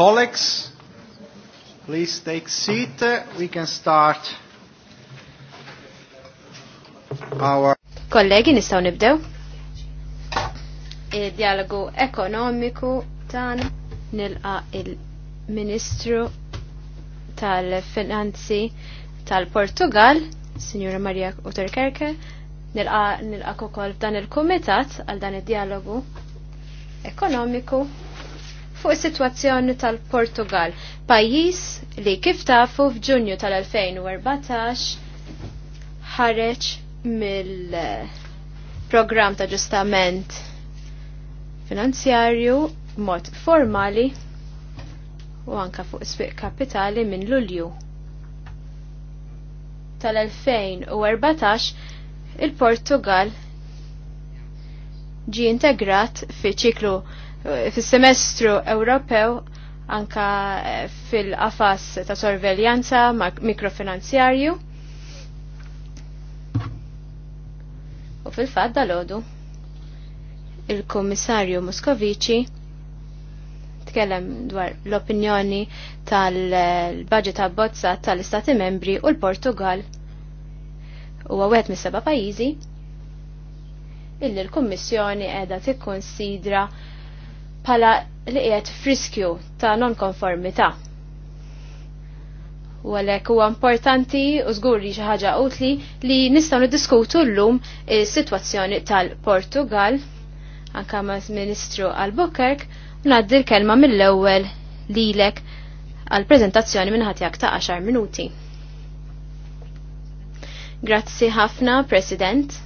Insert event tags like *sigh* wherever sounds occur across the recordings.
Colleagues, please take seat. We can start our... Kollegi, nistaw nibdew? Il-dialogu e, ekonomiku tan nilqa il-Ministru tal-Finanzi tal-Portugal, Signora Maria Uterkerke, nilqa kukol kokol dan il-Kumitat għal dan il-dialogu ekonomiku fuq is-sitwazzjoni tal-Portugal, pajjiż li kif tafu f'Ġunju tal-2014 ħareġ mill-programm ta' ġustament finanzjarju mod formali u anka fuq sbiq kapitali minn Lulju tal-2014 il-Portugal ġi integrat fi ċiklu Eh, fis-semestru Ewropew anka eh, fil-qafas ta' sorveljanza mikrofinanzjarju. U fil-fatt dal-ħodu il-Komissarju Moskovici tkellem dwar l-opinjoni tal-budget abbozza tal-Istati membri u l-Portugal u għawet mis seba pajizi illi l-Kommissjoni edha tikkonsidra konsidra pala li qiegħed friskju ta' nonkonformità. U għalhekk huwa importanti u żgur li xi ħaġa utli li nistgħu niddiskutu llum is-sitwazzjoni tal-Portugal anka Ministru Albuquerque u ngħaddi l-kelma mill-ewwel lilek għal preżentazzjoni minn ħatjak ta' 10 minuti. Grazzi ħafna, President.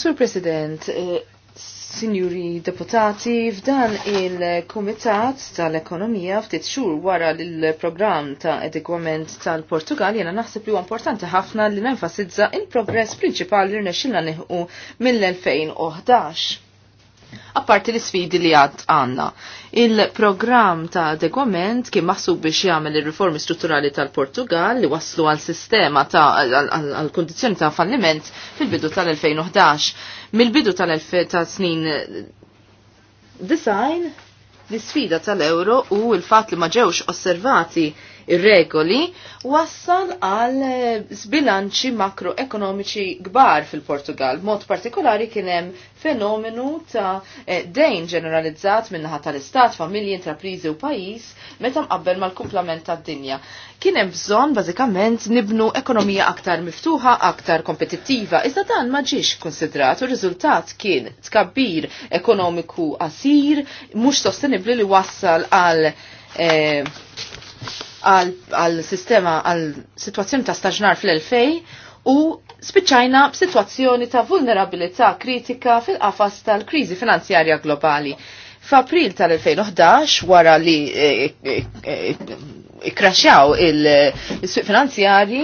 Sur President, eh, Signori deputati, f'dan il-Kumitat tal-Ekonomija ftit xhur wara l-programm ta' adekwament tal-Portugal jena naħseb li huwa importanti ħafna li nenfasizza il-progress prinċipali li rnexxilna nieħu mill-2011 Apparti l-sfidi li għad għanna. Il-programm ta' degwament kien maħsub biex jagħmel ir-riformi strutturali tal-Portugal li waslu għal sistema ta' għal kondizzjoni ta' falliment fil-bidu tal-2011. mil bidu tal-snin design l-sfida tal-euro u il-fat li ma ġewx osservati ir-regoli wassal għal sbilanċi eh, makroekonomiċi kbar fil-Portugal. Mod partikolari kien hemm fenomenu ta' eh, dejn ġeneralizzat minnaħa tal-istat, familji, intraprizi u pajis metam qabbel mal-kumplament tad-dinja. Kien hemm bżonn bażikament nibnu ekonomija aktar miftuħa, aktar kompetittiva, iżda dan ma konsidrat u riżultat kien tkabbir ekonomiku asir, mhux sostenibbli li wassal għal eh, għal sistema għal situazzjoni ta' staġnar fl-2000 u spiċċajna b'sitwazzjoni ta' vulnerabilità kritika fil-qafas tal-kriżi finanzjarja globali. F'April tal-2011 wara li ikkraxjaw e, e, e, il-suq finanzjari,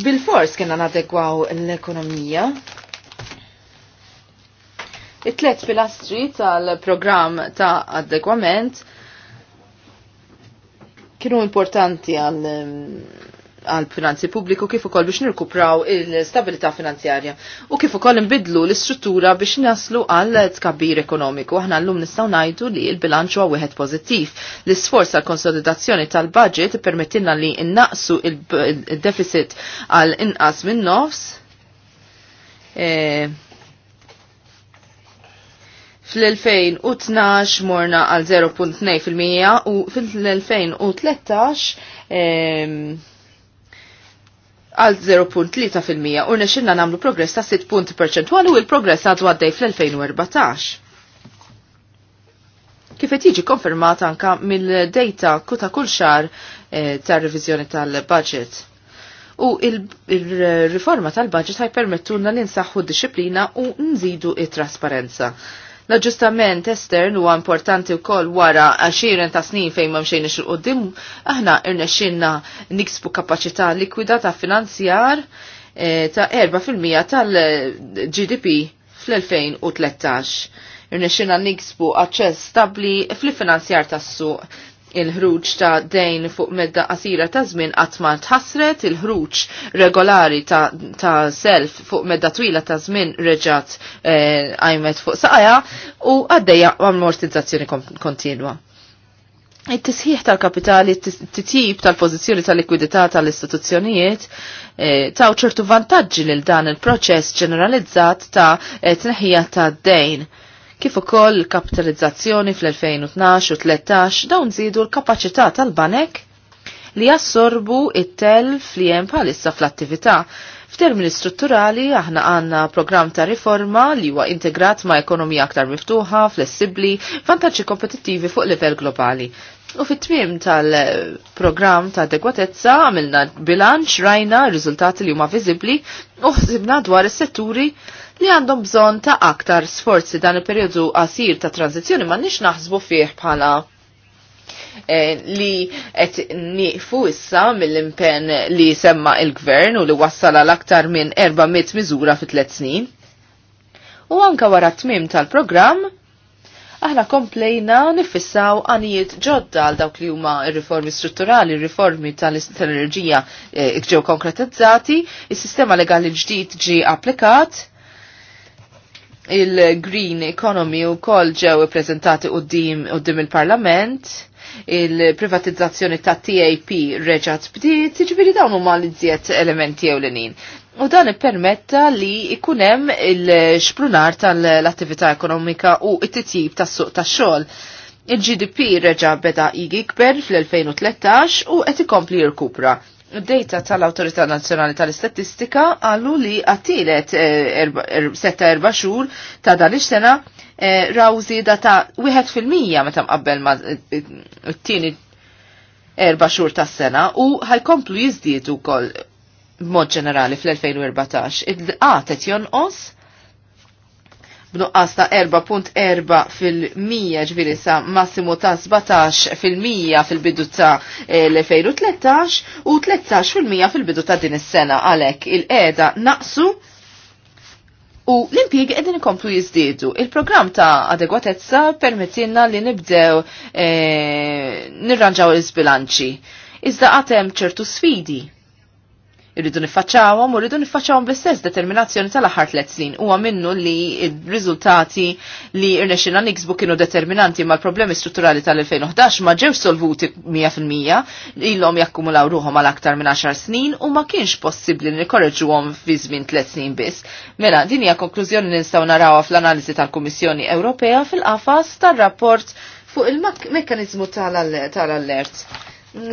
bil-fors kena nadegwaw l-ekonomija it-tlet pilastri tal-programm ta' adegwament kienu importanti għal għal finanzi pubbliku kif ukoll biex nirkupraw il-stabilità finanzjarja u kif ukoll nbidlu l-istruttura biex naslu għal tkabbir ekonomiku. Aħna llum nistgħu ngħidu li l-bilanċ huwa wieħed pożittiv. L-isforz għal konsolidazzjoni tal-budget permettilna li innaqsu il-deficit għal inqas minn nofs. Eh, Fl-2012 morna għal 0.2% u fil-2013 għal 0.3% u nexinna namlu progress ta' 6 punti percentuali u il-progress għadu għaddej fl-2014 kifet jiġi konfermata anka mill-data kuta kull xar eh, ta' revizjoni tal-budget. U il-riforma tal budget ħaj permettulna l nsaħħu d-disciplina u nżidu it-trasparenza. L-aġġustament estern huwa importanti wkoll wara għaxiren ta' snin fejn ma mxejn ix qoddim aħna irnexxinna niksbu kapaċità likwida ta' finanzjar eh, ta' 4% tal-GDP fl-2013. Irnexxinna niksbu aċċess stabbli fl-finanzjar tas-suq il-ħruġ ta' dejn fuq medda qasira ta' żmien qatt ma tħassret, il-ħruġ regolari ta', ta self fuq medda twila ta' żmien reġat eh, għajmet fuq saqaja u għaddejja ammortizzazzjoni kontinwa. Il-tisħiħ tal-kapitali, titjib tal-pozizjoni tal-likwidità tal-istituzzjonijiet eh, taw ċertu vantaġġi lil dan il-proċess ġeneralizzat ta' eh, tneħħija ta' dejn kif ukoll il-kapitalizzazzjoni fl-2012 u 13 dawn żiedu l-kapaċità tal-banek li jassorbu it-telf li hemm bħalissa fl-attività. F'termini strutturali aħna għanna programm ta' riforma li huwa integrat ma' ekonomija aktar miftuħa, flessibli, vantaġġi kompetittivi fuq livell globali. U fit-tmiem tal-programm ta' adegwatezza għamilna bilanċ rajna r-riżultati li huma viżibbli u ħsibna dwar is-setturi li għandhom bżon ta' aktar sforzi dan il-periodu qasir ta' tranzizjoni ma' nix naħsbu fih bħala eh, li qed nieqfu issa mill-impenn li semma il-gvern u li wassala l-aktar minn 400 miżura fi tliet snin. U anka wara t tmim tal-programm, aħna komplejna nifissaw għanijiet ġodda għal dawk li huma riformi strutturali, riformi tal-enerġija eh, ġew konkretizzati, il sistema legali ġdid ġi applikat, il-green economy u kol ġew prezentati u dim il-parlament, il-privatizzazzjoni ta' TAP reġat bdiet, ġibiri dawn huma l izziet elementi ewlenin. U dan ippermetta li ikunem il-xprunar tal-attività ekonomika u it-titjib tas-suq tax-xogħol. Il-GDP reġa beda jikber fl-2013 u qed ikompli jirkupra. Data tal-Autorità Nazzjonali tal-Istatistika għallu li għattilet eh, er-, setta erba xhur ta' dan ix-sena eh, raw żieda ta' 1% meta mqabbel ma' t-tieni 4 xhur tas-sena u ħajkomplu jizdietu kol b'mod ġenerali fl-2014. Id-qatet jonqos b'nuqqas ta' 4.4 fil-100 ġviri sa' massimo ta' 17 fil-100 fil-bidu ta' eh, l-2013 u 13 fil-100 fil-bidu ta' din is-sena għalek il-qeda naqsu U l-impieg edin ikomplu jizdidu. Il-program ta' adegwatezza permettinna li nibdew e, nirranġaw il sbilanċi Iżda għatem ċertu sfidi irridu nifacċawhom u rridu nifacċawhom bl-istess determinazzjoni tal-aħħar tliet snin. Huwa minnu li r-riżultati li rnexxina niksbu kienu determinanti mal problemi strutturali tal-2011 ma ġewx solvuti 100% ilhom jakkumulaw ruhom għal aktar minn 10 snin u ma kienx possibbli għom fi żmien tliet snin biss. Mela, din hija konklużjoni li nistgħu narawha fl-analiżi tal-Kummissjoni Ewropea fil-qafas tar-rapport fuq il-mekkanizmu tal-allert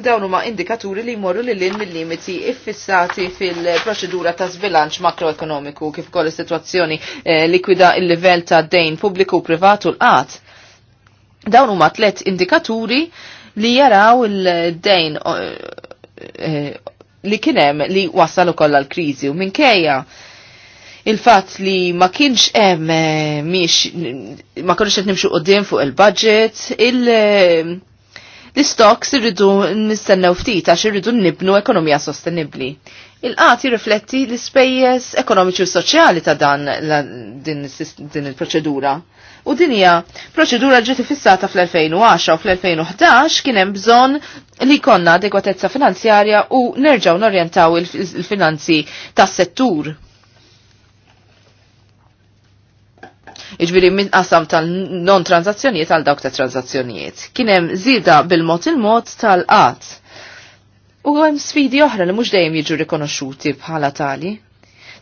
dawn huma indikaturi li jmorru lil lin mill-limiti iffissati fil-proċedura ta' sbilanċ makroekonomiku kif ukoll is-sitwazzjoni eh, likwida il-livell ta' dejn pubbliku u privatu l-qatt. Dawn huma tliet indikaturi li jaraw il-dejn eh, li kienem li wassal ukoll għall-kriżi u minkejja il-fat li ma kienx hemm eh, miex ma kienx qed nimxu qudiem fuq il-budget, il-, -budget, il L-istoks irridu nistennew ftit għax irridu nibnu ekonomija sostenibli. il qati jirrifletti l-ispejjeż ekonomiċi u soċjali ta' dan din, il-proċedura. U din hija proċedura ġiet fissata fl-2010 u fl-2011 kien hemm bżonn li konna adegwatezza finanzjarja u nerġgħu norjentaw il-finanzi tas-settur. iġbiri minn qasam tal-non tranzazzjonijiet għal dawk ta' tranzazzjonijiet. Kienem zida bil-mod il-mod tal-qat. U għem sfidi oħra li mux dejjem jiġu rikonoxuti bħala tali.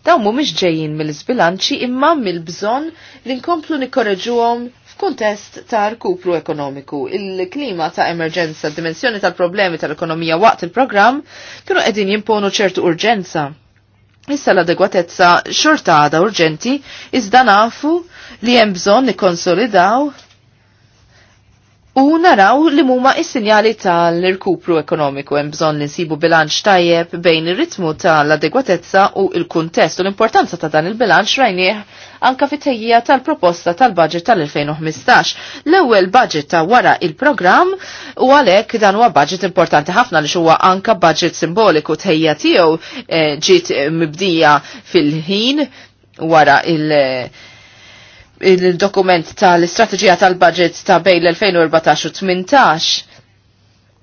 Dawn mhumiex ġejjin mill zbilanċi imma mill-bżonn li nkomplu nikkoreġuhom f'kuntest ta' rkupru ekonomiku, il-klima ta' emerġenza, dimensjoni tal-problemi tal-ekonomija waqt il-programm kienu qegħdin jimponu ċertu urġenza. Issa l-adegwatezza għada urġenti iżda nafu li hemm bżonn nikkonsolidaw U naraw li muma is-sinjali tal-irkupru ekonomiku hemm bżonn li nsibu bilanċ tajjeb bejn ir-ritmu tal-adegwatezza u l-kuntest u l-importanza ta' dan il-bilanċ rajnieh anka fit tal-proposta tal-budget tal-2015. L-ewwel budget ta' wara il-programm u għalhekk dan huwa budget importanti ħafna li huwa anka budget simboliku tejja tiegħu eh, ġiet mibdija fil-ħin wara il- il-dokument tal-istrateġija tal-budget ta' bejn l-2014 u 18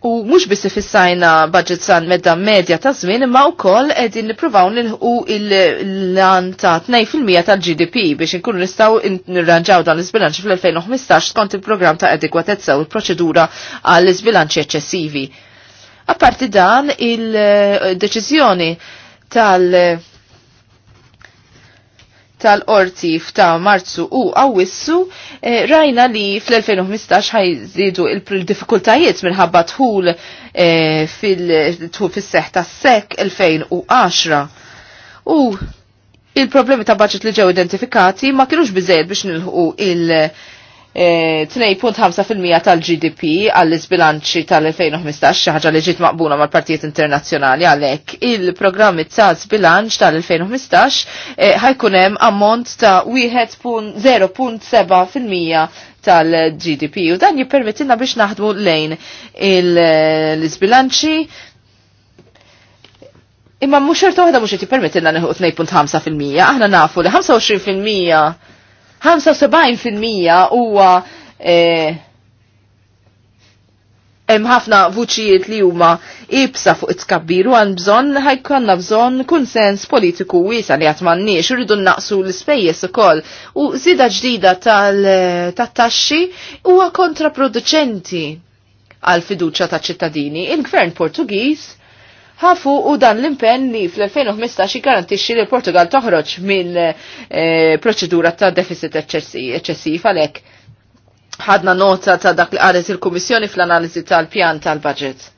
U mhux biss ifissajna budget san medda medja ta' żmien imma wkoll qegħdin nippruvaw nilħu l-lan ta' 2% tal-GDP biex inkunu nistgħu nirranġaw dan l-iżbilanċ fl-2015 skont il-programm ta' adekwatezza u l-proċedura għall iżbilanċi eċċessivi. Apparti dan il-deċiżjoni tal- tal-qorti f'ta' marzu u għawissu eh, rajna li fl-2015 ħajżidu il-difikultajiet minħabba tħul eh, fil-seħ ta' sekk 2010. U il-problemi ta' budget li ġew identifikati ma kienux bizzejed biex nilħu il- 2.5% eh, tal-GDP għall-izbilanċi tal-2015 xi ħaġa li ġiet maqbuna mal-partijiet internazzjonali għalhekk il-programmi ta' zbilanċ tal-2015 eh, ħajkun hemm ammont ta' 1.0.7% tal-GDP u dan jippermettilna biex naħdmu lejn l-izbilanċi Imma mhux xertu waħda mhux qed jippermettilna neħu 2.5%, aħna nafu li 25% 75% huwa eh, hemm ħafna vuċijiet li huma ibsa fuq it-tkabbir u għan bżonn ħajkonna bżonn kunsens politiku wiesa li qatt m'għandniex naqsu l-ispejjeż ukoll u żida ġdida tal taxxi huwa kontraproduċenti għal fiduċja ta' ċittadini. Il-Gvern Portugiż ħafu u dan l-impenn li fl-2015 garantixxi li l-Portugal toħroġ minn eh, proċedura ta' deficit eċċessiv għalhekk ħadna nota ta' dak li qalet il-Kummissjoni fl-analiżi tal-pjan tal-budget.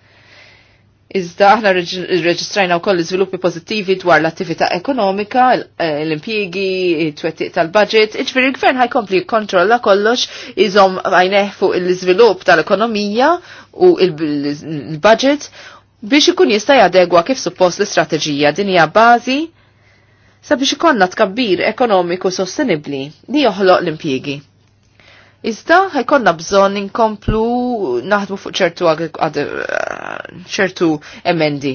Iżda aħna reġistrajna wkoll iżviluppi pożittivi dwar l-attività ekonomika, eh, l-impjiegi, it-twettiq tal-budget, iġveri l-gvern ħajkompli jikkontrolla kollox iżom għajneħ fuq l-iżvilupp tal-ekonomija u l-budget biex ikun jista' jadegwa kif suppost l-istrateġija din hija bażi sabiex ikonna tkabbir ekonomiku sostenibli li joħloq l-impjiegi. Iżda ħajkonna bżonn inkomplu naħdmu fuq ċertu ċertu emendi.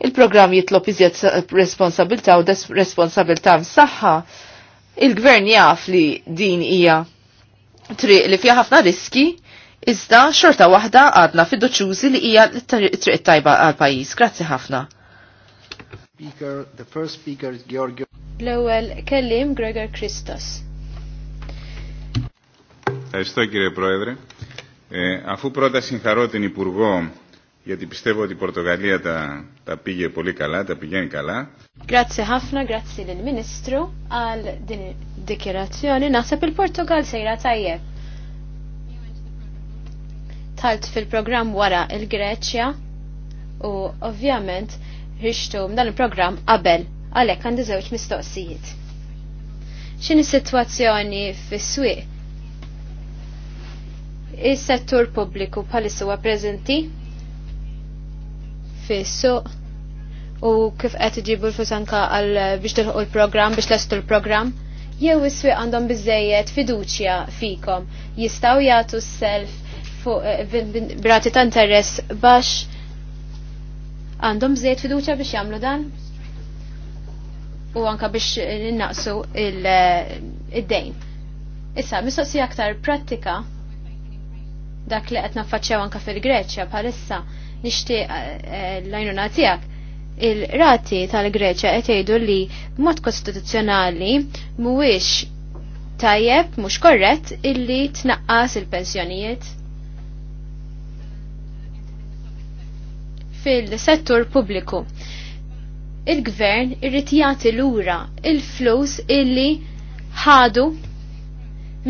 Il-programm jitlob iżjed responsabilta u responsabilta msaħħa, il-gvern jaf li din hija triq li fija ħafna riski Iżda xorta waħda għadna fiduċjużi li hija triq tajba għal pajjiż. Grazzi ħafna. L-ewwel kellim Gregor Christos. Ευχαριστώ κύριε Πρόεδρε. Ε, αφού πρώτα συγχαρώ την Υπουργό γιατί πιστεύω ότι η Πορτογαλία τα, τα πήγε πολύ καλά, τα πηγαίνει καλά. Grazie ħafna, grazie lill ministru għal din dikjerazzjoni. Naħseb il-Portugal sejra tajjeb talt fil-programm wara il-Greċja u ovvjament rixtu dan il-programm qabel għalhekk għandi żewġ mistoqsijiet. X'inhi sitwazzjoni fis-swieq? Is-settur pubbliku bħalis huwa preżenti fis-suq u kif qed iġibu l fusanka għal biex tilħu l-programm biex lestu l-programm jew is-swieq għandhom biżejjed fiduċja fikom jistgħu jagħtu s-self fuq eh, birati ta' interess baxx għandhom żejt fiduċa biex jagħmlu dan u anka biex eh, innaqsu eh, id-dejn. Issa, mistoqsija aktar prattika dak li qed naffaċċew anka fil-Greċja bħalissa nixtieq l ajnuna tiegħek il-rati tal-Greċja qed jgħidu li b'mod kostituzzjonali mhuwiex tajjeb mhux korrett illi tnaqqas il-pensjonijiet fil-settur pubbliku. Il-gvern irrid jagħti lura il-flus illi ħadu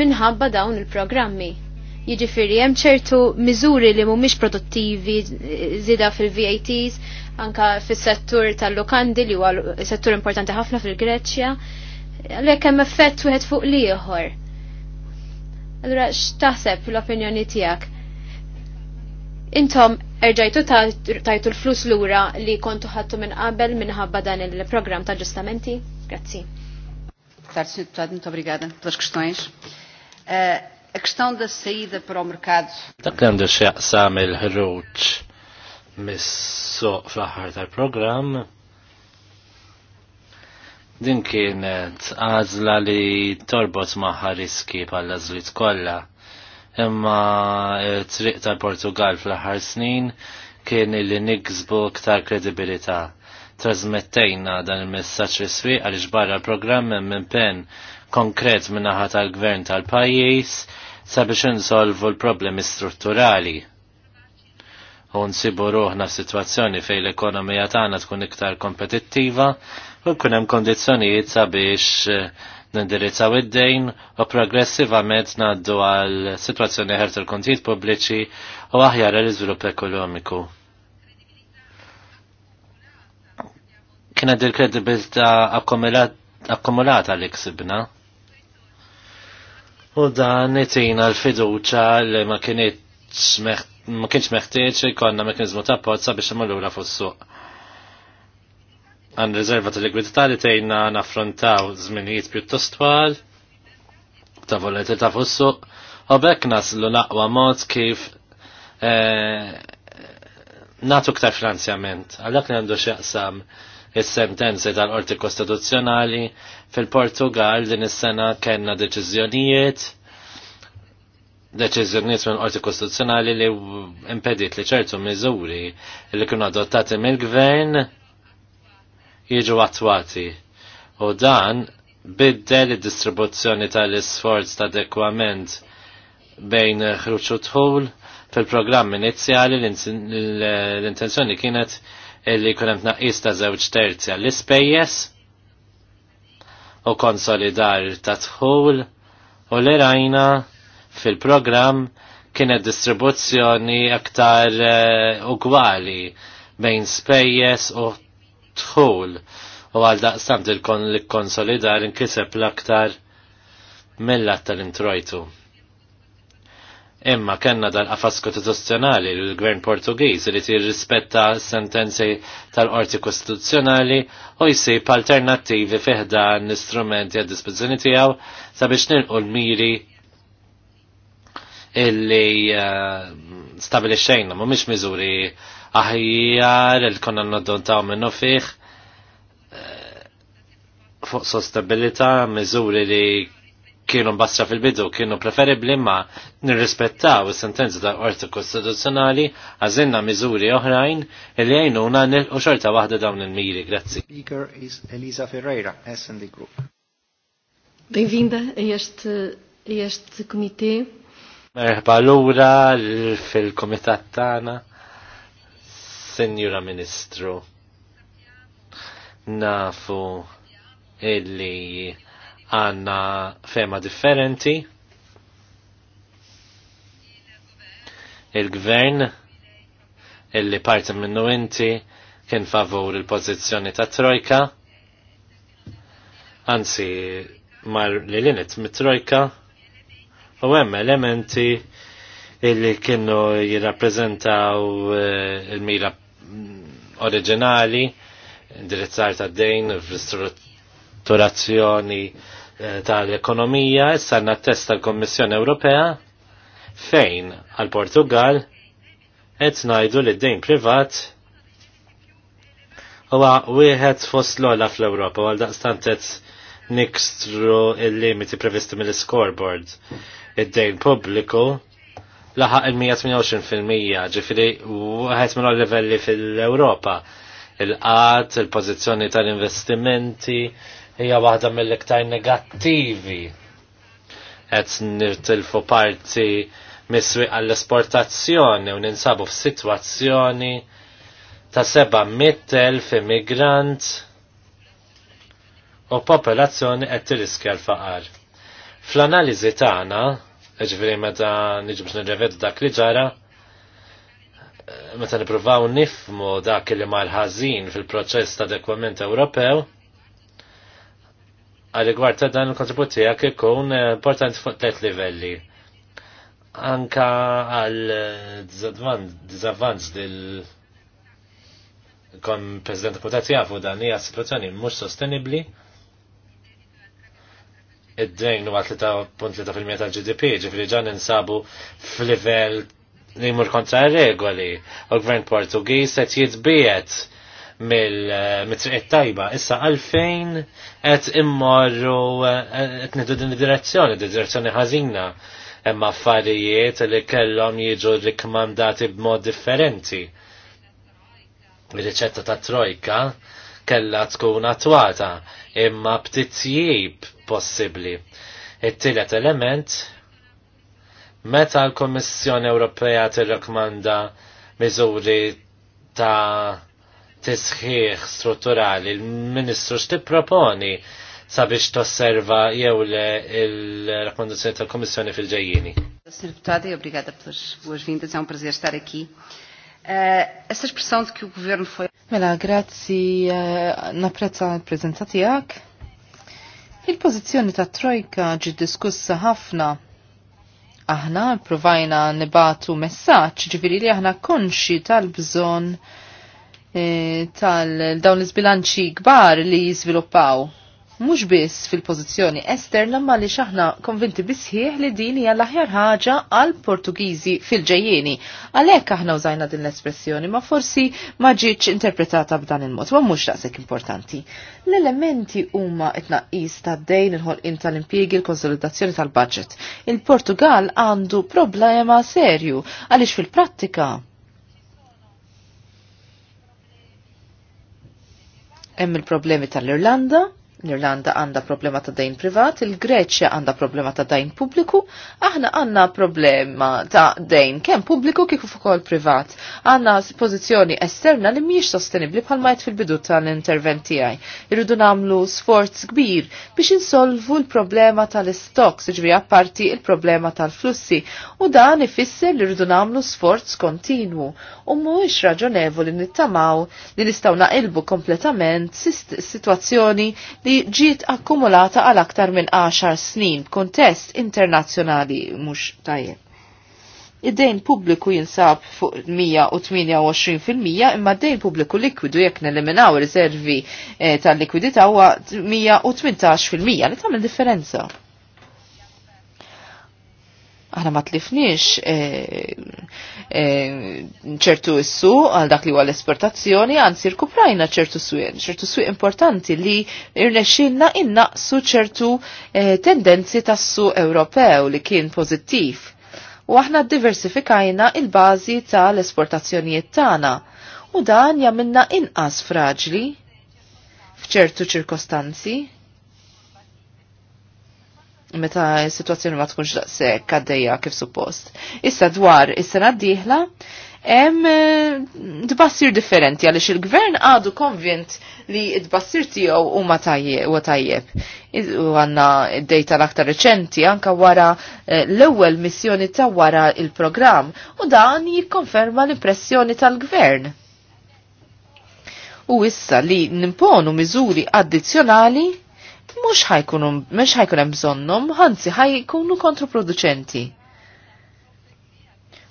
minħabba dawn il-programmi. Jiġifieri hemm ċertu miżuri li mhumiex produttivi żida fil-VATs, anka fis-settur tal-lokandi li huwa settur importanti ħafna fil-Greċja, għalhekk hemm effett wieħed fuq l-ieħor. Allura x'taħseb l-opinjoni tiegħek? Intom erġajtu tajtu l-flus lura li kontu ħattu minn qabel minħabba dan il-programm ta' ġustamenti? Grazzi. Tarsi, tadni, obrigada pelas questões. Eh, a da saída para mercado. Dak li għandu xjaqsam il ħruċ mis fl-aħħar tal program Din kienet għażla li torbot maħħa riski bħal-għażlit kollha imma triq tal-Portugal fl-aħħar snin kien li niksbu ktar kredibilità. Trasmettejna dan il-messaċ swieq għaliex barra l-programm minn pen konkret minnaħa tal-gvern tal-pajjiż sabiex insolvu l-problemi strutturali. U nsibu ruħna f'sitwazzjoni fejn l-ekonomija tagħna tkun iktar kompetittiva u kunem hemm kondizzjonijiet sabiex eh, nindirizzaw id-dejn u progressivament naddu għal situazzjoni ħert il-kontijiet pubbliċi u aħjar l-iżvilupp ekonomiku. Kien dil il-kredibilità akkumulata li ksibna. U dan itina l-fiduċa li ma kienx meħtieġ ikonna mekanizmu ta' pozza biex imallura fuq suq għan rezerva tal-likwidità li tejna naffrontaw żminijiet pjuttost twal ta' volatilità ta' fussu u bekk naslu naqwa mod kif eh, natu ktar finanzjament. Għallak li għandu xieqsam is-sentenzi tal-Qorti Kostituzzjonali fil-Portugal din is-sena kellna deċiżjonijiet deċiżjonijiet minn qorti kostituzzjonali li impedit li ċertu miżuri li kienu adottati mill-gvern jiġu attwati. U dan biddel id-distribuzzjoni tal-isforz ta' adekwament bejn ħruċ u tħul fil-programm inizjali l-intenzjoni kienet li kunem tnaqqis ta' żewġ terzi għall-ispejjeż u konsolidar ta' tħul u li rajna fil-programm kienet distribuzzjoni aktar eh, ugwali bejn spejjes u dħul u għal daqstant il-konsolidar inkiseb l-aktar mill-att tal-introjtu. Imma kenna dal-qafas kostituzzjonali l-gvern Portugiż li tirrispetta sentenzi tal-qorti kostituzzjonali u jsib alternattivi fiħda l-istrumenti għad dispożizzjoni tiegħu sabiex nilqu l-miri illi uh, stabilixxejna, mhumiex miżuri aħjar il konna naddontaw minnu fiħ eh, fuq sostabilità, miżuri li kienu basra fil-bidu kienu preferibli ma nirrispettaw is-sentenzi ta' qorti kostituzzjonali għażilna miżuri oħrajn li għajnuna u xorta waħda dawn il-miri. Grazzi. Speaker is Elisa Ferreira, S&D Group. bem jgħast komite. Merħba l-ura fil-komitat tagħna. Senjura Ministru, nafu illi għanna fema differenti. Il-gvern illi parti minnu inti kien favur il-pozizjoni ta' Trojka, anzi mar li linit mit-Trojka, u hemm elementi illi kienu jirrappreżentaw eh, il-mira oriġinali, indirizzar ta' dejn, ristrutturazzjoni eh, tal-ekonomija, issa għanna test tal-Kommissjoni Ewropea fejn għal Portugal qed ngħidu li d-dejn privat huwa wieħed fost l-ola fl-Ewropa għal daqstant qed nikstru il-limiti previsti mill-scoreboard. Id-dejn pubbliku laħaq il-128% ġifiri għajt minn livelli fil-Europa. Il-qat, il-pozizjoni tal-investimenti, hija waħda mill-iktar negattivi. Għet nirtilfu parti miswi għall-esportazzjoni u ninsabu f-situazzjoni ta' seba' immigrant u popolazzjoni qed tiriskja l-faqar. Fl-analiżi tagħna Ġifiri meta nġib biex nirrevet dak li ġara, meta nipruvaw nifmu dak li mar ħażin fil-proċess ta' dekwament Ewropew, għal gwar ta' dan il-kontribut tiegħek ikun importanti fuq tliet livelli. Anka għal dizavanz dil- kon President Kutat jafu dan hija situazzjoni mhux sostenibbli id-dejn u li ta' fil fil-mija ta' gdp ġifri ġan insabu f'livell li jmur kontra regoli. U gvern Portugiż qed jitbiet mill eh, mitriqet tajba. Issa għalfejn qed immorru eh, qed nidu din id-direzzjoni, direzzjoni ħażina Emma affarijiet li kellhom jiġu rikmandati b'mod differenti. il riċetta ta' trojka kella tkun attwata imma b'titjib possibbli. It-tielet element meta l-Kommissjoni Ewropea tirrakmanda miżuri ta' tisħiħ strutturali, l ministru x'tipproponi sabiex tosserva jew le il-rakkomandazzjoni tal-Kommissjoni fil-ġejjini. Sr. Deputati, e obrigada por boas-vindas. É um prazer estar aqui. Eh, essa expressão de que o governo Mela, grazzi, eh, napprezza il-prezenza tijak. Il-pozizjoni ta' Trojka ġi diskussa ħafna. Aħna provajna nibatu messaċ ġifiri li aħna konxi tal-bżon eh, tal-dawn l sbilanċi gbar li jizviluppaw mhux biss fil-pożizzjoni esterna ma li aħna konvinti bisħieħ li din hija l-aħjar ħaġa għal Portugiżi fil-ġejjieni. Għalhekk aħna użajna din l-espressjoni ma forsi ma ġietx interpretata b'dan il-mod, ma mhux daqshekk importanti. L-elementi huma t-tnaqqis tad-dejn il-ħolqien tal-impjiegi l-konsolidazzjoni tal-budget. Il-Portugal għandu problema serju għaliex fil-prattika hemm il-problemi tal-Irlanda, l-Irlanda għanda problema ta' dejn privat, il-Greċja għanda problema ta' dejn pubbliku, aħna għanna problema ta' dejn kemm pubbliku kif ukoll privat. Għanna pożizzjoni esterna li mhijiex sostenibbli bħalma majt fil-bidu tal-intervent tiegħi. Irridu nagħmlu sforz kbir biex insolvu l-problema tal-istoks, ġifieri apparti il-problema tal-flussi, u dan ifisser li rridu nagħmlu sforz kontinwu u mhuwiex raġonevoli nittamaw li nistgħu naqilbu kompletament situazzjoni li li ġiet akkumulata għal aktar minn 10 snin b'kuntest internazzjonali mhux tajjeb. Id-dejn pubbliku jinsab fuq 128% imma d-dejn pubbliku likwidu jekk neliminaw riservi eh, tal-likwidità huwa 118% li tagħmel differenza aħna ma tlifniex eh, eh, ċertu issu għal dak li huwa l-esportazzjoni, anzi rkuprajna ċertu swieq, ċertu swieq importanti li irnexxilna innaqsu ċertu eh, tendenzi tas-su Ewropew li kien pożittiv. U aħna diversifikajna il-bażi tal-esportazzjonijiet tagħna u dan jagħmilna inqas fraġli f'ċertu ċirkostanzi meta s-situazzjoni ma tkunx daqshekk għaddejja kif suppost. Issa dwar is-sena d-dieħla hemm eh, tbassir differenti għaliex il-gvern għadu konvint li tbassir tiegħu huma tajjeb. U għanna id dejta l-aktar reċenti anka wara eh, l-ewwel missjoni ta' wara il-programm u dan jikkonferma l-impressjoni tal-gvern. U issa li nimponu miżuri addizzjonali mux ħajkunu, mux ħajkun hemm bżonnhom, ħanzi ħajkunu kontraproducenti.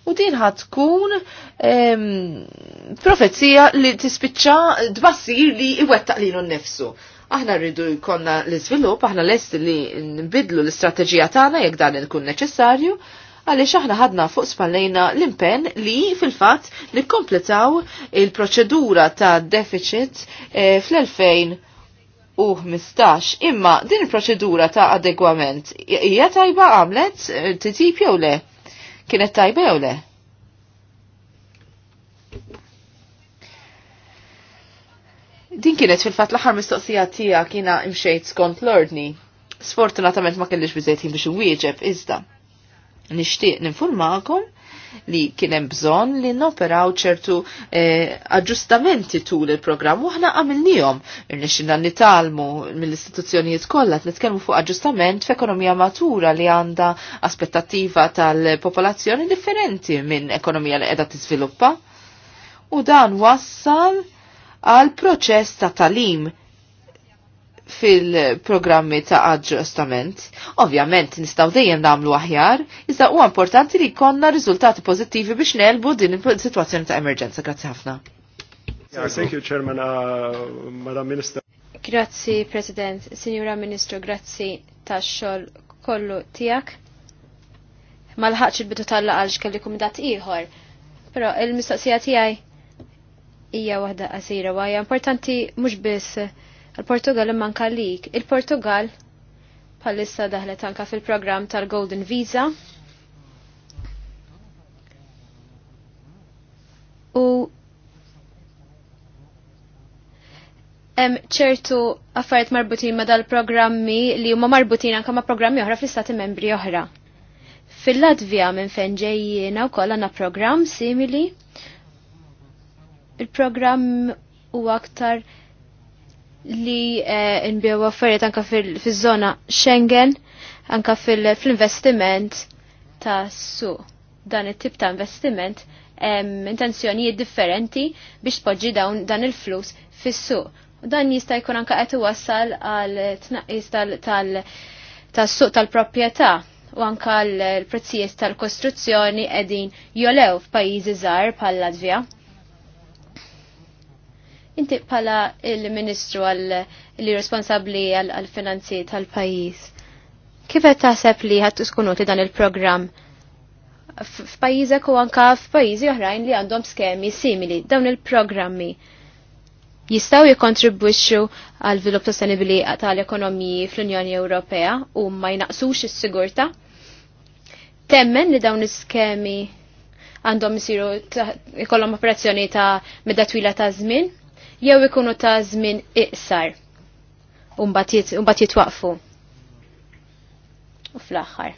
U din ħatkun tkun profezija li tispiċċa dbassir li iwettaq lilu nnifsu. Aħna rridu jkollna l-iżvilupp, aħna l-est li nbidlu l-istrateġija tagħna jekk dan ikun neċessarju, għaliex aħna ħadna fuq spallejna l-impen li fil-fatt nikkompletaw il-proċedura ta' deficit eh, fl-2000 u 15. Imma din il-proċedura ta' adegwament hija tajba għamlet eh, titip jew le? Kienet tajba jew le? Din kienet fil-fat l-aħħar mistoqsija tija kiena imxejt skont l-ordni. Sfortunatament ma kellix biżejt biex wieġeb, iżda. Nixtieq ninformakom li kienem bżon li noperaw ċertu eh, aġġustamenti tul il-programm u ħna għamilnijom. Irnexina nitalmu mill-istituzzjonijiet kollha nitkellmu fuq aġġustament f'ekonomija matura li għandha aspettattiva tal-popolazzjoni differenti minn ekonomija li qiegħda tiżviluppa. U dan wassal għal proċess ta' talim fil-programmi ta' aġġustament. Ovvjament nistaw dejjem nagħmlu aħjar, iżda huwa importanti li jkollna riżultati pożittivi biex nelbu din il sitwazzjoni ta' emerġenza. Grazzi ħafna. Thank you, Chairman, uh, Madam Minister. Grazzi, President. Signora Ministru, grazzi ta' xol kollu tijak. Malħaċ il-bidu tal-la għalx kelli kumidat iħor. Pero il-mistoqsija tijaj ija wahda qasira, għaja importanti mux biss il portugal imman kallik. Il-Portugal pal-lissa daħlet anka fil-program tal-Golden Visa. U hemm ċertu affarijiet marbutin ma dal-programmi li huma marbutin anka ma' programmi oħra fl-istati membri oħra. Fil-Latvija minn fejn ġejjina wkoll għandna programm simili. Il-programm huwa aktar li eh, nbjew affarijiet anka fiż-żona Schengen, anka fil-investiment ta' su Dan it-tip ta' investiment hemm intenzjonijiet differenti biex tpoġġi dawn dan il-flus fis-suq. Dan jista' jkun anka qed iwassal għal tnaqqis tas-suq tal-proprjetà u anka l-prezzijiet tal-kostruzzjoni qegħdin jolew f'pajjiżi żgħar bħal Latvja. Inti pala il-Ministru li responsabli għal-finanzi tal-pajis. Kif qed taħseb li ħadd tiskunuti dan il-programm? F'pajjiżek u anka f'pajjiżi oħrajn li għandhom skemi simili dawn il-programmi jistaw jikontribwixxu għal vilupp sostenibili tal-ekonomiji fl-Unjoni Ewropea u ma jnaqsux is-sigurta. Temmen li dawn iskemi għandhom isiru ikollhom operazzjoni ta' medda twila ta' żmien jew ikunu ta' żmien iqsar u mbagħad jitwaqfu. U fl-aħħar.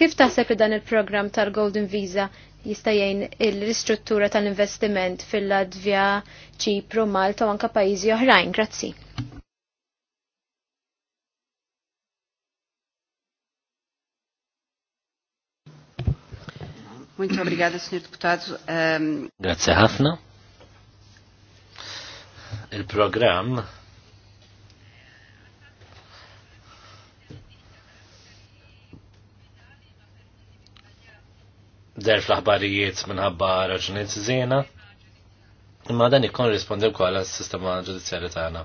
Kif taħseb li dan il-programm tal-Golden Visa jista' jgħin l-istruttura tal-investiment fil-Latvja, Ċipru, Malta u anke pajjiżi oħrajn? Grazzi. Muito obrigada, Sr. Deputado. Um... Grazie Hafna. O programa. der fl-aħbarijiet minħabba raġuniet zina. imma dan ikkonrispondi wkoll għas-sistema ġudizzjarju tagħna.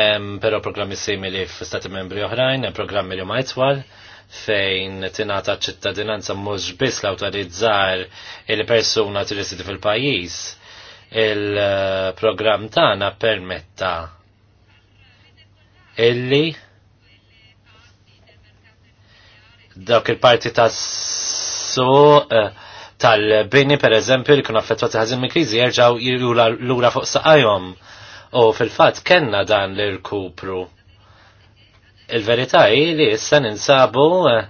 Ehm, però programmi simili f'stati membri oħrajn, programmi li ma jitwal, fejn tingħata ċittadinanza mhux biss l-awtorizzar il-persuna tirisidi fil-pajjiż. Il-programm tagħna permetta illi dawk il-parti tas-su eh, tal-bini per eżempju li kienu affettwati ħażin minn kriżi jerġgħu lura fuq saqajhom. U fil-fatt kenna dan l-irkupru Il-verità hi li issa ninsabu eh,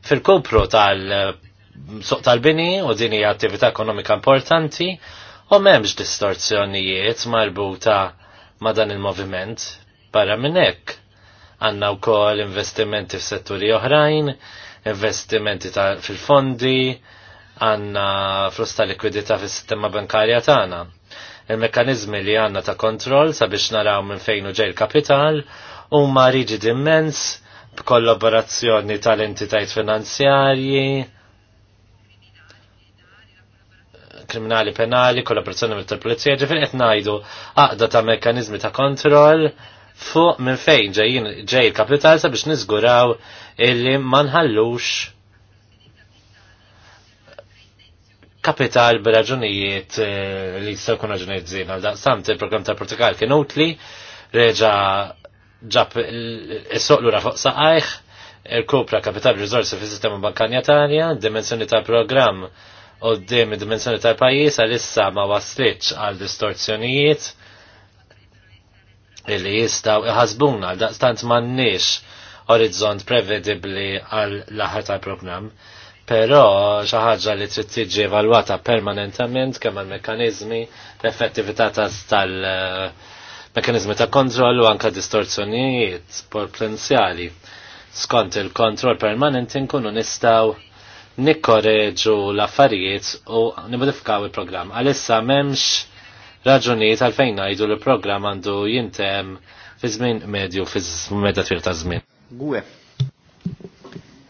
fil-kupru tal-suq tal-bini u din hija attività ekonomika importanti u m'hemmx distorzjonijiet marbuta ma' dan il-moviment barra minn hekk. Għandna wkoll investimenti f'setturi oħrajn, investimenti fil-fondi, għandna flus ta' likwidità fis-sistema bankarja tagħna il mekkaniżmi li għanna ta' kontroll sabiex naraw minn fejn ġej il-kapital huma riġid immens b'kollaborazzjoni tal-entitajt finanzjarji, kriminali penali, kollaborazzjoni mit tal-pulizija, ġifir qed ngħidu għaqda ta' mekkaniżmi ta' kontroll fuq minn fejn ġejjin ġej il-kapital sabiex niżguraw illi ma nħallux kapital b'raġunijiet eh, li jistgħu jkunu raġunijiet zina. Daqstant il-programm tal-Portugal kien utli, reġa' ġab il-soqlu rafuq saqajħ, il-kupra kapital rizorsi fi sistema bankanja tagħna, dimensjoni tal programm u d-dim dimensjoni tal pajjiż issa ma wasliċ għal distorzjonijiet illi jistaw iħasbuna għal daqstant m'għandniex orizzont prevedibbli għal l-aħħar tal-programm. Però xi ħaġa li trid tiġi evalwata permanentament kemm għall mekkaniżmi l-effettività tal-, tal mekanizmi ta' kontroll u anka distorzjonijiet potenzjali. Skont il-kontroll permanenti nkunu nistaw nikkoreġu l-affarijiet u nimodifikaw il-programm. Għalissa memx raġunijiet għalfejn ngħidu li l-programm għandu jintem fi żmien medju fi meta twil ta' żmien. Gwe.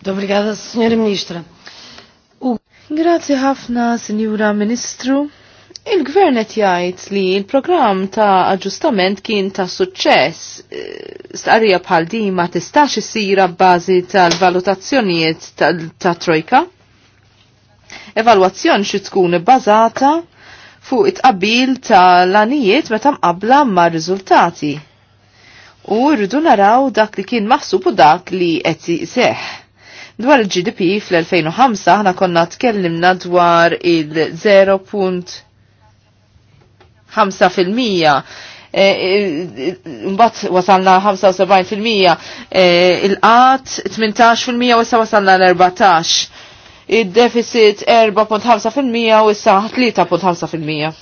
Dobrigada, signor Ministra. Grazie ħafna, Signora Ministru. Il-gvern qed jgħid li l-programm ta' aġġustament kien ta' suċċess. Eh, Starija bħal din ma tistax issir bbażi tal-valutazzjonijiet ta', trojka. Evalwazzjoni xi tkun bbażata fuq it-qabil tal-anijiet meta mqabbla ma' riżultati. U rridu naraw dak li kien maħsub u dak li qed seħ. Dwar il-GDP fl-2005 ħana konna tkellimna dwar il-0. 5%. Eh, eh, Mbatt wasalna 75% eh, il-qat, 18% u issa wasalna l-14. il deficit 4.5% u issa 3.5%.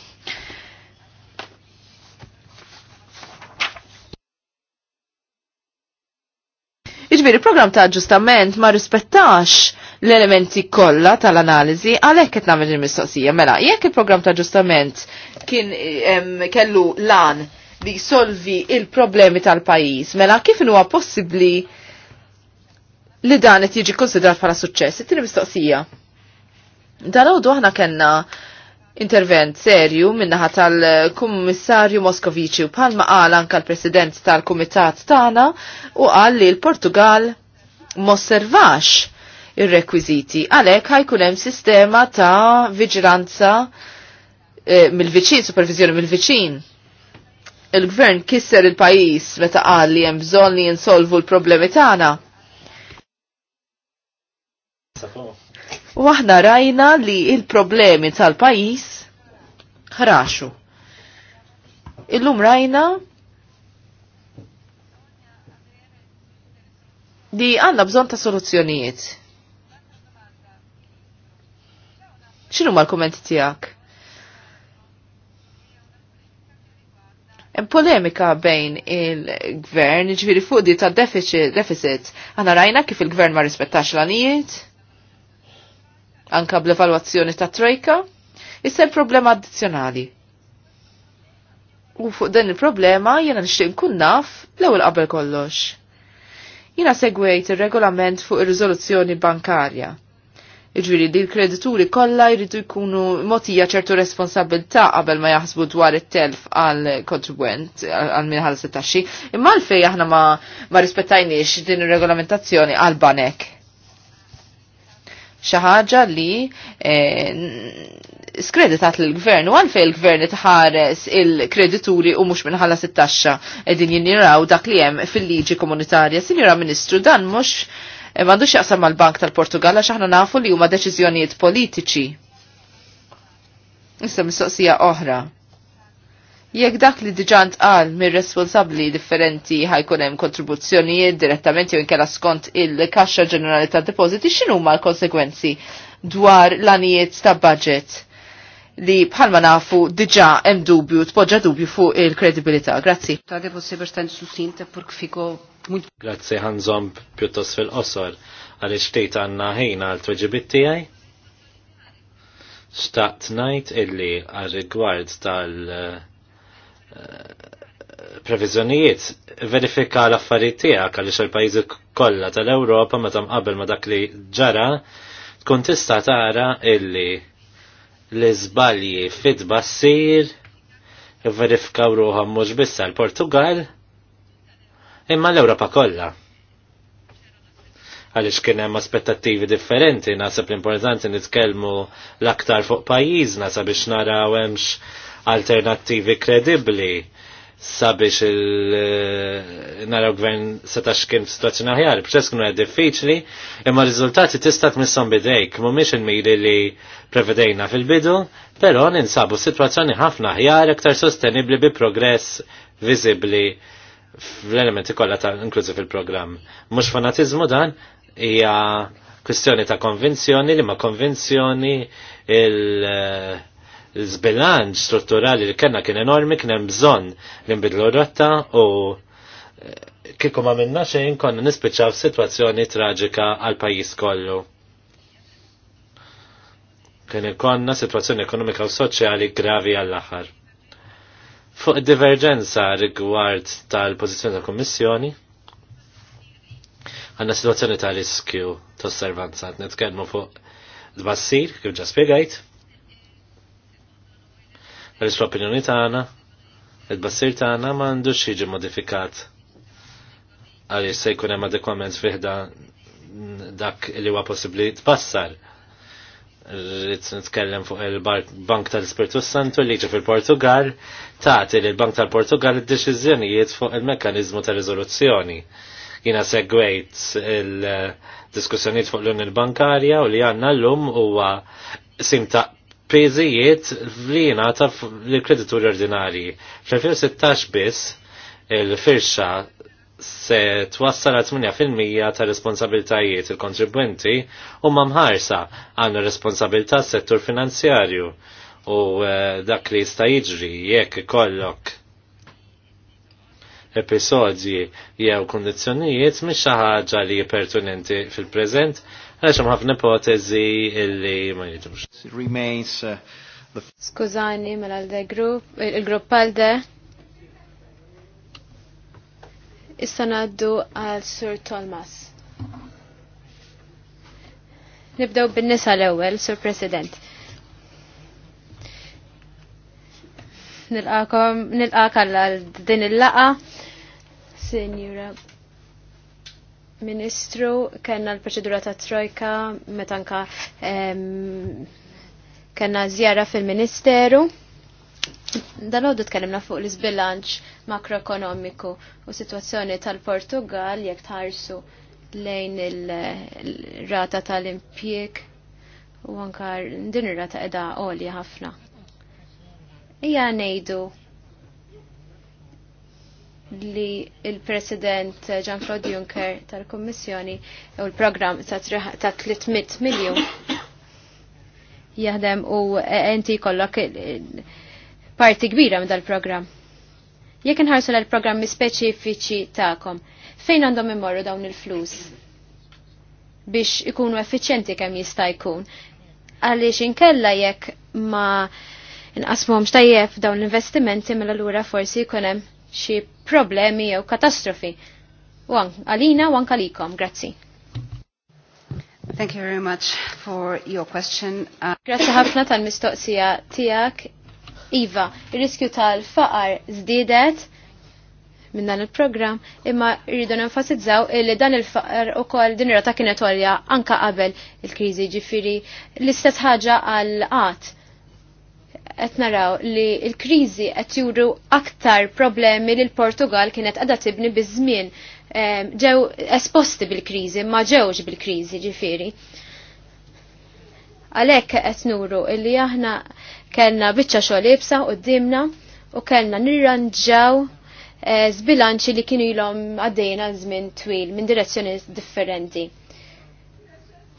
Iġbiri, program ta' ġustament ma' rispettax l-elementi kollha tal-analiżi għalhekk qed nagħmel il-mistoqsija. Mela, jekk il-programm ta' ġustament kien kellu lan li solvi il-problemi tal-pajjiż, mela kif huwa possibbli li dan qed jiġi konsidrat bħala suċċess? It-tieni mistoqsija. Dan għodu aħna kellna intervent serju minnaħa tal-Kummissarju Moskoviċi u palma qal anka l-President tal-Kumitat tagħna u qal li l-Portugal mosservax ir-rekwiżiti għalhekk ħajkun hemm sistema ta' viġilanza eh, mill-viċin, supervizjoni mill-viċin. Il-gvern kisser il-pajis meta qal li hemm bżonn li jinsolvu l-problemi tagħna. U aħna rajna li il-problemi tal-pajis ħraxu. Illum rajna li għanna bżon ta' soluzzjonijiet. ċinu ma' l-kommenti tijak? Hemm polemika bejn il-gvern, ġviri fuq di ta' deficit, deficit. Għana rajna kif il-gvern ma' rispettax l-anijiet? anka bl-evalwazzjoni ta' trojka, issa l-problema addizzjonali. U fuq din il-problema jena nixtieq nkun naf l-ewwel qabel kollox. Jiena segwejt ir-regolament fuq ir-riżoluzzjoni bankarja. Iġviri li l-kredituri kollha jridu jkunu motija ċertu responsabilità qabel ma jaħsbu dwar it-telf għal kontribwent għal minħal setaxxi, imma għalfej aħna ma, ma rispettajniex din ir-regolamentazzjoni għal banek xaħġa ħaġa li eh, skreditat l-gvern u għalfej il-gvern tħares il-kredituri u mux minħalla sit-taxxa edin jinniraw dak li hemm fil-liġi komunitarja. Sinjora Ministru, dan mux eh, mandu xaqsam mal bank tal-Portugal għax aħna nafu li huma deċiżjonijiet politiċi. Issa mistoqsija oħra. Jekk dak li diġant qal mir responsabbli differenti ħajkun hemm kontribuzzjonijiet direttament jew inkella skont il-Kaxxa Ġenerali tad Depositi, x'inhu huma l-konsekwenzi dwar l-anijiet ta' budget li bħalma nafu diġa' hemm dubju, tpoġġa dubju fuq il-kredibilità. Grazzi. Tade fossi pertan susin pur kfiko. Grazzi ħanżom pjuttost fil-qosor għaliex tgħid għandna ħin għal tweġibiet tiegħi. Xtaqt ngħid illi għal rigward tal- uh, previżjonijiet verifika l-affarijiet tiegħek għaliex il-pajjiżi kollha tal-Ewropa meta mqabel ma dak li ġara tkun tista' tara illi l-iżbalji fit-bassir verifikaw ruħom mhux biss l-Portugal imma l-Ewropa kollha. Għaliex kien hemm aspettattivi differenti, naħseb l-importanti nitkellmu l-aktar fuq pajjiżna sabiex naraw hemmx alternattivi kredibbli sabiex il-naraw eh, gvern setax kien situazzjoni aħjar. Il-proċess kienu għed diffiċli, imma r-riżultati tista' tmissom bidejk, mhumiex il-miri li prevedejna fil-bidu, però ninsabu situazzjoni ħafna aħjar iktar sostenibbli bi progress viżibbli fl-elementi kollha ta' inklużi fil-programm. Mhux fanatizmu dan hija kwestjoni ta' konvinzjoni li ma' konvinzjoni il- uh, l-zbilanċ strutturali li kena kien enormi kien hemm bżonn li nbidlu rotta u eh, kieku ma minna xejn konna nispiċċaw f'sitwazzjoni traġika għal pajjiż kollu. Kien ikonna sitwazzjoni ekonomika u soċjali gravi għall aħħar Fuq diverġenza rigward tal-pożizzjoni tal-Kummissjoni, għanna situazzjoni ta' riskju ta' osservanza, netkelmu fuq d-bassir, kif ġa spiegajt, Għalix iswa opinjoni tagħna, il-bassir tagħna m'għandux jiġi modifikat għaliex se jkun hemm adekwament fiħda dak li huwa possibbli tpassar. Rrid nitkellem fuq il-Bank tal-Ispirtu Santu li fil-Portugal tagħti l bank tal-Portugal id-deċiżjonijiet fuq il-mekkaniżmu ta' riżoluzzjoni. Jiena segwejt il-diskussjonijiet fuq l-Unjoni Bankarja u li għandna llum huwa sim ta' preżijiet li ta' l-kredituri ordinari. Fl-2016 biss il-firxa se twassal 8% ta' responsabiltajiet il-kontribwenti u mamħarsa għannu responsabilta settur finanzjarju u eh, dak li jista' jiġri jekk ikollok episodji jew kondizjonijiet mhix xi ħaġa li pertinenti fil-preżent Għaxem ħafna ipotezi illi ma Remains uh, Skużani, mela l grupp il-grupp għal-de. Issa naddu għal Sur Thomas. Nibdew bin-nisa l-ewwel, Sir President. Nilqakom nilqak għal din il-laqa, Senjura. Ministru, kena l-proċedura ta' Trojka, metanka um, kena zjara fil-Ministeru. Dan għoddu tkellimna fuq l-izbilanċ makroekonomiku u situazzjoni tal-Portugal jekk tħarsu lejn il-rata tal-impjek u anka din ir-rata edha għolja ħafna. Ija ngħidu li il-President Jean-Claude Juncker tal-Kommissjoni u l-programm ta' 300 miljon jaħdem u enti kollok parti kbira minn dal-programm. Jekk inħarsu l-programmi speċifiċi ta'kom, fejn għandhom imorru dawn il-flus? biex ikunu effiċenti kemm jista' jkun. Għaliex inkella jekk ma nqasmhomx tajjeb dawn l-investimenti mela lura forsi jkun hemm xi problemi jew katastrofi. U għalina u kalikom, grazzi. Thank you very much for your question. Uh, grazzi ħafna tal-mistoqsija tiegħek. Iva, ir-riskju tal-faqar żdiedet minn dan il-programm, imma rridu nenfasizzaw li dan il-faqar u kol din rata kienet għolja anka qabel il-krizi ġifiri l-istess ħaġa għal-qat qed naraw li l-kriżi qed juru aktar problemi li l-Portugal kienet qiegħda tibni biż-żmien ehm, ġew esposti bil-kriżi ma ġewx bil-kriżi ġifieri. Għalhekk qed nuru li aħna kellna biċċa xogħol ibsa qudiemna u kellna nirranġaw eh, zbilanċi li kienu ilhom għaddejna żmien twil minn direzzjoni differenti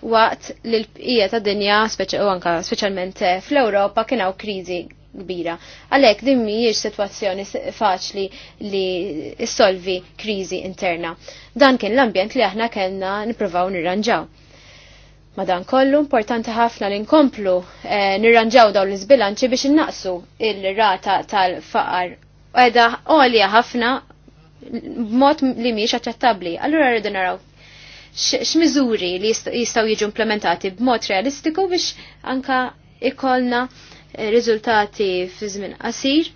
waqt li l-bqija ta' dinja, speċjalment eh, fl-Ewropa, kien hawn kriżi kbira. Għalhekk din mhijiex sitwazzjoni faċli li solvi kriżi interna. Dan kien l-ambjent li aħna kellna nippruvaw nirranġaw. Madan kollu importanti ħafna li nkomplu eh, nirranġaw dawn l-iżbilanċi biex innaqsu il-rata tal-faqar. Edha għolja ħafna b'mod li miex aċċettabbli. Allura rridu naraw x-mizuri li jistgħu jiġu implementati b'mod realistiku biex anka ikolna eh, riżultati fi żmien qasir.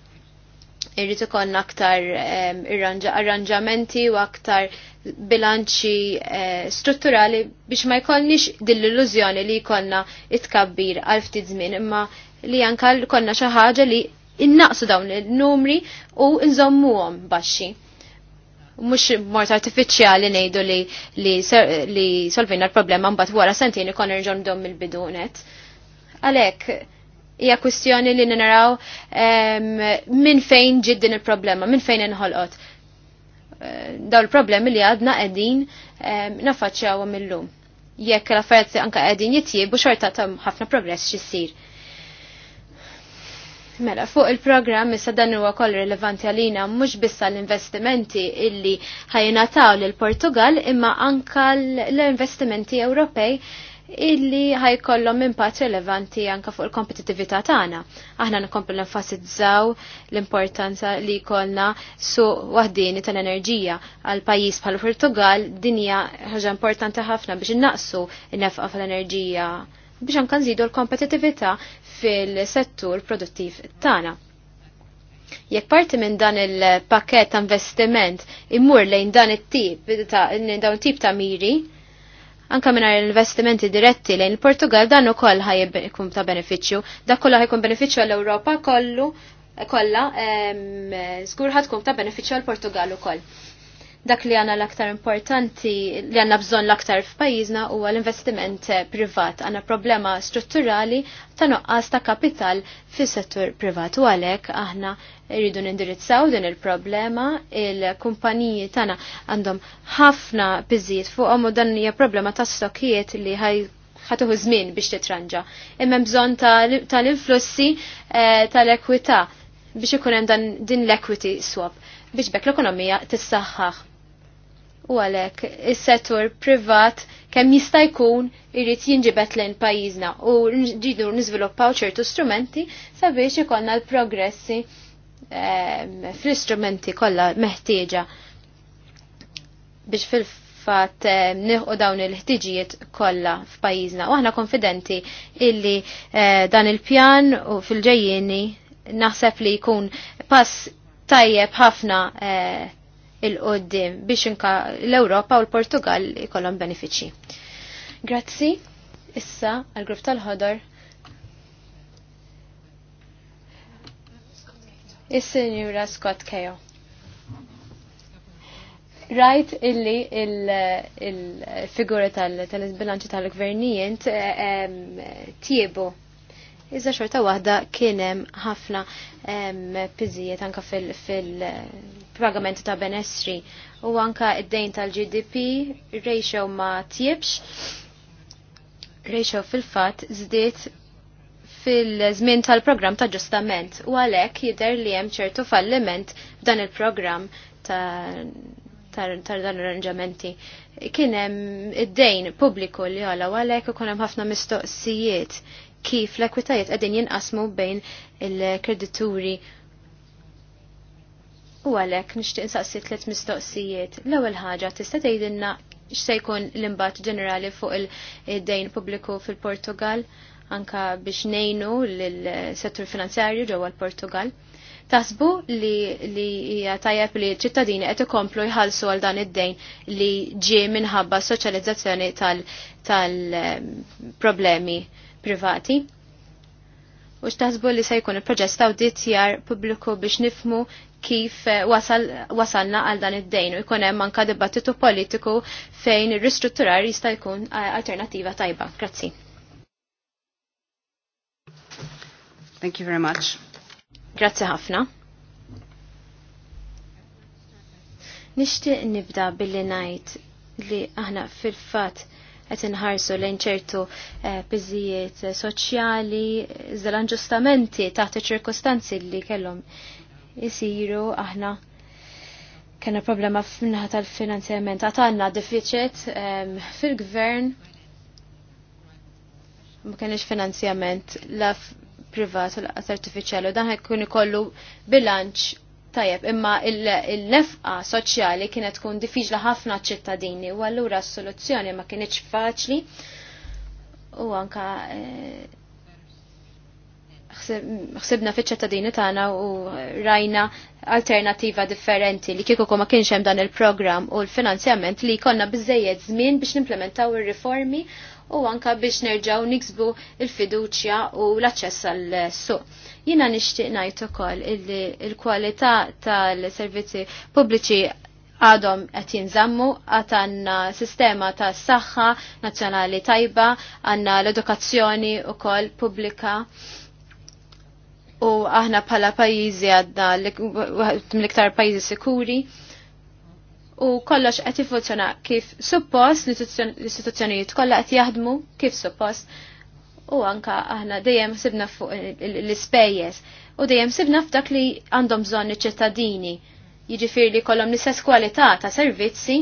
Irrid ikollna aktar ehm, arranġamenti u aktar bilanċi eh, strutturali biex ma jkollniex din l-illużjoni li jkollna itkabbir għal ftit żmien imma li anka konna xi ħaġa li innaqsu dawn il-numri u nżommuhom baxxi mux mort artificiali nejdu li, li, li solvina l-problema mbagħad wara sentejn ikon irġom dom il-bidunet. Għalhekk hija kwistjoni li naraw minn fejn ġiddin din il-problema, minn fejn inħolqot. Eh, daw il-problemi li għadna qegħdin nafaċċjaw mill-lum. Jekk l-affarijiet anke qegħdin jitjiebu xorta ta' ħafna progress xissir. Mela, fuq il-programm issa dan huwa koll rilevanti għalina mhux biss l-investimenti illi ħajnataw lill Portugal imma anka l-investimenti Ewropej illi ħajkollhom impatt rilevanti anka fuq il-kompetitività tagħna. Aħna nkomplu nenfasizzaw l-importanza li jkollna su waħdini tal-enerġija għal pajjiż bħal Portugal dinja ħaġa importanti ħafna biex innaqsu n-nefqa fl-enerġija biex anka nżidu l-kompetitività fil-settur produttiv tagħna. Jekk parti minn dan il-pakket ta' investiment immur lejn dan it-tip ta' dawn tip ta' miri, anka minn investimenti diretti lejn il-Portugal dan ukoll ħajkun ta' benefiċċju, dak kollha ħajkun benefiċċju għall-Ewropa kollu kollha żgur ħadkun ta' benefiċċju għall-Portugal ukoll. Dak li għana l-aktar importanti li għanna bżon l-aktar f'pajizna huwa l-investiment privat. Għanna problema strutturali ta' noqqas ta' kapital fis settur privat. U għalek aħna rridu nindirizzaw din il-problema, il-kumpaniji tana għandhom ħafna biżiet fuqhom u dan hija problema ta' stokkijiet li ħaj ħatuħu żmien biex titranġa. Imma bżon tal-influssi eh, tal-ekwita biex ikun hemm din l-equity swap biex bekk l-ekonomija tissaħħaħ u għalek il-settur privat kemm jista' jkun irid jinġibet lejn pajjiżna u nġidu niżviluppaw ċertu strumenti sabiex ikollna l-progressi ehm, fl-istrumenti kollha meħtieġa biex fil-fatt ehm, nieħu dawn il-ħtiġijiet kollha f'pajjiżna. U aħna konfidenti illi eh, dan il-pjan u fil-ġejjieni naħseb li jkun pass tajjeb ħafna eh, il-qoddim biex inka l-Ewropa u l-Portugal ikollhom benefiċċji. Grazzi, issa għal-grupp tal-ħodor. Is-Sinjura Scott Keo. Rajt illi il-figura tal-bilanċi tal-gvernijent eh, tiebu iżda xorta waħda kienem ħafna piżijiet anka fil-pagament ta' benessri u anka id-dejn tal-GDP ratio ma tjibx ratio fil-fat zdiet fil-żmien tal-programm ta' ġustament u għalhekk jidher li hemm ċertu falliment f'dan il-programm ta' dan arranġamenti. Kien hemm id-dejn pubbliku li għala għalhekk ikun hemm ħafna mistoqsijiet kif l-ekwitajiet qegħdin jinqasmu bejn il-kredituri u għalhekk nixtieq insaqsi tliet mistoqsijiet. L-ewwel ħaġa tista' tgħidilna x'se jkun l-imbatt ġenerali fuq il-dejn pubbliku fil-Portugal anka biex nejnu l-settur finanzjarju ġewwa l-Portugal tasbu li li hija tajjeb li ċittadini qed ikomplu jħallsu għal dan id-dejn li ġie minħabba soċjalizzazzjoni tal-problemi eh, privati. U xtaħsbu li se jkun il-proġess ta' awditjar pubbliku biex nifmu kif eh, wasal, wasalna għal dan id-dejn u jkun hemm anka dibattitu politiku fejn ir-ristrutturar jista' jkun eh, alternativa tajba. Grazzi. Thank you very much. Grazzi ħafna. Nixtieq nibda billi ngħid li aħna fil-fatt qed inħarsu lejn ċertu piżijiet eh, soċjali iżda l-anġustamenti taħt iċ li kellhom isiru aħna kena problema f'minnaħa tal-finanzjament. Għatanna deficit ehm, fil-gvern ma kienx finanzjament la privat u l artificiali u dan ħajkun ikollu bilanċ tajjeb, imma il-nefqa soċjali kienet tkun diffiċla ħafna ċittadini u allura s-soluzzjoni ma kienieċ faċli u anka ħsibna eh, fiċ ċittadini tagħna u rajna alternativa differenti li kieku ma kienx hemm dan il-programm u l-finanzjament li jkollna biżejjed żmien biex nimplementaw ir-riformi u anka biex nerġaw niksbu il-fiduċja u l-aċċess għall-suq. Jina nixtieq ngħid ukoll illi l-kwalità tal-servizzi pubbliċi għadhom qed jinżammu għad għandna sistema ta' saħħa nazzjonali tajba, għandna l-edukazzjoni ukoll pubblika. U aħna bħala pajjiżi għadna l-iktar pajjiżi sikuri u kollox qed jiffunzjona kif suppost, l-istituzzjonijiet kollha qed jaħdmu kif suppost u anka aħna dejjem sibna fuq l-ispejjeż u dejjem sibna f'dak li għandhom bżonn iċ-ċittadini. Jiġifieri li kollhom l-istess kwalità ta' servizzi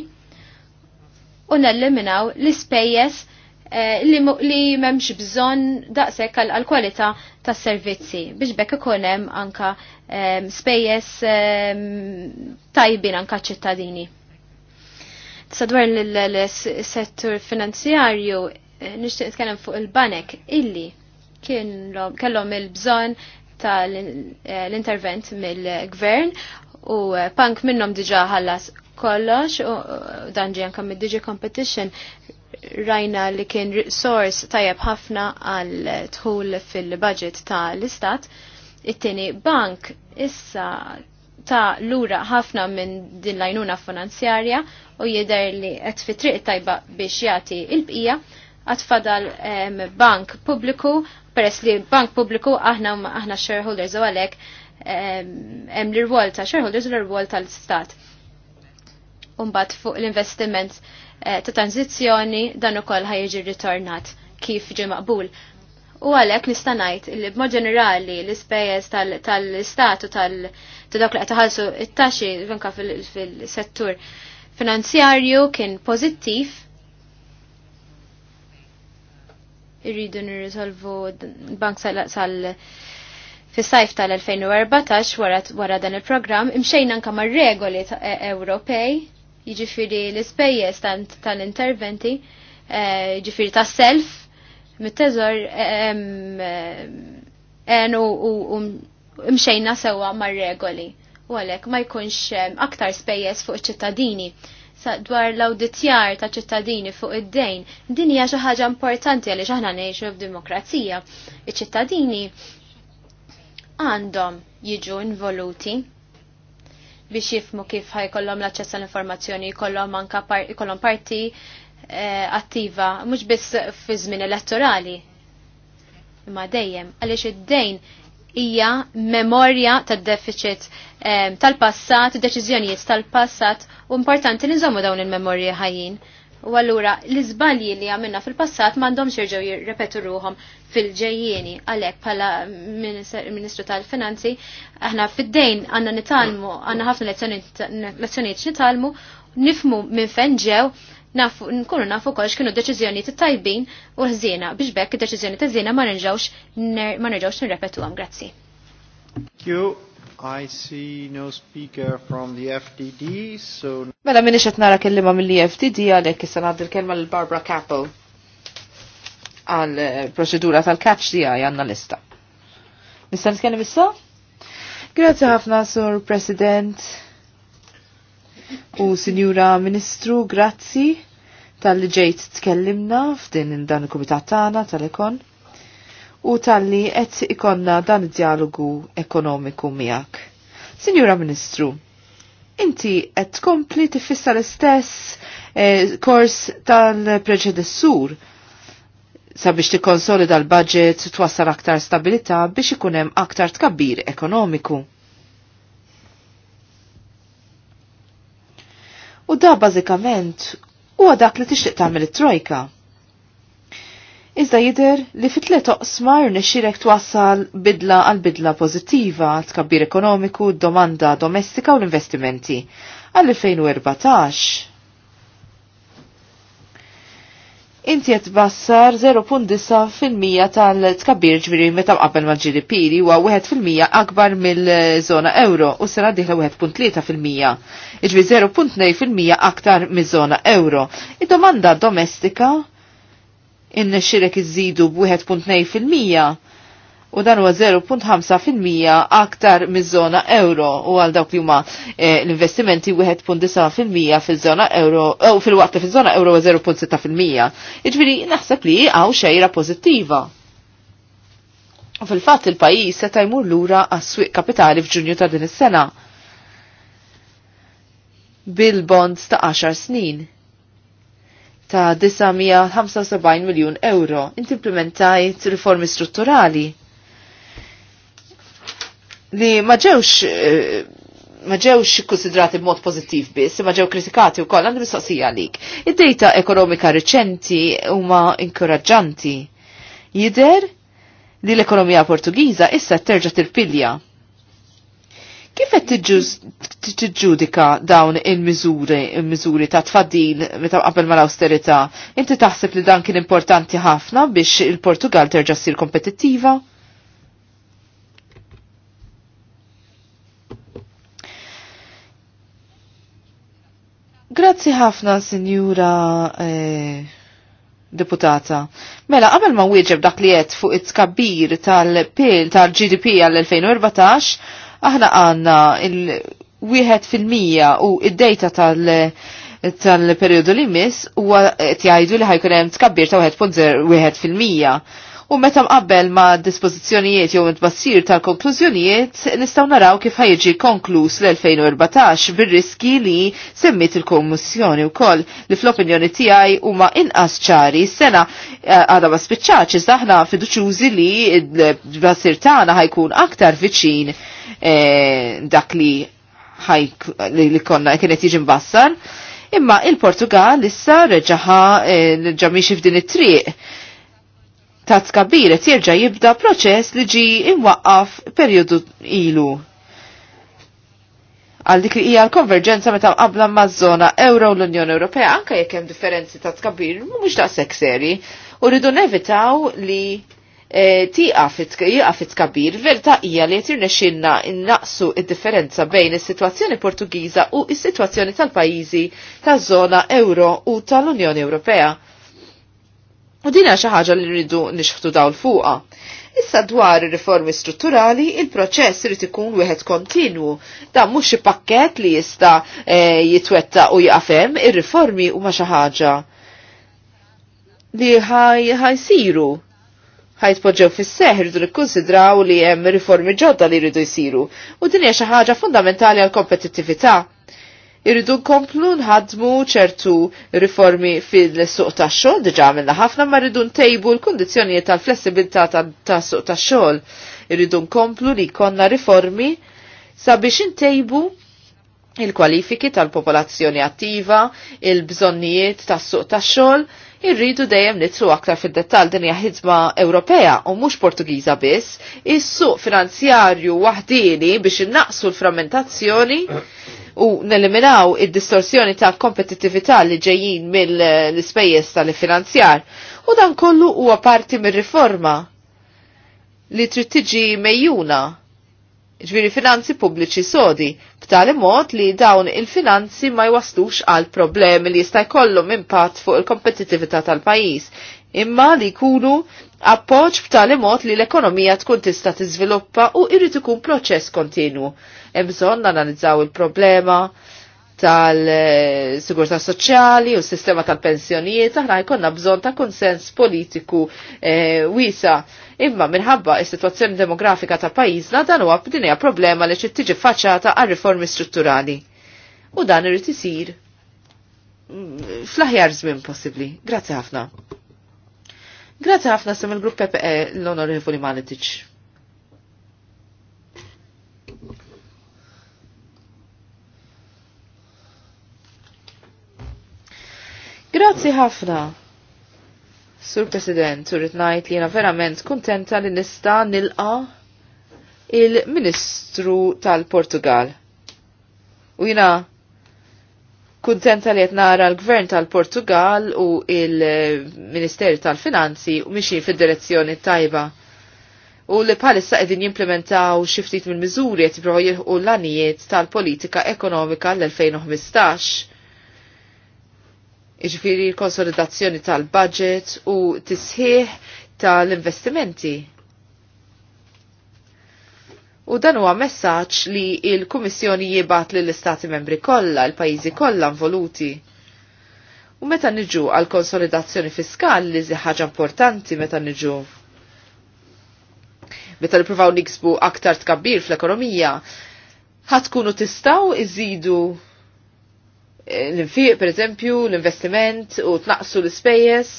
u nelliminaw l-ispejjeż eh, li, li memx bżon daqsek għal kwalità tas servizzi biex bekk ikun hemm anka eh, spejjeż eh, tajbin anka ċittadini sadwar l-settur finanzjarju eh, nishtiq t-kellem fuq il-banek illi kellhom il-bżonn tal-intervent eh, mill-gvern u bank eh, minnhom diġà ħallas kollox u dan ġi anke mid-Digi Competition rajna li kien source tajjeb ħafna għal tħul fil-budget tal-istat. It-tieni bank issa ta' lura ħafna minn din lajnuna finanzjarja u jidher li qed fi triq tajba biex jagħti il-bqija għad fadal bank pubbliku peress li bank pubbliku aħna aħna shareholders u għalhekk hemm l-irwol ta' shareholders u l-irwol tal-istat. Umbat fuq l-investiment eh, ta' tranzizzjoni dan ukoll ħajġi ritornat kif ġi maqbul. U għalhekk nista' ngħid li b'mod ġenerali l-ispejjeż tal-istat u tal-, -tal ta' dawk li qed iħallsu it-taxxi anke fil-settur finanzjarju kien pożittiv. Irridu nirrisolvu bank sal, fis-sajf tal-2014 wara, wara dan il-programm imxejn anka mar-regoli e-, Ewropej, jiġifieri l-ispejjeż tal-interventi, eh, jiġifieri tas-self mit-teżor eh, eh, u mxejna sewa mar-regoli. U għalhekk ma jkunx aktar spejjeż fuq iċ-ċittadini dwar l-awditjar ta' ċittadini fuq id-dejn, din hija xi ħaġa importanti għaliex aħna ngħixu f'demokrazija. Iċ-ċittadini għandhom jiġu involuti biex jifmu kif ħajkollhom l-aċċess għall informazzjoni jkollhom anke jkollhom parti eh, attiva mhux biss fi żmien elettorali imma dejjem għaliex id-dejn hija memorja tad-deficit tal-passat, deċiżjonijiet tal-passat u importanti li nżommu dawn il-memorji ħajjin. U allura l-iżbalji li għamilna fil-passat m'għandhom xerġaw jirrepetu ruhom fil ġejjeni għalhekk bħala Ministru tal-Finanzi aħna fid-dejn għandna nitalmu, għandna ħafna lezzjonijiet nitalmu, nifmu minn fejn ġew nafu, nkunu nafu xkienu deċizjoni deċiżjoni tajbin u ħzina biex bekk deċiżjoni ta' ħżiena ma nerġawx nirrepetu għam. Grazzi. Thank you. I see no speaker from the FDD, so... Mela minni xet nara kellima mill-FDD għalek issa għaddi l-kelma l-Barbara Capel għal eh, proċedura tal-catch di għaj għanna lista. Nista nitkellem issa? Grazie ħafna, Sur President u Sinjura Ministru, grazzi tal-li ġejt tkellimna f'din dan il-Kumitat tagħna tal-Ekon u tal-li qed ikonna dan id-dialogu ekonomiku miegħek. Sinjura Ministru, inti qed tkompli tiffissa l-istess eh, kors tal-preċedessur sabiex tikkonsolida l-budget twassal aktar stabilità biex ikun hemm aktar tkabbir ekonomiku. U da bażikament huwa dak li tixtieq tagħmel it-trojka. Iżda jider li fit-tliet oqsmar nixxirek twassal bidla għal bidla pożittiva tkabbir ekonomiku, domanda domestika u l-investimenti. Għal 2014 inti qed bassar 0.9% tal-tkabbir ġviri meta qabel mal-GDP li huwa 1% akbar mill-żona euro u sena diħla 1.3%. Iġvi 0.2% aktar mill żona euro. Id-domanda domestika innexxirek iżidu b'1.2% u dan huwa 0.5% aktar miż-żona euro u għal dawk li huma eh, l-investimenti 1.9% fil-żona euro u eh, fil-waqt fil fiż-żona euro 0.6%. Jiġifieri naħseb li hawn xejra pożittiva. U fil-fatt il-pajjiż seta' jmur lura għas-swieq kapitali f'Ġunju ta' din is-sena bil-bonds ta' 10 snin ta' 975 miljon euro. Inti implementajt riformi strutturali li ma ġewx eh, ma ġewx konsidrati b'mod pozittiv biss, ma ġew kritikati wkoll għandi mistoqsija għalik. Id-dejta ekonomika reċenti huma inkoraġġanti. Jider li l-ekonomija Portugiża issa terġa' tirpilja. Kif qed tiġġudika dawn il-miżuri, il-miżuri ta' tfaddil meta qabel mal-austerità? Inti taħseb li dan kien importanti ħafna biex il-Portugal terġa' ssir kompetittiva? Grazzi ħafna, Sinjura eh, Deputata. Mela, qabel ma wieġeb dak li qed fuq it-tkabbir tal-pil tal-GDP għall-2014, aħna għandna il-1 fil-mija u id dejta tal- tal-periodu li miss u jgħidu li ħajkun hemm tkabbir ta' 1.01 fil-mija. U meta mqabbel ma' dispożizzjonijiet jew it-bassir tal-konklużjonijiet, nistgħu naraw kif ħajġi konkluż l-2014 bir-riski li semmit il-Kommissjoni wkoll li fl-opinjoni tiegħi huma inqas ċari sena eh, għadha ma spiċċaċ iżda aħna fiduċjużi li l-bassir tagħna ħajkun aktar viċin eh, dak li li konna kienet jiġi mbassar. Imma il-Portugal issa reġaħa reġa' eh, miex f'din it-triq ta' tkabbir qed jerġa' jibda proċess li ġi imwaqqaf periodu ilu. Għal dik li hija l-konverġenza meta qabla maż-żona Euro l-Unjoni Ewropea anke jekk hemm differenzi ta' tkabbir mhumiex daqshekk seri u rridu nevitaw li e, tiqaf jiqaf it-kabir, verta hija li qed irnexxinna innaqsu id-differenza bejn is-sitwazzjoni Portugiża u is-sitwazzjoni tal-pajjiżi taż-żona euro u tal-Unjoni Ewropea. U dinja xi ħaġa li rridu nixħtu dawl fuqha. Issa dwar riformi strutturali, il-proċess irid ikun wieħed kontinwu. Dan mhux xi pakkett li jista' e, jitwetta u jaqfem, ir-riformi huma xi ħaġa li ħajsiru. Ħajtpoġġew fis-seħ irridu nikkunsidraw li hemm riformi ġodda li jridu jsiru. U din hija xi ħaġa fundamentali għall kompetittività irridu nkomplu nħadmu ċertu riformi fil-suq tax-xogħol, diġà għamilna ħafna ma rridu ntejbu l-kundizzjonijiet tal-flessibilità tas-suq tax-xogħol. Irridu nkomplu li jkollna riformi sabiex intejbu il-kwalifiki tal-popolazzjoni attiva, il-bżonnijiet tas-suq tax-xogħol, irridu dejjem nitru aktar fid-dettall din hija ħidma Ewropea u mhux Portugiża biss, is-suq finanzjarju waħdini biex innaqsu l-frammentazzjoni u neliminaw id-distorsjoni ta' kompetittività li ġejjin mill-ispejjeż tal-finanzjar. U dan kollu huwa parti mir-riforma li trid tiġi mejjuna ġviri finanzi pubbliċi sodi, b'tali mod li dawn il-finanzi ma jwaslux għal problemi li jista' jkollhom impatt fuq il-kompetittività tal-pajjiż, imma li jkunu appoġġ b'tali mod li l-ekonomija tkun tista' tiżviluppa u jrid ikun proċess kontinwu Hemm bżonn analizzaw il-problema, tal-sigurta soċjali u s-sistema tal-pensjonijiet, aħna jkonna bżon ta' konsens politiku e, eh, wisa. Imma minħabba is-sitwazzjoni demografika ta' pajjiżna dan huwa dinja problema li ċit tiġi faċċata għal riformi strutturali. U dan irid isir mm, fl-aħjar żmien possibbli. Grazzi ħafna. Grazzi ħafna sem il-grupp PPE l-Onorevoli Maletic. Grazzi ħafna. Sur President, urrit najt li jena verament kontenta li nista nilqa il-Ministru tal-Portugal. U jena kontenta li nara l-Gvern tal-Portugal u il-Ministeri tal-Finanzi u miexin fil-direzzjoni tajba. U li palissa edin jimplementaw xiftit mill-mizuri jett u l-anijiet tal-politika ekonomika l-2015 iġifiri konsolidazzjoni tal-budget u tisħiħ tal-investimenti. U dan huwa messaġġ li l-Kummissjoni jibgħat lill istati membri kollha, l-pajjiżi kollha involuti. U meta niġu għal konsolidazzjoni fiskali li zi ħaġa importanti meta niġu. Meta nippruvaw niksbu aktar tkabbir fl-ekonomija, ħatkunu tistaw iżidu l-infiq per eżempju, l-investiment u tnaqsu l-spejjes.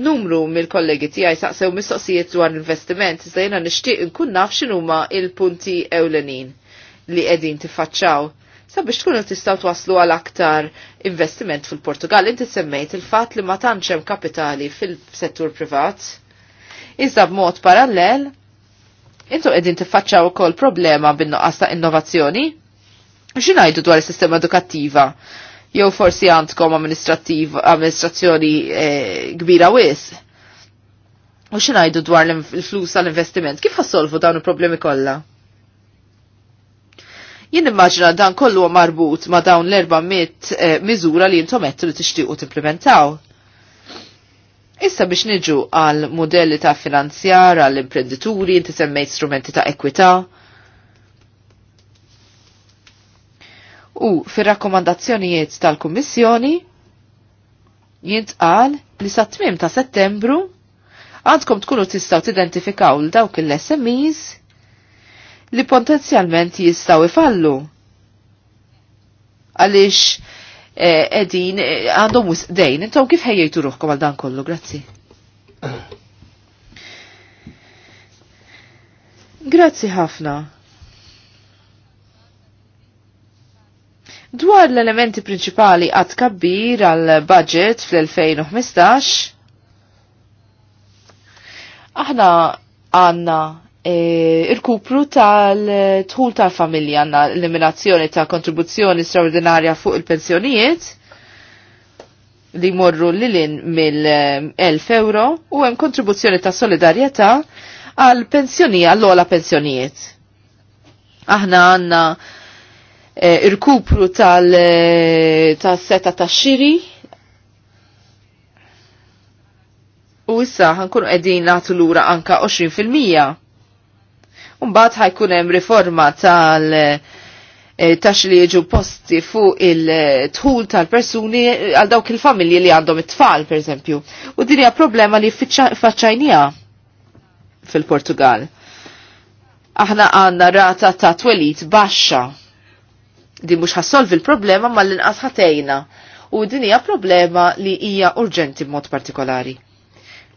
Numru mill-kollegi tiegħi saqsew mistoqsijiet dwar l-investiment, iżda jiena nixtieq nkun naf x'inhuma il-punti ewlenin li qegħdin tiffaċċaw sabiex tkunu tistaw twaslu għal aktar investiment fil-Portugal. Inti semmejt il-fat li ma tantx hemm kapitali fil-settur privat. Iżda b'mod parallel, intu qegħdin tiffaċċaw ukoll problema bin-nuqqas ta' innovazzjoni. Xinajdu dwar is-sistema edukattiva? Jew forsi għandkom amministrazzjoni eh, kbira wis? U xinajdu dwar l-flus għal-investiment? Kif għassolvu dawn il-problemi kollha? Jien immaġina dan kollu marbut ma dawn l-400 eh, miżura li jintom qed li tixtiequ timplementaw. Issa biex niġu għal modelli ta' finanzjar, għal imprendituri, inti semmejt strumenti ta' ekwita, u fir-rakkomandazzjonijiet tal-Kummissjoni jintqal li sa tmim ta' settembru għandkom tkunu tistaw tidentifikaw l dawk il-SMEs li potenzjalment jistaw ifallu. Għalix qegħdin eh, edin eh, għandhom eh, dejn, intom kif ħejjtu ruħkom għal dan kollu, grazzi. *coughs* Grazzi ħafna. Dwar l-elementi prinċipali għad kabbir għal budget fl-2015, aħna għanna e, il-kupru tal-tħul tal-familja għanna eliminazzjoni ta' kontribuzzjoni straordinarja fuq il-pensjonijiet li morru lilin mill-1000 euro u hemm kontribuzzjoni ta' solidarjetà għal pensjonija għall-ola pensjonijiet. Aħna għanna Eh, irkupru tal-seta eh, tax-xiri. U issa ħankunu qegħdin nagħtu lura anka 20%. Mbagħad ħajkun hemm riforma tal- eh, tax li jiġu posti fuq il-tħul tal-persuni għal dawk il-familji li għandhom it-tfal, per eżempju. U dinja problema li faċċajnija fil-Portugal. Aħna għanna rata ta' twelit baxxa Di mhux ħassolvi l-problema ma l-inqas ħatejna. U din hija problema li hija urġenti b'mod partikolari.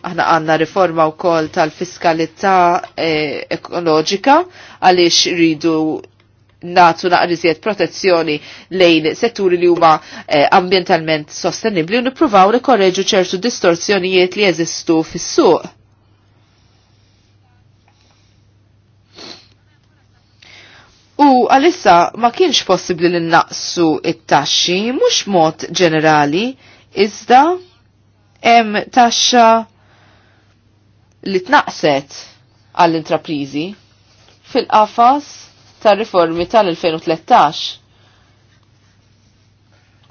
Aħna għanna riforma wkoll tal-fiskalità eh, ekoloġika għaliex ridu natu naqriżiet protezzjoni lejn setturi li huma eh, ambientalment sostenibli u nippruvaw nikorreġu ċertu distorsjonijiet li jeżistu fis-suq. U għalissa ma kienx possibli li naqsu it-taxxi mhux mod ġenerali, iżda hemm taxxa li tnaqset għall-intraprizi fil-qafas tar-riformi tal-2013.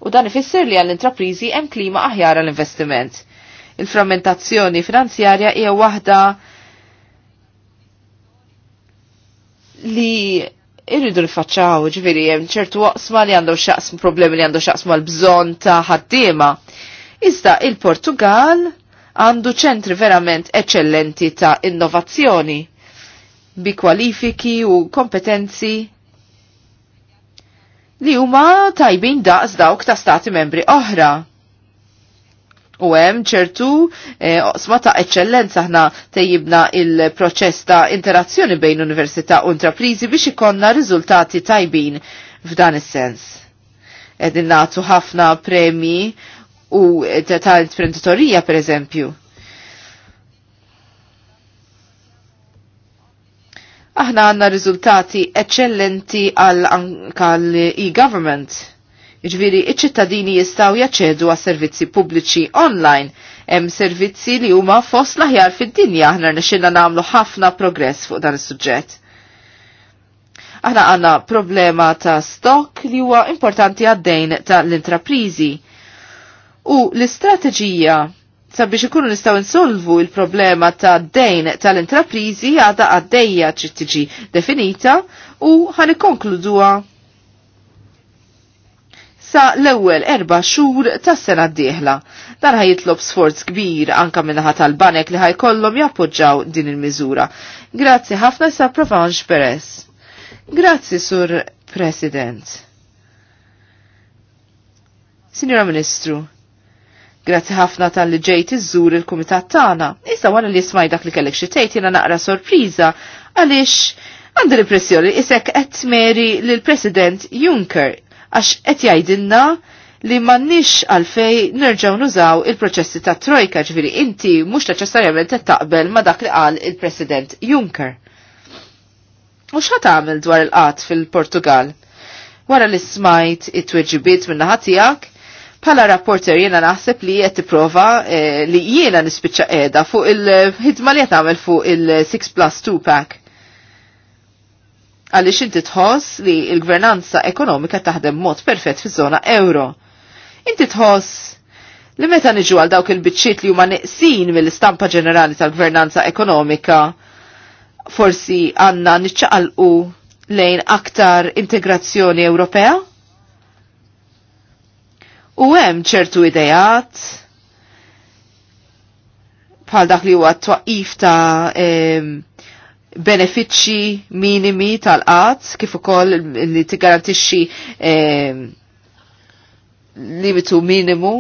U dan ifisser li għall-intraprizi hemm klima aħjar għall-investiment. Il-frammentazzjoni finanzjarja hija waħda li irridu nifacċaw, ġviri, jem ċertu waqsma li għandu xaqsm problemi li għandu xaqsm mal bżon ta' ħaddima. Iżda il-Portugal għandu ċentri verament eccellenti ta' innovazzjoni, bi kwalifiki u kompetenzi li huma tajbin daqs dawk ta' stati membri oħra U hemm ċertu eh, oqsma ta' eċċellenza ħna tejjibna il-proċess ta' interazzjoni bejn università u intraprizi biex ikonna riżultati tajbin f'dan is-sens. Qegħdin nagħtu ħafna premji u ta' imprenditorija pereżempju. Aħna għandna riżultati eċċellenti għal anka l-e-government Iġviri, iċ-ċittadini jistaw jaċedu għas servizzi pubbliċi online. Hemm servizzi li huma fost l-aħjar fid-dinja aħna nixilna nagħmlu ħafna progress fuq dan is-suġġett. Aħna għandna problema ta' stock li huwa importanti għad-dejn tal-intraprizi. U l-istrateġija sabiex ikunu nistaw insolvu il-problema ta' dejn tal-intraprizi għada għaddejja ċittiġi definita u ħan ikonkluduwa sa l-ewwel erba' xhur tas-sena d-dieħla. Dan ħajitlob sforz kbir anka minnaħa tal-banek li ħajkollhom jappoġġaw din il-miżura. Grazzi ħafna sa Provange Perez. Grazzi sur President. Signora Ministru, Grazzi ħafna tal-li ġejt iżżur il-kumitat tagħna. Issa wara li smaj dak li kellek xi tgħid jiena naqra sorpriża għaliex Għandi l-impressjoni isek qed meri l-President Juncker għax qed jgħidilna li m'għandniex għalfej nerġgħu nużaw il-proċessi ta' trojka ġifieri inti mhux neċessarjament qed taqbel ma dak li qal il-President Juncker. U x'ħat għamil dwar il-qat fil-Portugal. Wara li smajt it-tweġibiet minna tiegħek, Pala rapporter jiena naħseb li qed tipprova eh, li jiena nispiċċa qiegħda fuq il-ħidma li qed fuq il-6 plus 2 pack għaliex inti tħoss li l-gvernanza ekonomika taħdem mod perfett fiż-żona euro. Inti tħoss li meta niġu għal dawk il-biċċiet li huma neqsin mill-istampa ġenerali tal-gvernanza ekonomika, forsi għanna niċċaqalqu lejn aktar integrazzjoni Ewropea? U hemm ċertu idejat bħal dak li huwa twaqif ta' benefiċċji minimi tal-qatt kif ukoll li tigarantixxi ehm, limitu minimu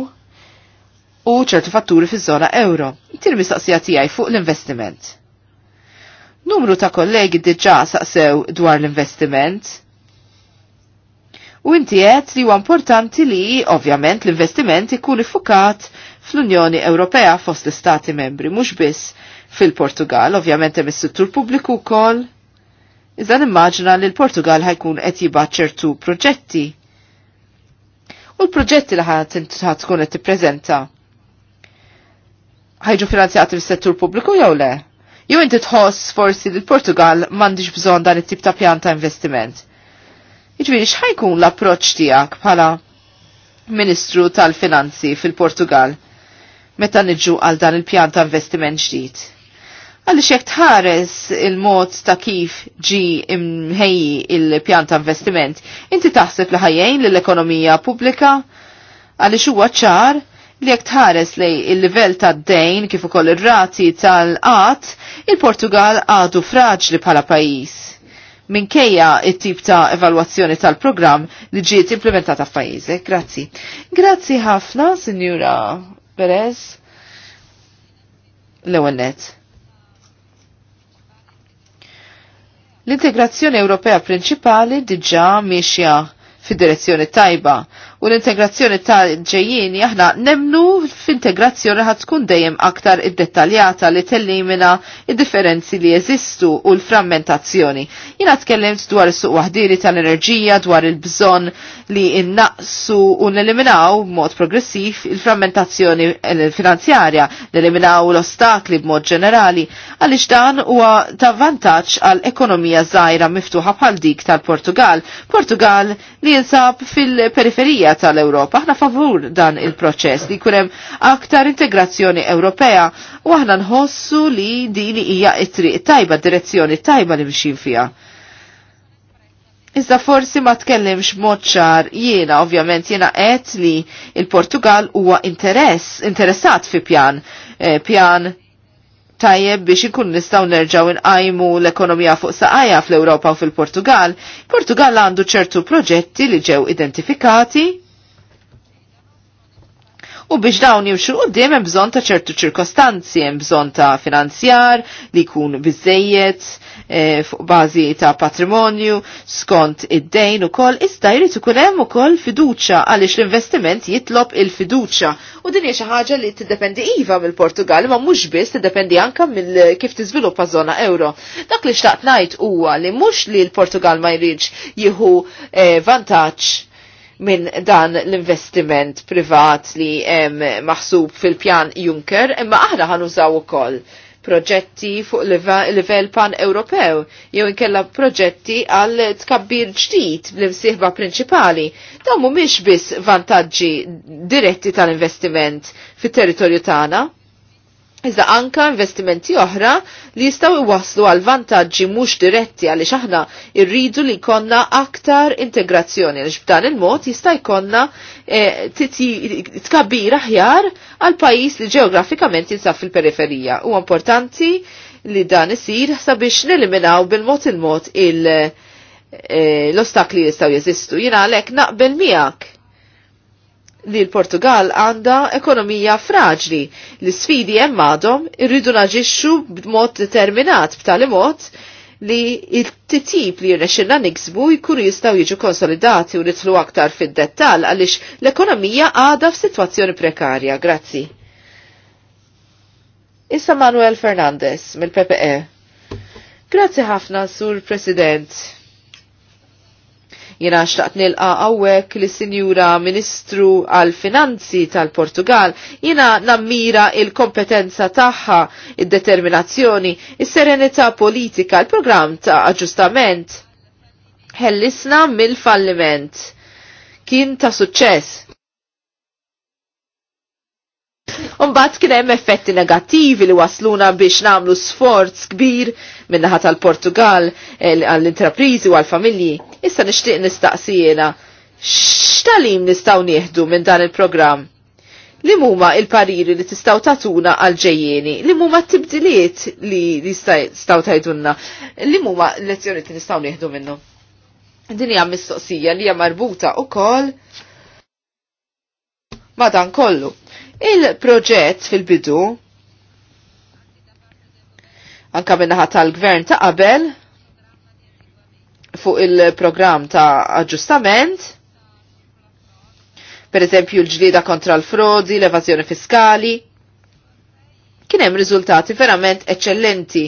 u ċertu fatturi fiż-żona euro. Tir mistaqsija tiegħi fuq l-investiment. Numru ta' kollegi diġà saqsew dwar l-investiment. U inti qed li huwa importanti li ovvjament l-investiment ikun ifukat fl-Unjoni Ewropea fost l-Stati membri mhux biss fil-Portugal, ovvjament hemm is-settur pubbliku wkoll. Iżda nimmaġina li l-Portugal ħajkun qed jibgħat ċertu proġetti. U l-proġetti li ħadd tkun qed tippreżenta ħajġu finanzjati fis-settur pubbliku jew le? Jew inti tħoss forsi li l-Portugal m'għandix bżonn dan it-tip ta' pjanta investiment. Jiġifieri x'ħajkun l-approċċ tiegħek bħala Ministru tal-Finanzi fil-Portugal meta niġu għal dan il-pjan ta' investiment ġdid. Għalli xek tħares il-mod ta' kif ġi imħeji il-pjan ta' investiment, inti taħseb li ħajjejn l-ekonomija pubblika? Għalli huwa ċar? li jekk tħares li il-livell ta' dejn kif ukoll ir-rati tal-qat, il-Portugal għadu fraġli bħala pajjiż. Minkejja it-tip ta' evalwazzjoni tal-programm li ġiet implementata f'pajjiżek. Grazzi. Grazzi ħafna, Sinjura Perez. L-ewwel L-integrazzjoni Ewropea prinċipali diġà miexja fid-direzzjoni tajba u l-integrazzjoni ta' ġejjini aħna nemnu f'integrazzjoni ħad tkun dejjem aktar id-dettaljata li tellimina id-differenzi li jeżistu u l-frammentazzjoni. Jina tkellimt dwar is-suq waħdiri tal-enerġija, dwar il-bżonn li innaqsu u neliminaw b'mod progressiv il-frammentazzjoni finanzjarja, neliminaw l-ostakli b'mod ġenerali, għaliex dan huwa ta' vantaġġ għal ekonomija żgħira miftuħa bħal dik tal-Portugal. Portugal li jinsab fil-periferija tal-Ewropa. Aħna favur dan il-proċess li kunem aktar integrazzjoni Ewropea u aħna nħossu li dini hija it-triq tajba, direzzjoni tajba li mxin fija. Iżda forsi ma tkellimx moċċar jiena, ovvjament jiena qed li il-Portugal huwa interess, interessat fi pjan, eh, pjan tajjeb biex inkun nistaw nerġaw inqajmu l-ekonomija fuq saqajja fl-Ewropa u fil-Portugal. Portugal għandu ċertu proġetti li ġew identifikati u biex dawn jimxu qudiem hemm bżonn ta' ċertu ċirkostanzi, hemm bżonn ta' finanzjar li jkun bizzejiet e, eh, fuq bażi ta' patrimonju, skont id-dejn ukoll, issa jrid ikun hemm ukoll fiduċa għaliex l-investiment jitlob il-fiduċja u din hija xi ħaġa li tiddependi iva mill-Portugal ma mhux biss tiddependi anke mill kif tiżviluppa żona euro. Dak li xtaqt ngħid huwa li mhux li l-Portugal ma jridx jieħu eh, vantaġġ minn dan l-investiment privat li hemm maħsub fil-pjan Juncker, imma aħna ħanużaw ukoll proġetti fuq livell pan-Ewropew, jew inkella proġetti għal tkabbir ġdid bl-imsieħba prinċipali. Dawn mhumiex biss vantaġġi diretti tal-investiment fit-territorju tagħna, Iżda anka investimenti oħra li jistaw iwaslu għal vantaġġi mhux diretti għaliex aħna irridu li konna aktar integrazzjoni għaliex b'dan il-mod jista' jkollna eh, tkabbir aħjar għal pajjiż li ġeografikament jinsab fil-periferija. U importanti li dan isir sabiex neliminaw bil-mod il-mod eh, l-ostakli jistaw jeżistu. Jina għalhekk naqbel miegħek li l-Portugal għanda ekonomija fraġli. L-sfidi jemmadom irridu naġiċu b'mod determinat b'tali mod li il-titip li jirnexinna niksbu jkunu jistaw jiġu konsolidati u nitlu aktar fid-dettal għalix l-ekonomija għada f'sitwazzjoni prekarja. Grazzi. Issa Manuel Fernandez mill-PPE. Grazzi ħafna sur President. Jina xtaqt nilqa għawek li sinjura Ministru għal-Finanzi tal-Portugal. jina nammira il-kompetenza taħħa, il-determinazzjoni, il-serenità politika, il-program ta' aġustament. Hellisna mill-falliment. Kien ta' suċċess Umbat kien hemm effetti negattivi li wasluna biex namlu sforz kbir minnaħa tal-Portugal eh, għall intrapriżi u għall-familji. Issa nixtieq nistaqsijena x'talim nistgħu nieħdu minn dan il-programm? Li huma il-pariri li tistgħu tatuna għal ġejjeni, li huma t-tibdiliet li jistgħu tajdunna, li huma l li nistgħu nieħdu minnhom. Din hija mistoqsija li hija marbuta wkoll ma dan kollu Il-proġett fil-bidu anka minnaħat tal-gvern ta' qabel fuq il-programm ta' aġġustament per eżempju l-ġlida kontra l-frodi, l-evazjoni fiskali. Kien hemm riżultati verament eċċellenti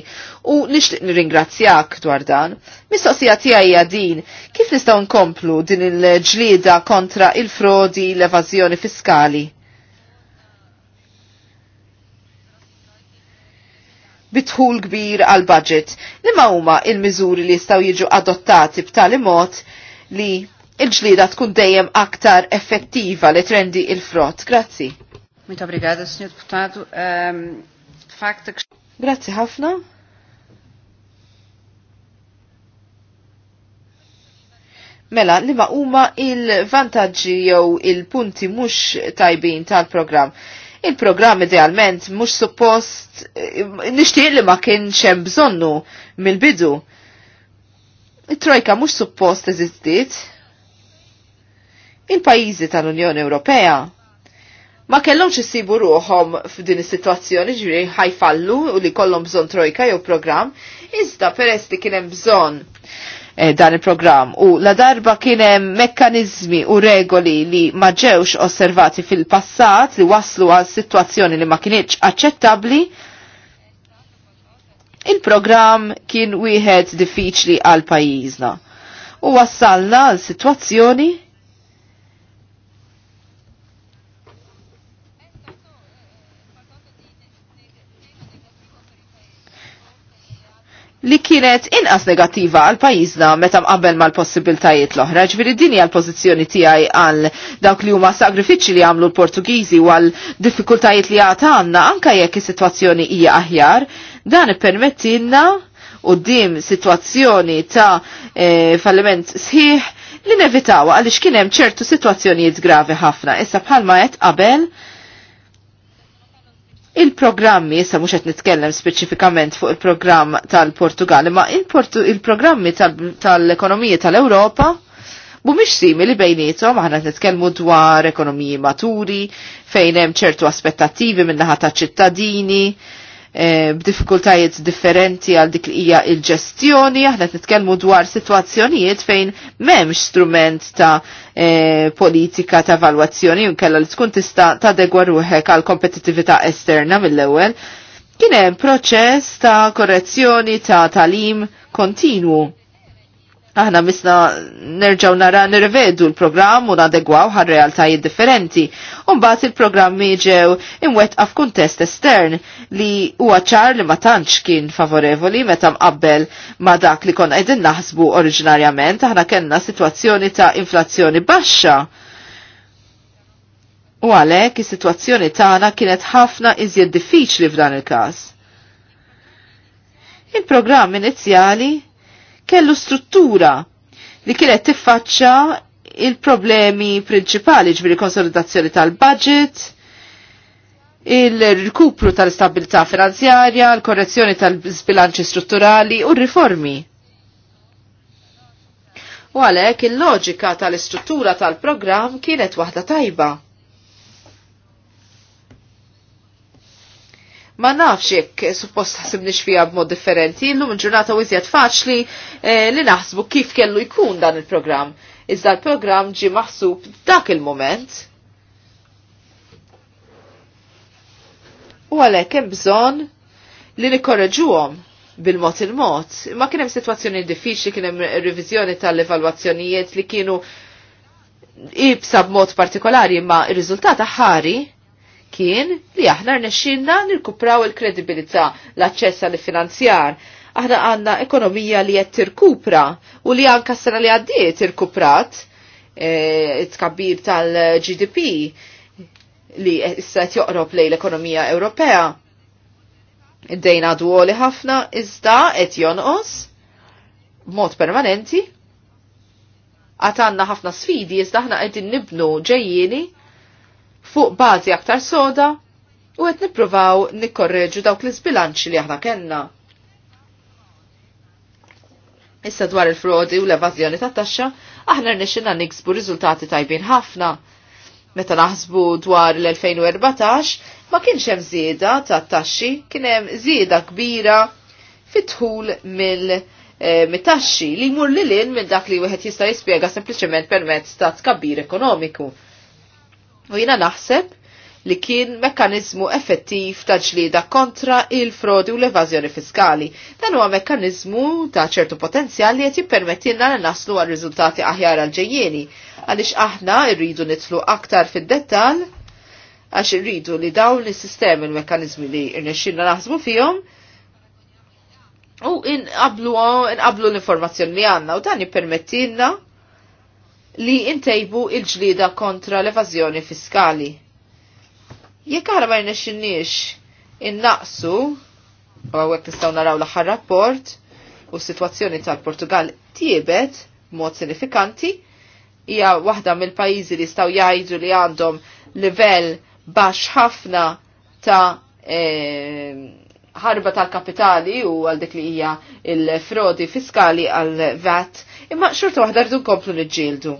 u nixtieq nirringrazzjak dwar dan. Mistoqsija tiegħi din, kif nistgħu nkomplu din il-ġlida kontra il-frodi, l-evażjoni fiskali? bitħul kbir għal budget. Li ma huma il-miżuri li jistgħu jiġu adottati b'tali mod li il-ġlida tkun dejjem aktar effettiva li trendi il-frott. Grazzi. Muito obrigada, Sr. Deputado. Um, facto que... Grazie, Hafna. Mela, li ma huma il-vantaġġi jew il-punti mhux tajbin tal-programm. Il-programm idealment mhux suppost eh, nixtieq li ma kienx hemm bżonnu mill-bidu. It-trojka mhux suppost eżistiet. Il-pajjiżi tal-Unjoni Ewropea ma kellhomx isibu ruħom f'din is-sitwazzjoni ġifieri ħajfallu u li kollhom bżonn trojka jew programm, iżda peress li kien hemm bżonn Eh, dan il-programm u la darba kienem mekkanizmi u regoli li ma ġewx osservati fil-passat li waslu għal situazzjoni li ma kienieċ aċċettabli, il-programm kien wieħed diffiċli għal pajjiżna. U wassalna għal situazzjoni li kienet inqas negattiva għal pajjiżna meta mqabbel mal-possibiltajiet l-oħra. ġifiri din hija l-pożizzjoni tiegħi għal dawk li huma sagrifiċċji li għamlu l-Portugiżi u għal diffikultajiet li għata għandna anke jekk is-sitwazzjoni hija aħjar, dan ippermettilna dim sitwazzjoni ta' e, falliment sħiħ li nevitaw għaliex kien hemm ċertu sitwazzjonijiet gravi ħafna. Issa bħalma qed qabel Il-programmi, sa mux qed nitkellem speċifikament fuq il-programm tal-Portugal, ma il-programmi tal-ekonomija tal-Europa mhumiex simili bejnietom, aħna nitkellmu dwar ekonomiji maturi, fejn hemm ċertu aspettattivi min-naħa ta' ċittadini, Eh, b'diffikultajiet differenti għal dik li hija il-ġestjoni, aħna nitkellmu dwar sitwazzjonijiet fejn m'hemmx strument ta' eh, politika ta' valwazzjoni nkella li tkun tista' tadegwa ruħek għal kompetittività esterna mill-ewwel. Kien hemm proċess ta' korrezzjoni ta' talim kontinwu aħna misna nerġaw nara nirvedu l-programm u nadegwaw ħar realtajiet differenti. Umbat il-programmi ġew imwet għaf kuntest estern li huwa ċar li ma tantx kien favorevoli meta mqabbel ma dak li kon qegħdin naħsbu oriġinarjament aħna kellna sitwazzjoni ta' inflazzjoni baxxa. U għalhekk is-sitwazzjoni tagħna kienet ħafna iżjed diffiċli f'dan il-każ. Il-programm inizjali kellu struttura li kienet tiffaċċa il-problemi prinċipali ġbiri konsolidazzjoni tal-budget, il-rikupru tal-stabilità finanzjarja, l-korrezzjoni tal-sbilanċi strutturali u r-riformi. U għalhekk il-loġika tal-istruttura tal-programm kienet waħda tajba. ma nafx jekk suppost ħasibni fija b'mod differenti, illum lum ġurnata u iżjed faċli eh, li naħsbu kif kellu jkun dan il-programm. Iżda l-programm ġi maħsub dak il-moment. U għalhekk hemm bżonn li nikkorreġuhom bil-mod il-mod. Ma kien hemm sitwazzjoni diffiċli, kien hemm riviżjoni tal-evalwazzjonijiet li kienu ibsa b'mod partikolari, ma r-riżultat ħari kien li aħna rnexxinna nirkupraw il-kredibilità l-aċċess għal finanzjar Aħna għanna ekonomija li qed tirkupra u li anka sena li għaddiet irkuprat e, it-tkabbir tal-GDP li issa qed joqrob lejn l-ekonomija Ewropea. Id-dejn għadu għoli ħafna iżda qed jonqos mod permanenti. Għatanna ħafna sfidi iżda aħna qegħdin nibnu ġejjieni fuq bażi aktar soda u qed nippruvaw nikorreġu dawk l-isbilanċi li aħna kellna. Issa dwar il-frodi u l-evażjoni tat-taxxa, aħna rnexxinna niksbu riżultati tajbin ħafna. Meta naħsbu dwar l-2014, ma kienx hemm żieda tat-taxxi, kien hemm żieda kbira fitħul mill- eh, mit-taxxi li jmur li lin minn dak li wieħed jista' jispjega sempliċement permezz ta' tkabbir ekonomiku. U jina naħseb li kien mekkanizmu effettiv ta' ġlieda kontra il-frodi u l-evażjoni fiskali. Dan huwa mekkanizmu ta' ċertu potenzjal li qed jippermettilna li naslu għal riżultati aħjar għal ġejjieni għaliex aħna rridu nitlu aktar fid-dettall għax irridu li dawn is-sistemi l-mekkanizmi li rnexxilna naħsbu fihom u inqablu l-informazzjoni li għandna u dan jippermettilna li intejbu il-ġlida kontra l-evazjoni fiskali. Jekk ara ma jnexxinniex innaqsu, u għek nistgħu naraw l-aħħar rapport, u s-sitwazzjoni tal-Portugal tiebet mod sinifikanti, hija waħda mill-pajjiżi li staw jgħidu li għandhom livell bax ħafna ta' eh, ħarba tal-kapitali u għal dik li hija il-frodi fiskali għal VAT, imma xorta waħda rridu nkomplu niġġieldu.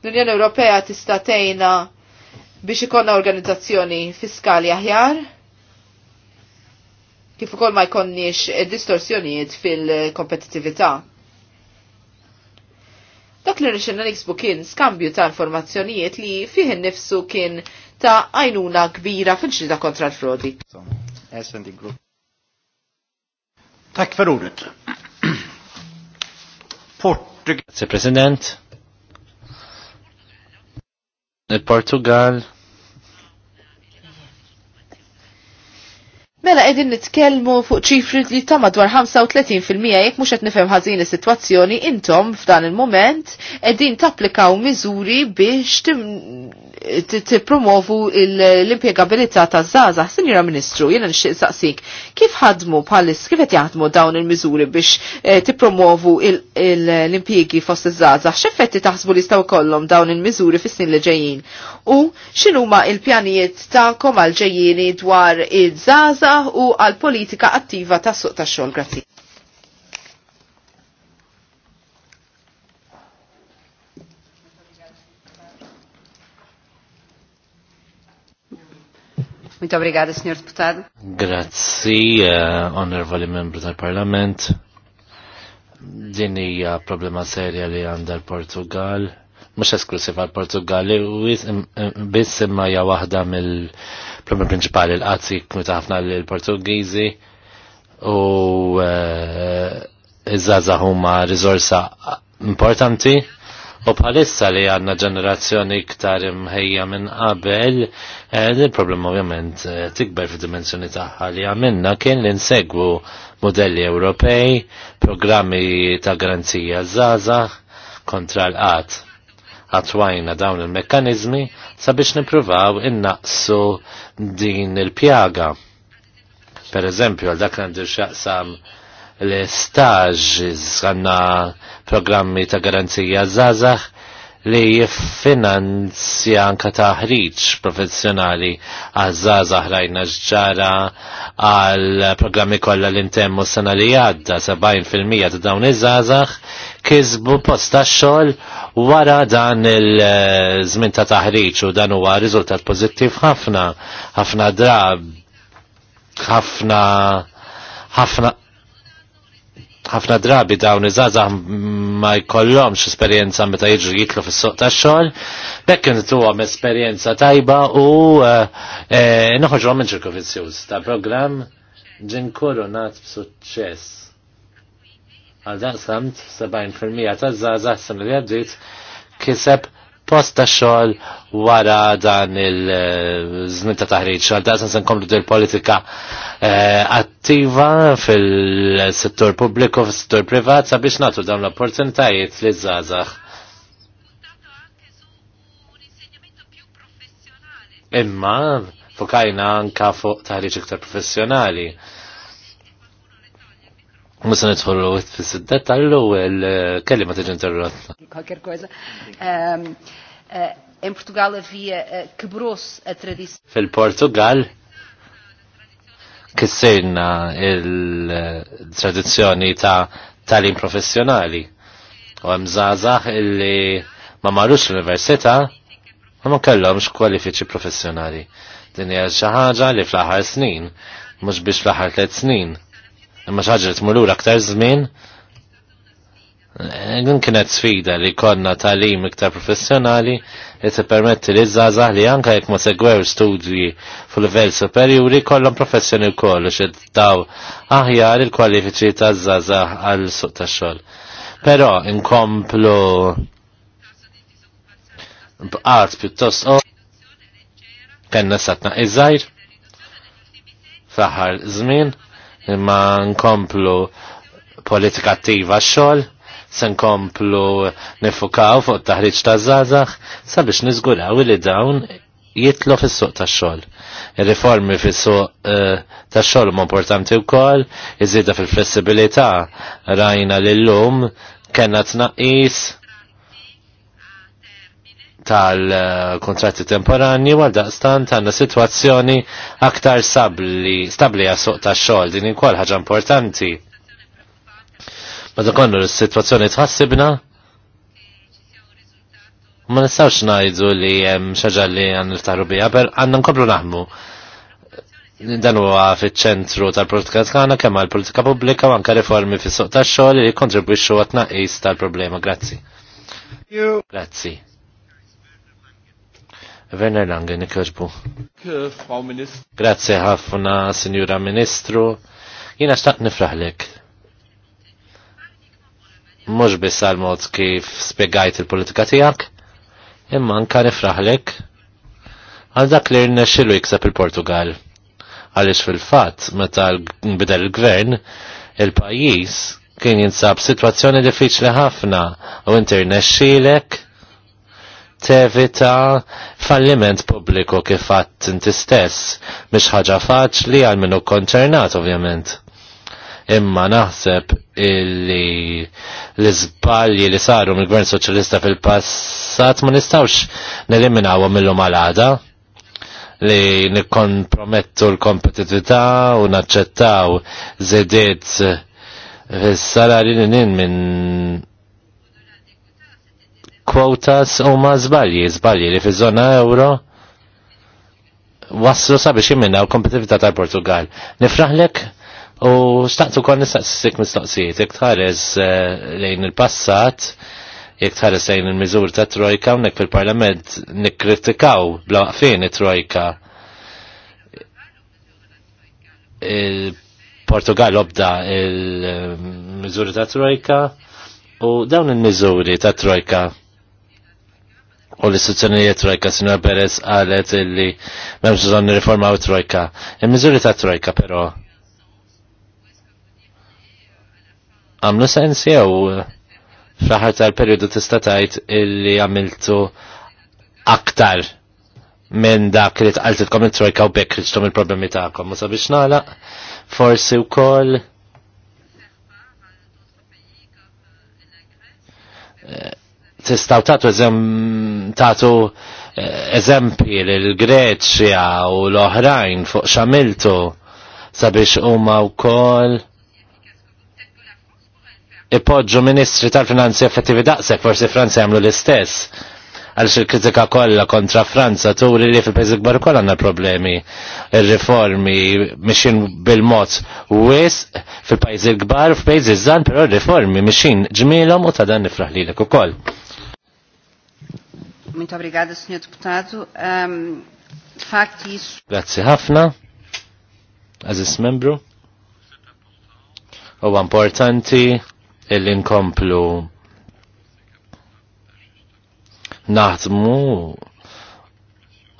L-Unjoni Ewropea tista' tgħinha biex ikollna organizzazzjoni fiskali aħjar kif ukoll ma jkollniex distorsjonijiet fil-kompetittività. Dak li rixinna niksbu kien skambju ta' informazzjonijiet li fih nifsu kien ta' għajnuna kbira fil-ġrida kontra l-frodi. Tak *clears throat* Portugal. President il-Portugal Mela qegħdin nitkellmu fuq ċifri li ta' madwar 35% jek mhux qed nifhem ħażin is-sitwazzjoni intom f'dan il-mument qegħdin tapplikaw miżuri biex tippromovu l-impjegabilità ta' zaza. Sinjura Ministru, jiena nixtieq saqsik, kif ħadmu palis, kif qed jaħdmu dawn il-miżuri biex eh, tippromovu l impiegi fost iż-żgħażagħ? X'effetti taħsbu li jistgħu kollhom dawn il-miżuri fis-snin li ġejjin? U x'inhuma l-pjanijiet tagħkom għal ġejjieni dwar iż-żgħażagħ u għal politika attiva tas suq tax-xogħol. Grazzi. Muito obrigada, Sr. Deputado. Grazzi, uh, eh, honorable membru tal-Parlament. Din hija problema serja li għandha l-Portugal, mhux esklusiva l-Portugali, biss imma hija waħda mill L-problema prinċipali l-qazzi kienu ħafna l-Portugiżi u eh, iż-żaza huma rizorsa importanti u bħalissa li għandna ġenerazzjoni iktar imħejja minn qabel eh, il-problema ovvjament eh, tikber fid-dimensjoni tagħha li għamilna kien li nsegwu modelli Ewropej, programmi ta' garanzija zaza kontra l-qatt għatwajna dawn il-mekkanizmi sabiex nipruvaw innaqsu din il-pjaga. Per eżempju, għal dak għandu xaqsam l-staġ għanna programmi ta' garanzija zazax li jiffinanzja anka taħriġ professjonali għazzaz aħrajna ġġara għal programmi kollha li ntemmu sena li għadda 70% ta' dawn iż-żgħażagħ kisbu posta xogħol wara dan il-żmien ta' taħriġ u dan huwa riżultat pożittiv ħafna ħafna drab ħafna ħafna ħafna drabi dawn iżazah ma jkollhomx esperjenza meta jiġu jitlu fis-suq tax-xogħol, bekk intuhom esperjenza tajba u eh, eh, noħorġu minn ċirku vizzjuż ta' programm nat b'suċċess. Għal daqsamt 70% ta' żgħażagħ sem li għaddit kiseb post ta' xogħol wara dan il-żmien eh, ta' taħriġ. Għal daqs se nkomplu politika eh, attiva fil-settur pubbliku, fil-settur privat sabiex nagħtu dawn l-opportunitajiet li zazax. Imma fukajna anka fuq taħriġ iktar professjonali Musa nidħollu fil siddet l ewwel eh, kelima tiġi interrotta. Kwalker kważa. Ehm, eh, in Portugal havia kibros eh, a Fil-Portugal kissirna il-tradizzjoni ta' talim professjonali. U hemm żgħażagħ illi ma marrux l universita ma ma kellhomx kwalifiċi professjonali. Din hija xi ħaġa li fl-aħħar snin, mhux biex fl-aħħar tliet snin imma xaġret mulur aktar żmien. Din kienet sfida li konna talim iktar professjonali li permetti li zazah li anke jekk ma segwew studji fuq livell superjuri kollhom professjoni kollu xi daw aħjar il-kwalifiċi taż zazah għal suq tax-xogħol. Però inkomplu b'art pjuttost o kenna satna iżgħir Faħar zmin. żmien imma nkomplu politika attiva xogħol, se nkomplu nifukaw fuq taħriġ ta' żgħażagħ sabiex nizguraw li dawn jitlu fis-suq tax-xogħol. Ir-riformi fis-suq eh, tax-xogħol huma importanti wkoll, iżida fil-flessibilità rajna lil lum kellna tnaqqis tal-kontratti temporani għal daqstant għanna situazzjoni aktar sabli, stabli għasuq ta' xol, din kwal ħaġa importanti. Meta konnu l-situazzjoni tħassibna, ma nistawx najdu li jem xaġa li għan taħru bija, per għanna nkomplu naħmu. Dan huwa fiċ-ċentru tal-politika Tħana kemm għall-politika pubblika u anke riformi fis-suq tax-xogħol li jikkontribwixxu għat tnaqqis tal-problema. Grazzi. Grazzi. Werner Lange ikkaġbu. Grazie ħafna, Sinjura Ministru. Jina xtaqt nifraħlek. Mux biss għal-mod kif spiegajt il-politika tijak, imma anka nifraħlek għal dak li xilu jiksab il-Portugal. Għalix fil-fat, meta bidel il-gvern, il-pajis kien jinsab situazzjoni diffiċli ħafna u inti rnexxilek tevita falliment pubbliku kif fatt inti stess, mhix ħaġa faċli għal minnu konċernat ovvjament. Imma naħseb illi l-iżbalji li saru mill-Gvern Soċjalista fil-passat ma nistawx neliminawhom illum għal-għada li nikkompromettu l-kompetitività u naċċettaw żediet fis-salari li nin minn kwotas u ma zbalji, zbalji li fi zona euro waslu sabiex jimminna u kompetitivita tal-Portugal. Nifraħlek u staqtu kon nistaqsik mistoqsijiet, iktħares eh, lejn il-passat, iktħares lejn il-mizur ta' trojka, unnek fil-parlament nikkritikaw bla waqfin it-trojka. Portugal obda il-mizuri eh, ta' trojka u dawn il-mizuri ta' trojka u l-istituzzjonijiet trojka sinjor Perez għalet illi memx riforma u trojka. il mizuri ta' trojka pero. għamlu sens jew fl-aħħar tal-periodu tista' tgħid illi għamiltu aktar minn dak li t-għaltitkom it-trojka u bekriċtum il-problemi tagħkom. Musa biex nagħlaq forsi wkoll eh, tistaw tatu eżem tatu eh, eżempi l-Greċja u l-oħrajn fuq xamiltu sabiex huma wkoll ipoġġu ministri tal-finanzi effettivi daqshekk forsi Franza jagħmlu l-istess għalx il-kritika kollha kontra Franza turi li fil-pajjiż gbar ukoll għandna problemi il riformi mixin bil-mod wis fil-pajjiż gbar kbar fil iż zan però r-riformi mixin ġmielhom u ta' dan nifraħlilek ukoll. Muito obrigada, Sr. Deputado. Um, de facto, isso... Grazie ħafna, aziz membru. U importanti il nkomplu. naħdmu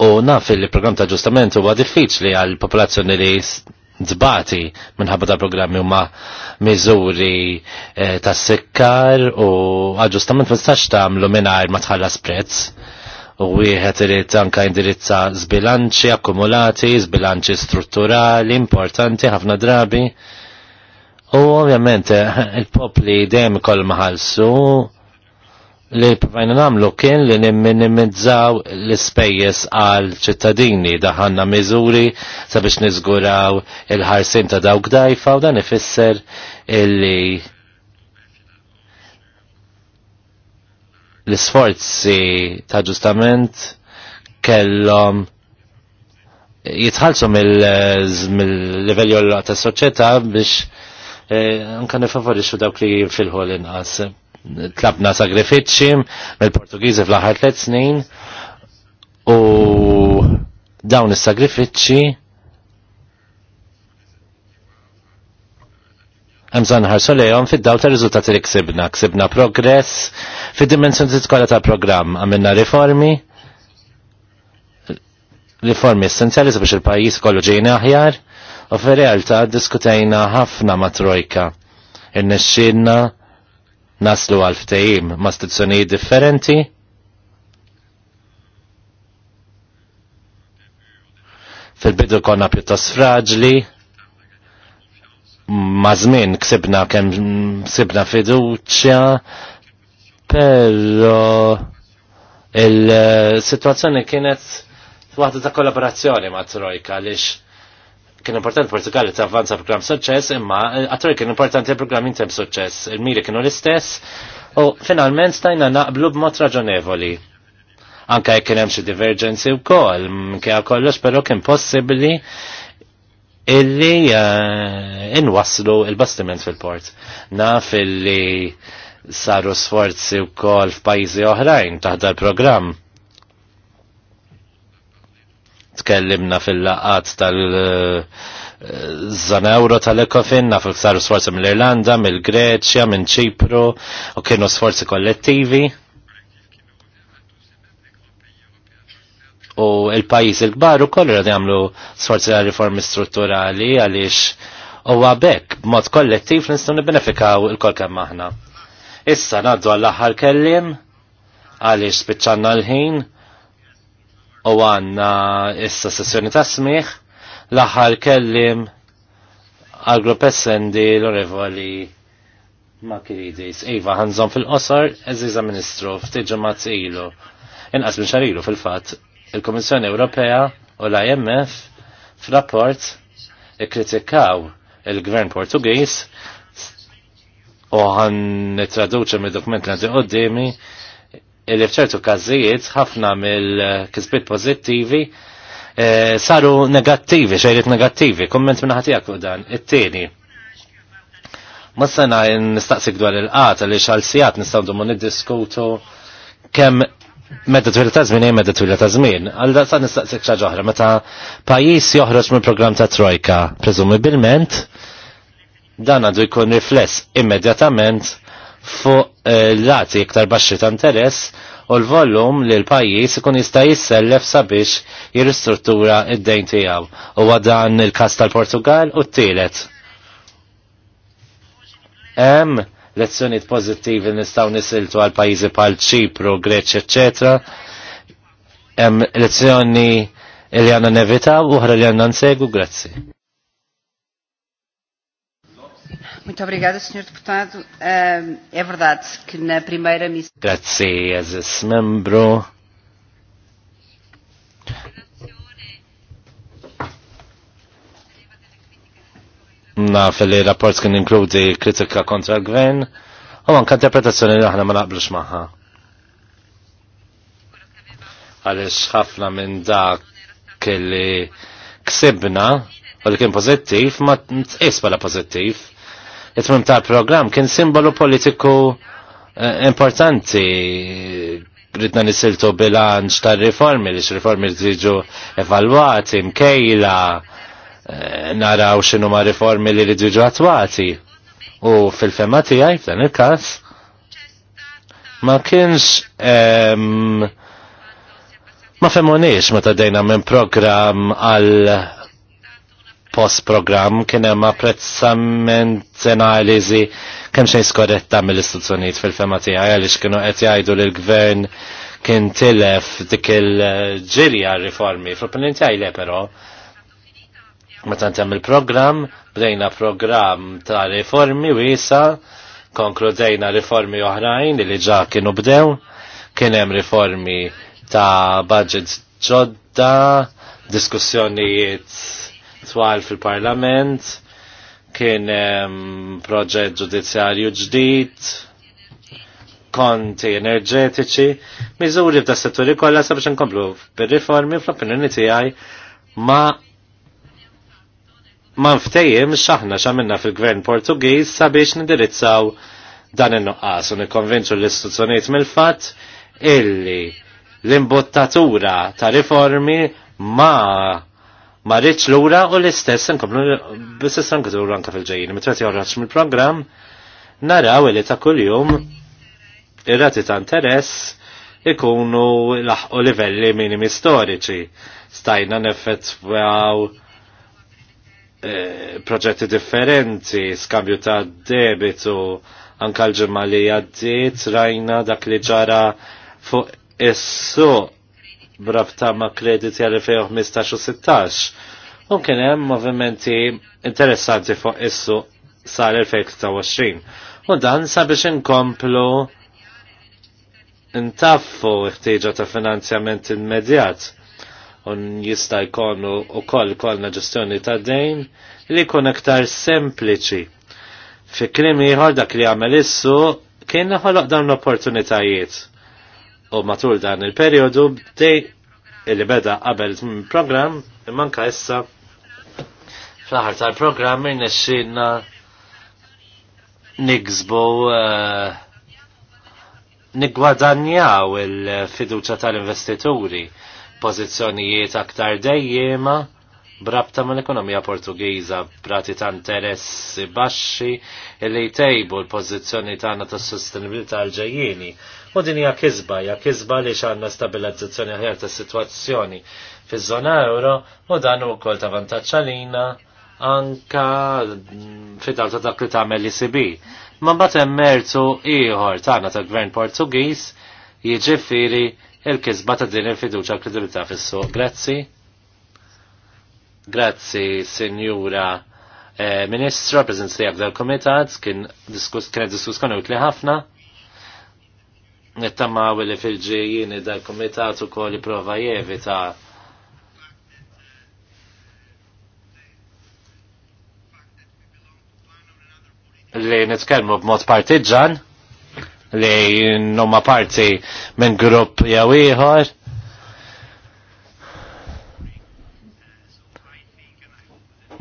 u naf il-program ta' ġustament huwa diffiċli għal popolazzjoni li dbati minħabba ta' programmi huma miżuri tas eh, ta' sikkar u aġġustament ma tistax tagħmlu mingħajr ma tħallas prezz u wieħed irid anke indirizza żbilanċi akkumulati, żbilanċi strutturali importanti ħafna drabi. U ovvjament eh, il-popli dejjem ikoll maħalsu li provajna namlu kien li nimminimizzaw l-spejjes għal ċittadini daħanna miżuri sabiex nizguraw il-ħarsim ta' dawk dajfa u dan ifisser illi l-sforzi ta' ġustament kellhom jitħalsu mill-livelli ta' soċjetà biex eh, anka nifavorixxu dawk li fil-ħol inqas tlabna sagrifiċi mill-Portugiżi fl-aħħar tliet snin u dawn is Hemm żan ħarsu lejhom fid dawl ta' riżultati li ksibna. Ksibna progress fid-dimensjoni tiskola ta' programm għamilna riformi riformi essenzjali biex il-pajjiż kollu ġejna aħjar u fir-realtà diskutejna ħafna ma' trojka. Irnexxielna naslu għal ftehim ma' stazzjonijiet differenti. Fil-bidu konna pjuttost fraġli, ma' żmien ksibna kemm ksibna fiduċja, però il-sitwazzjoni eh, kienet waħda ta' kollaborazzjoni ma' Trojka għaliex kien importanti Portugal t avvanza program suċċess, imma eh, għattur kien importanti program jintem suċċess. Il-miri kienu l-istess u finalment stajna naqblu b'mod raġonevoli. Anka jekk kien hemm xi divergenzi wkoll, mm, kien kollox pero kien possibbli illi eh, inwaslu il-bastiment fil-port. Naf illi saru sforzi wkoll f'pajjiżi oħrajn taħdar programm tkellimna fil-laqat tal-zona eh, tal-ekofin, naf saru sforzi mill-Irlanda, mill-Greċja, minn ċipru, u kienu sforzi kollettivi. U il-pajis il-kbar u kollu għad jamlu sforzi għal riformi strutturali għaliex u għabek b'mod kollettiv nistaw nibbenefikaw il-kol kem aħna. Issa naddu għall-aħħar kellim għaliex spiċċanna l-ħin u għanna issa sessjoni ta' smiħ l-aħħar kellim għal grupp essendi l-orevoli Makiridis. Iva, ħanżon fil-qosor, eżiza ministru, ftiġa mazzilu. ilu. Inqas minn xarilu fil-fat, il-Komissjoni Ewropea u l-IMF f'rapport ikkritikaw il-Gvern Portugiż u għan traduċa mid dokument li għandi Illi fċertu każijiet ħafna mill-kisbit pożittivi eh, saru negattivi, xejrit negattivi, komment minna ħatijak u dan, it-tieni. Ma sena nistaqsik dwar il-qata li xal-sijat nistandu mu niddiskutu kem medda twila ta' zmin, medda twila ta' zmin. għalda sa' nistaqsik xaġoħra, meta pajis joħroġ minn program ta' trojka, prezumibilment, dan għadu jkun rifless immedjatament fuq eh, lati iktar baxxi ta' interess u l-volum li l-pajjiż ikun jista' jissellef sabiex jirristruttura id-dejn tiegħu. Huwa dan il-każ tal-Portugal u t-tielet. Hemm lezzjonijiet pożittivi nistgħu nisiltu għal pajjiżi bħal Ċipru, Greċja, eċetera. Hemm lezzjoni li għandna nevitaw u oħra li għandna nsegu, grazzi. Muito obrigada, Sr. Deputado. Uh, é verdade que na primeira missão. Grazie, Aziz Membro. Naf li rapport kien inkludi kritika kontra l-gvern u anka interpretazzjoni li aħna ma naqblux magħha. Għaliex ħafna minn dak li ksibna u li kien pożittiv ma tqis bħala pożittiv it-tmim tal-program kien simbolu politiku eh, importanti ridna nisiltu bilanċ ta' riformi li x-riformi rridu evalwati, mkejla eh, naraw xinu ma' riformi li rridu atwati u fil-fema tijaj f'dan il-kas ma kienx um, ma femmonix ma ta' dejna minn program għal post program kien hemm apprezzament analiżi kemm xejn skorretta mill-istituzzjonijiet fil-fema tiegħi għaliex kienu qed jgħidu li l-gvern kien tilef dik il-ġirja riformi. Fl-opinjoni tiegħi le però meta ntemm il-programm bdejna programm ta' riformi wiesa konkludejna riformi oħrajn li ġa kienu bdew kien hemm riformi ta' budget ġodda, diskussjonijiet twal fil-parlament, kien proġett ġudizzjarju ġdid, konti enerġetiċi, miżuri f'da setturi kollha sabiex nkomplu bir-riformi fl-opinjoni tiegħi ma ma nftejjem x'aħna x'għamilna fil-Gvern Portugiż sabiex nindirizzaw dan in-nuqqas u nikkonvinċu l-istituzzjonijiet mill-fatt illi l-imbottatura ta' riformi ma ma l lura u l-istess nkomplu bl-istess nkunu anke fil-ġejjin. Mitwet joħroġ mill-programm naraw li ta' kuljum ir-rati ta' interess ikunu laħqu livelli minimi storiċi. Stajna neffettwaw għaw eh, proġetti differenti, skambju ta' debitu, anka l-ġemma li għaddiet rajna dak li ġara fuq is-suq brabta ma' krediti għal 2015 u 16. Mumkin hemm movimenti interessanti fuq issu sal-2023. U dan sabiex inkomplu intaffu ħtieġa ta' finanzjament immedjat un jista' jkunu wkoll kollna ġestjoni ta' dejn li jkun aktar sempliċi. Fi kliem ieħor dak li għamel issu kien ħoloq dawn l-opportunitajiet U matul dan il-periodu bdej illi beda qabel program manka issa fl aħħar tal-program irnexxinna nigżbu eh, nigwadanjaw il-fiduċa tal-investituri pożizzjonijiet aktar dejjema brabta mal ekonomija Portugiża brati ta' interessi baxxi li jtejbu l-pożizzjoni tagħna tas-sostenibilità l-ġejjieni U din hija kisba, hija kisba li għandna stabilizzazzjoni aħjar ta' situazzjoni fiż-żona euro u dan ukoll ta' vantaġġ għalina anka fidal ta' dak li tagħmel l-ECB. Ma mbagħad hemm Mertu ieħor tagħna tal-Gvern Portugiż jiġifieri il-kisba ta' din il-fiduċa kredibilità fis-suq. Grazzi. Grazzi, Sinjura eh, Ministra, prezenz tijak dal-Komitat, kien diskus, kien diskus konut li ħafna nittamaw li fil-ġejjini dal komitatu u kol prova jevita li nitkellmu b'mod partiġan li nomma parti minn grupp jew ieħor.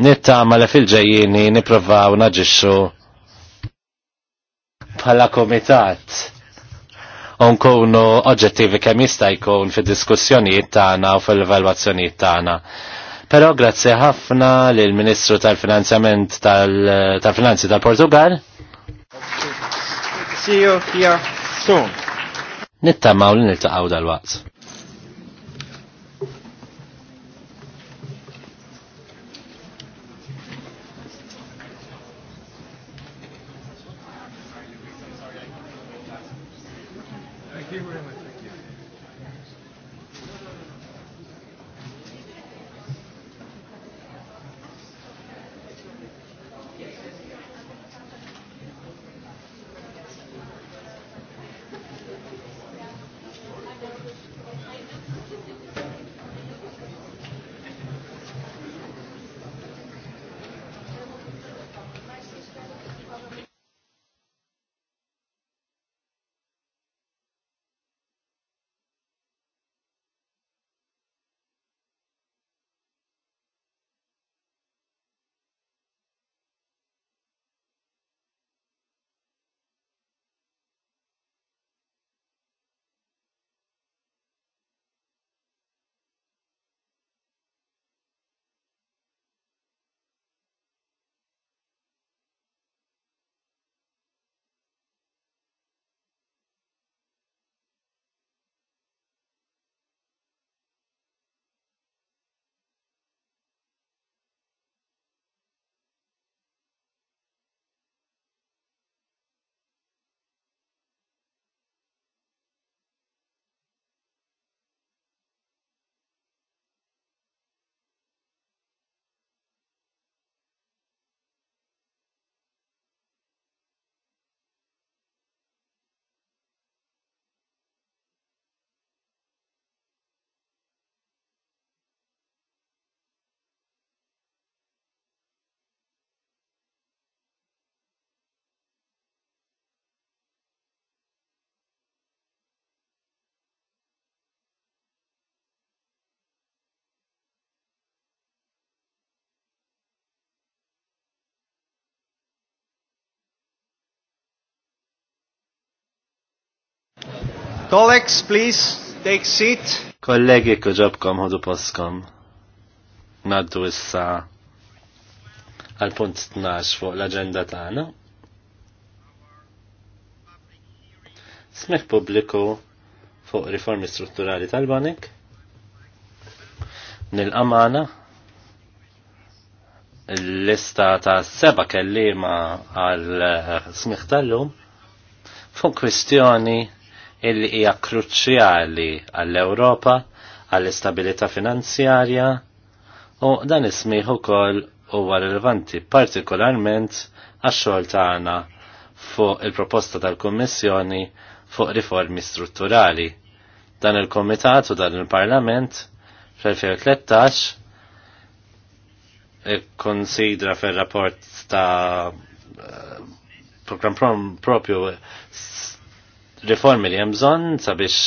Nittama li fil-ġejjini niprovaw naġixxu bħala komitat unkunu oġġettivi kemm jista' jkun fid-diskussjonijiet tagħna u fil-evalwazzjonijiet tagħna. Però grazzi ħafna lil Ministru tal-Finanzjament tal-Finanzi tal-Portugal. See you here soon. Nittamaw li niltaqgħu dal-waqt. Colleagues, please, take seat. Kollegi kuġobkom ħodu poskom. Naddu issa għal punt 12 fuq l-agenda tagħna. Smeħ pubbliku fuq riformi strutturali tal banik Nil-amana l-lista ta' seba kellima għal smiħ tal-lum fuq kwistjoni illi hija kruċjali għall-Ewropa, għall-istabilità finanzjarja u dan ismiħ ukoll huwa rilevanti partikolarment għax-xogħol tagħna fuq il-proposta tal-Kummissjoni fuq riformi strutturali. Dan il-Komitat u dan il-Parlament fl-2013 konsidra fil-rapport ta' eh, program propju riformi li hemm bżonn sabiex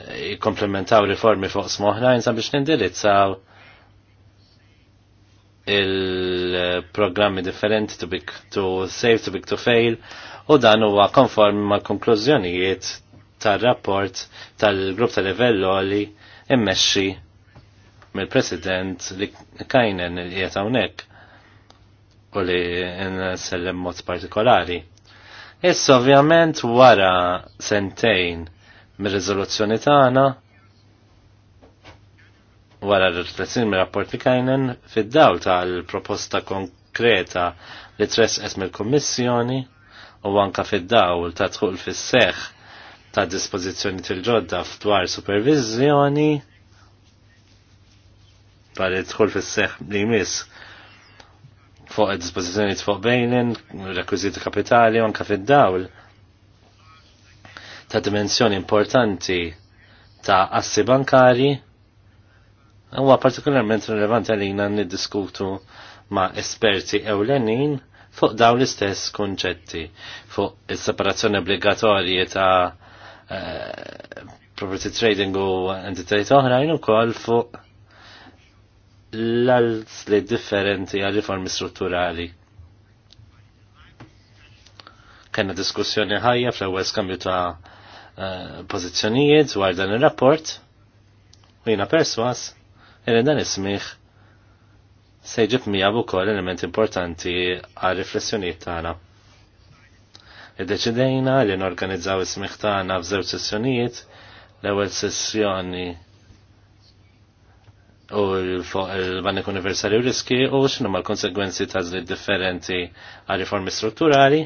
eh, jikkomplementaw riformi fuq smoħrajn sabiex nindirizzaw il-programmi differenti to, be, to save, to be to fail u dan huwa konform mal konklużjonijiet tar-rapport tal-grupp tal-livello li immexxi mill-president li kajnen li qiegħed hawnhekk u li nsellem mod partikolari. Issa ovvjament wara sentejn mir-riżoluzzjoni tagħna wara r-riflessin mir-rapport li kajnen fid-dawl tal-proposta konkreta li tresqes mill-Kummissjoni u anka fid-dawl ta' tħul fis-seħħ ta' dispożizzjoni til-ġodda f'dwar supervizjoni par tħul fis-seħħ li jmiss fuq dispożizzjonijiet fuq bejnin, rekwiżiti kapitali u anke fid-dawl ta' dimensjoni importanti ta' assi bankari huwa partikolarment rilevanti għalina niddiskutu ma' esperti ewlenin fuq daw l-istess kunċetti fuq il-separazzjoni obbligatorji ta' eh, property trading u entitajt oħrajn ukoll fuq l li differenti għal riformi strutturali. Kenna diskussjoni ħajja fl-ewwel skambju ta' uh, pożizzjonijiet dwar dan ir-rapport u jiena perswas li dan ismiħ se jġib miegħu wkoll element importanti għal riflessjonijiet tagħna. Iddeċidejna li norganizzaw is-smiħ tagħna f'żewġ sessjonijiet l-ewwel sessjoni u l-Bannek Universali u riski u xinu ma l-konsegwenzi ta' zlid differenti għal riformi strutturali.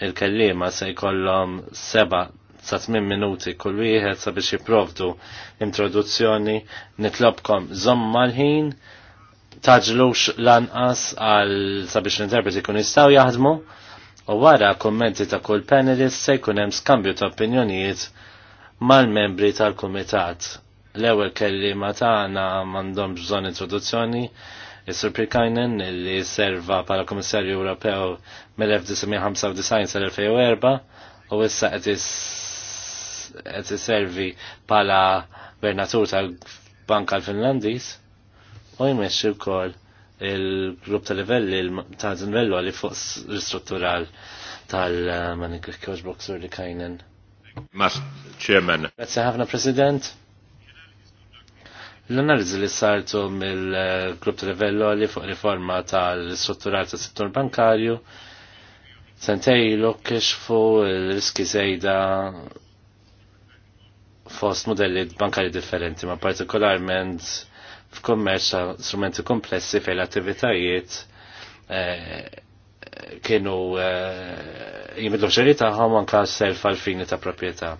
Il-kellima se jkollhom seba' sa' tmin minuti kull wieħed sabiex jipprovdu introduzzjoni nitlobkom żomma l-ħin taġlux lanqas għal sabiex l-interpreti kun jistaw jaħdmu u wara kommenti ta' kull panelist se jkun hemm skambju ta' opinjonijiet mal-membri tal-kumitat l-ewel kelli ma taħna mandom bżon introduzzjoni, Is-Sur Pirkajnen li serva pala Komissarju Ewropew mill-1995 sal-2004 u issa qed iservi pala Bernatur tal-Banka l-Finlandis u jmexxi wkoll il-grupp ta' livelli ta' livellu għalli fuq ristruttural tal-Manik Kjoġboksur li kajnen. Mas, Chairman. Grazie ħafna, President. L-analiżi li sartu mill-Grupp Trevello li fuq riforma tal-strutturar tas-settur bankarju sentejlu kiexfu l-riski zejda fost modelli bankari differenti, ma partikolarment f'kommerċ ta' strumenti komplessi fejn l-attivitajiet eh, kienu eh, jimidlu ġeri taħħom anka self għal fini ta' proprjetà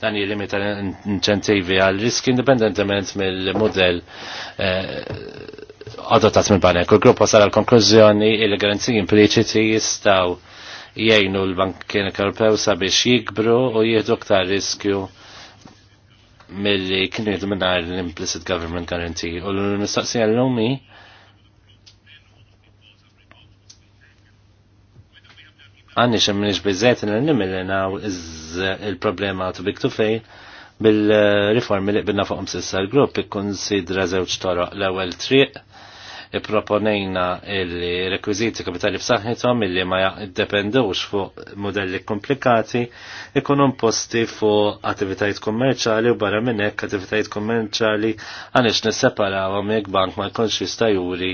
dan jirrimita l incentivi għal risk indipendentement mill-modell eh, adottat mill banek il l-grupp wasal għal-konklużjoni il garanziji impliċiti jistaw jgħinu l-Bankin Karpew sabiex jikbru u jieħdu ktar riskju mill-li kienu jgħidu l-implicit government guarantee. U l mistoqsija l-lumi għanni xem nix bizzet n-eliminaw il-problema għatu biktu to bil-riformi eh, li qbilna fuqhom sissa l-grupp sidra żewġ toroq l-ewwel triq proponejna il-rekwiziti kapitali b'saħħithom illi ma jiddependewx fuq modelli komplikati ikunu imposti fuq attivitajiet kummerċali u barra minn hekk attivitajiet kummerċali għaliex nisseparawhom jekk bank ma jkunx jista' juri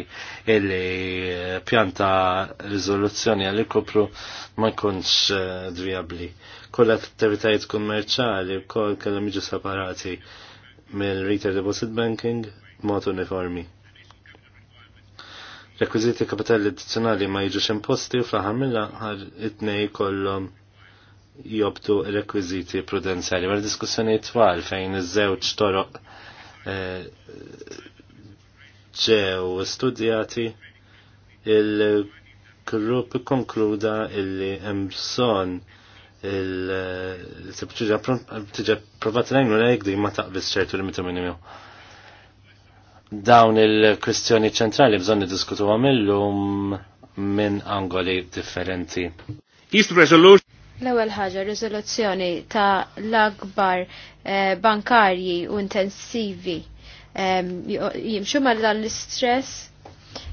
illi pjanta riżoluzzjoni għal ikopru ma jkunx eh, dvijabli. Kull attivitajiet kummerċali wkoll kellhom jiġu separati mill-retail deposit banking mod uniformi rekwiziti kapitali addizzjonali ma jiġux imposti u fl-aħħar mill-aħħar it-tnej kollhom jobtu rekwiziti prudenzjali. Wara diskussjoni twal fejn iż-żewġ toroq eh, ġew studjati il-grupp konkluda illi hemm bżonn il-tibċiġa eh, provat l-għajnu l-għajgdi ma taqbis ċertu l-mitu minimu dawn il-kwestjoni ċentrali bżon diskutu għamillum minn angoli differenti. East Resolution. L-ewwel ħaġa riżoluzzjoni ta' l-akbar eh, bankarji u intensivi eh, jimxu ma' dan l-istress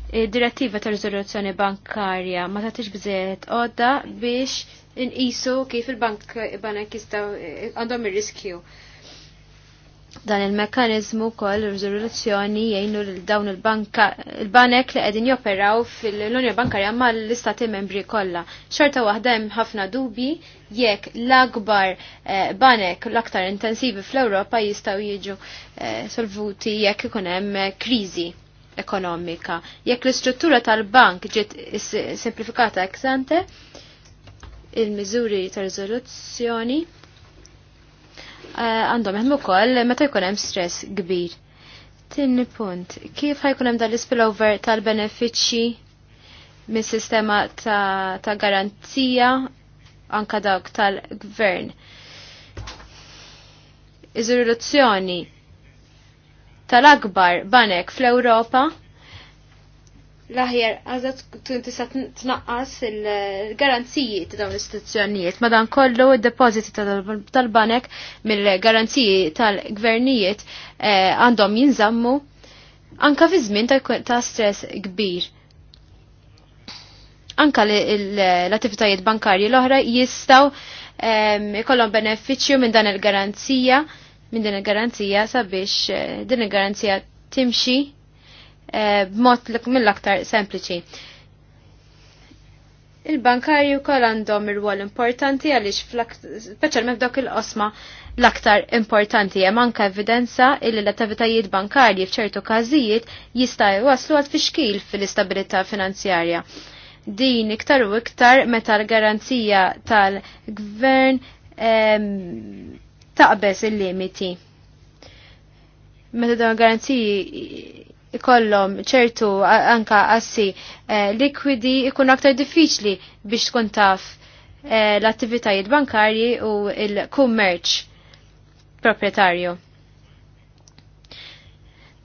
eh, direttiva ta' riżoluzzjoni bankarja ma tagħtix biżejjed għodda biex inqisu kif il-bank banek jistgħu eh, għandhom ir-riskju. Dan il mekanizmu kol rizoluzzjoni jgħinu l dawn il-banek banka il li qegħdin joperaw fil-Unjoni Bankarja mal-istati membri kollha. Xorta waħda hemm ħafna dubi jekk l-akbar eh, banek l-aktar intensivi fl-Ewropa jistgħu jiġu eh, solvuti jekk ikun hemm eh, kriżi ekonomika. Jekk l-istruttura tal-bank ġiet simplifikata ex ante, il-miżuri ta' riżoluzzjoni Eh, għandhom jaħdmu wkoll meta jkun hemm stress kbir. Tinni punt, kif ħajkun hemm dan l-spillover tal-benefiċċji mis-sistema ta', ta garanzija anka dawk tal-gvern. Iżoluzzjoni tal-akbar banek fl-Ewropa l-aħjar għazat tisa tnaqqas il-garanziji ta' dawn l-istituzzjonijiet. Madan kollu il-depoziti tal-banek mill-garanziji tal-gvernijiet eh, għandhom jinżammu anka fi żmien ta' stress kbir. Anka l-attivitajiet bankarji l-oħra jistaw ikollhom benefiċċju minn dan il-garanzija minn din il-garanzija sabiex eh, din il-garanzija timxi Eh, b'mod mill-aktar sempliċi. Il-bankarju kol għandhom ir-rwol importanti għaliex speċjalment f'dak il-qosma l-aktar importanti hemm anke evidenza illi l-attivitajiet bankarji f'ċertu każijiet jista' jwaslu għad fixkil fil-istabilità finanzjarja. Din iktar u iktar meta l-garanzija tal-gvern taqbeż il-limiti. Meta dawn garanziji ikollhom ċertu anka assi eh, likwidi ikun aktar diffiċli biex tkun taf eh, l-attivitajiet bankarji u il-kummerċ proprietarju.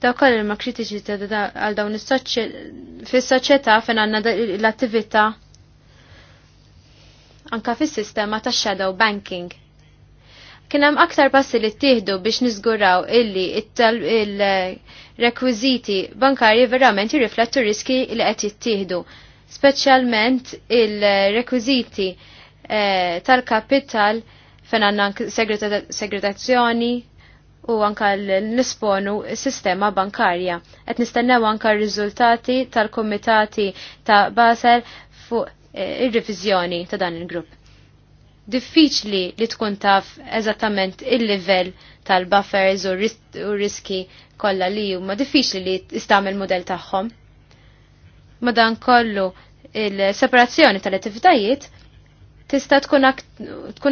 Daw koll ma kritiċi għal dawn fis-soċjetà fejn għandna l-attività anka fis-sistema tax-shadow banking. Kien hemm aktar passi li ttieħdu biex niżguraw illi il-rekwiżiti bankarji verament jirriflettu riski li qed jittieħdu, speċjalment il-rekwiżiti eh, tal-kapital fejn għandna segretazzjoni, u anka l-nisponu sistema bankarja. Et nistennew anka r-riżultati tal-komitati ta' Basel fuq eh, ir-revizjoni ta' dan il-grupp diffiċli li tkun taf eżattament il-level tal-buffers u riski kollha li huma diffiċli li istamil model tagħhom. Madan kollu il-separazzjoni tal-attivitajiet tista' tkun,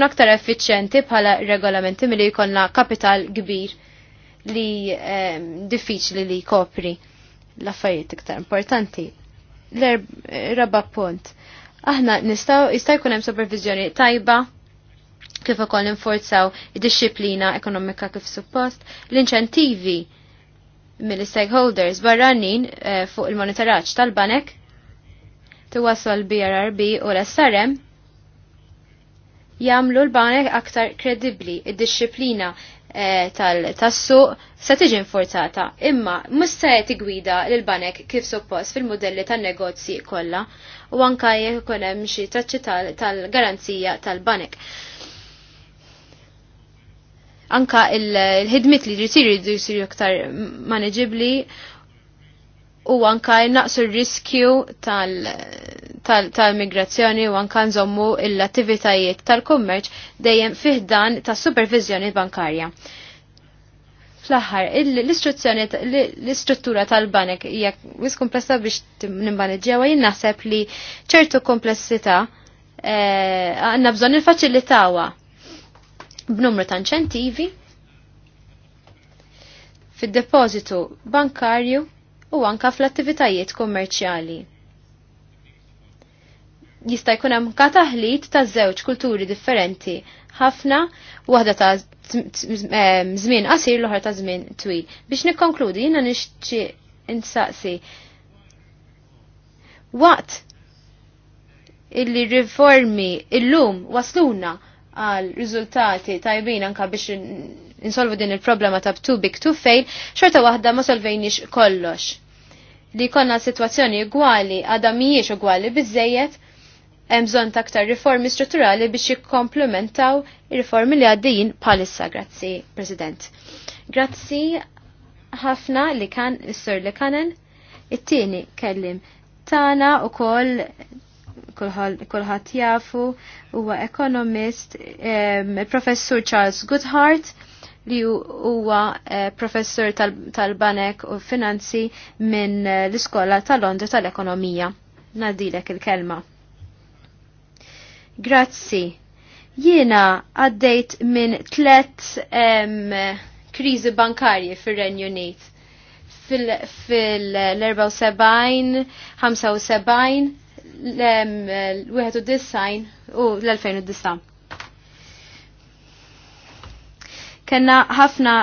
aktar effiċjenti bħala regolamenti milli jkollna kapital kbir li ehm, diffiċli li jkopri l-affarijiet iktar importanti. L-raba punt aħna nistaw jista' jkun hemm supervizjoni tajba kif ukoll ninforzaw id-disciplina ekonomika kif suppost, l-inċentivi mill-stakeholders barranin eh, fuq il-monitoraġġ tal-banek l BRRB u l-SRM jamlu l-banek aktar kredibli, id-disciplina Eh, tal-tassuq se tiġi infurzata, imma mhux se tigwida lil banek kif suppost fil-modelli tan-negozji kollha u anka jekk ikun hemm xi tal-garanzija tal-banek. Anka il-ħidmit li jisiru jisiru iktar manageably u anka jnaqsu r-riskju tal tal-migrazzjoni u anka nżommu l-attivitajiet tal-kummerċ dejjem fiħdan ta' supervizjoni bankarja. Fl-aħħar, l-istruzzjoni l-istruttura tal-banek hija wis komplessa biex nimbaneġġewa jien naħseb li ċertu komplessità eh, għandna bżonn il-faċilitawa b'numru ta' inċentivi fid-depożitu bankarju u anka fl-attivitajiet kummerċjali jista' jkun hemm kataħlit ta' żewġ kulturi differenti ħafna waħda ta' żmien qasir l-oħra ta' żmien twil. Biex nikkonkludi jiena nixtieq insaqsi waqt illi riformi illum wasluna għal riżultati tajbin anka biex insolvu din il-problema ta' too big to fail, xorta waħda ma solvejniex kollox. Li konna situazzjoni ugwali, għadamijiex miex ugwali bizzejiet hemm bżonn ta' aktar riformi strutturali biex jikkomplementaw ir-riformi li għaddejjin bħalissa, grazzi, President. Grazzi ħafna li kan is-sur li kanen it-tieni kellim tana u koll kullħat jafu huwa ekonomist professur Charles Goodhart li huwa eh, professur tal-banek u finanzi minn eh, l-Iskola tal-Londra tal-Ekonomija. Nadilek il-kelma. Grazzi. Jiena għaddejt minn tlet um, krizi bankarji fil-Renju Unit. Fil-74, 75, l-91 u l-2009. Kenna ħafna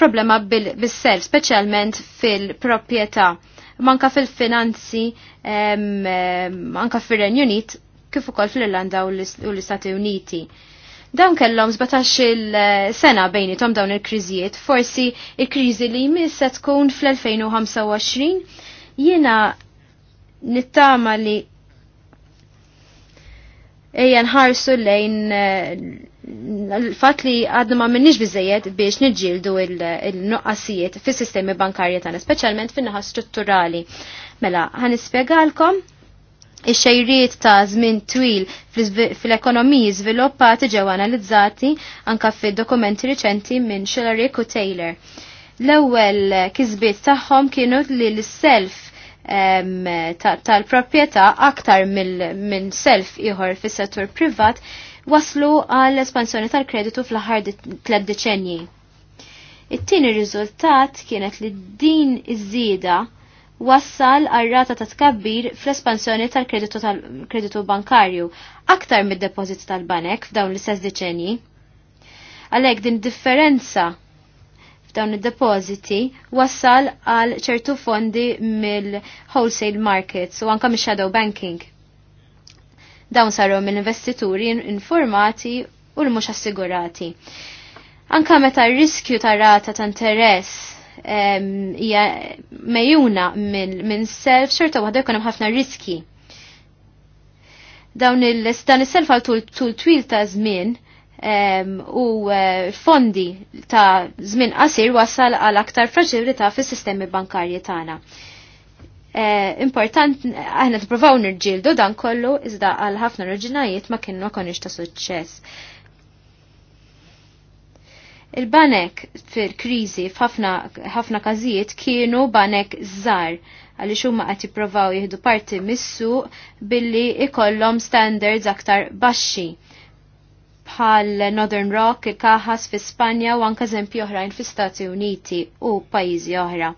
problema bil-self, specialment fil-propieta, manka fil-finanzi, manka fil-Renju Unit kif ukoll fl-Irlanda u l-Istati Uniti. Dan kellhom 17 il-sena bejnietom dawn il-kriżijiet, forsi il-kriżi li jmiss se tkun fl-2025 jiena nittama li ejja nħarsu lejn eh, l-fat li għadna ma minnix bizzejed biex nġildu il-nuqqasijiet fis sistemi bankarja tagħna, speċjalment fin-naħa strutturali. Mela, ħanispjegalkom Ix-xejriet ta' żmien twil fil-ekonomiji żviluppati ġew analizzati anka fid-dokumenti riċenti minn Schillerick u Taylor. L-ewwel kisbiet tagħhom kienu li l-self tal-proprjetà aktar minn self ieħor fis-settur privat waslu għall espansjoni tal-kreditu fl-aħħar tliet deċenji. It-tieni riżultat kienet li din iż-żieda wassal għar-rata ta' tkabbir fl-espansjoni tal-kreditu tal bankarju, aktar mid-depożit tal-banek f'dawn l-istess deċenji. Għalhekk din differenza f'dawn id depoziti wassal għal ċertu fondi mill-wholesale markets u anka mix-shadow banking. Dawn saru mill-investituri informati u l-mhux assigurati. Anka meta r-riskju tar rata ta' interess hija mejjuna minn self xorta waħda jkun hemm ħafna riski. Dawn il-dan is-self għal tul twil ta' żmien u e, fondi ta' żmien qasir wasal għal aktar fraġilità fis-sistemi bankarji tagħna. E, important, aħna t-provaw nirġildu dan kollu, iżda għal ħafna raġunajiet ma kienu konix ta' suċċess. Il-banek fil-krizi f'ħafna każijiet kienu banek żgħar għaliex huma qed jippruvaw jieħdu parti missu billi ikollhom standards aktar baxxi bħal Northern Rock, il-Kaħas fi Spanja u anka zempi oħrajn fi Stati Uniti u pajjiżi oħra.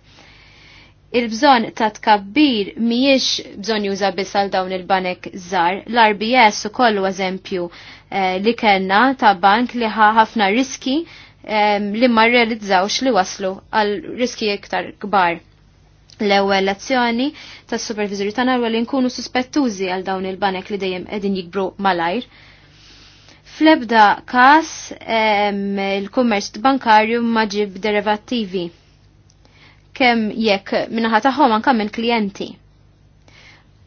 Il-bżon ta' tkabbir miex bżon juża biss għal dawn il-banek żgħar. L-RBS ukoll eżempju eh, li kellna ta' bank li ħafna riski li ma realizzawx li waslu għal riski iktar kbar. L-ewwel lezzjoni tas supervisori tagħna huwa li nkunu suspettużi għal dawn il-banek li dejjem qegħdin jikbru malajr. Flebda kas il-kummerċ bankarju ma ġib derivattivi kemm jekk minnaħa tagħhom anke minn klijenti.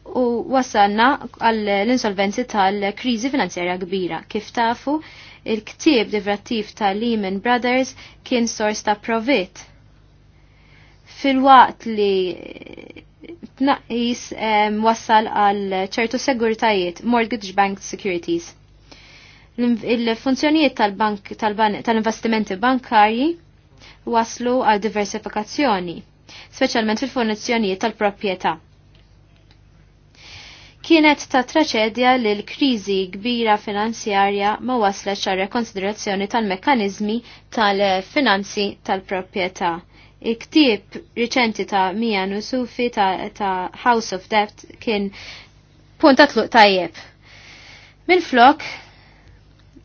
U wasalna għall insolvenzi tal-kriżi finanzjarja kbira. Kif tafu, Il-ktib divrattiv ta' Lehman Brothers kien sors ta' provit. Fil-waqt li tnaqqis wassal għal ċertu segurtajiet mortgage bank securities. Il-funzjonijiet tal investimenti bankarji waslu għal diversifikazzjoni, speċjalment fil-funzjonijiet tal-proprjetà kienet ta' traċedja li l-kriżi kbira finanzjarja ma waslet xa rekonsiderazzjoni tal-mekkanizmi tal-finanzi tal-proprjetà. Iktib riċenti ta' Mia Nusufi ta', ta House of Debt kien punta tluq tajjeb. Min flok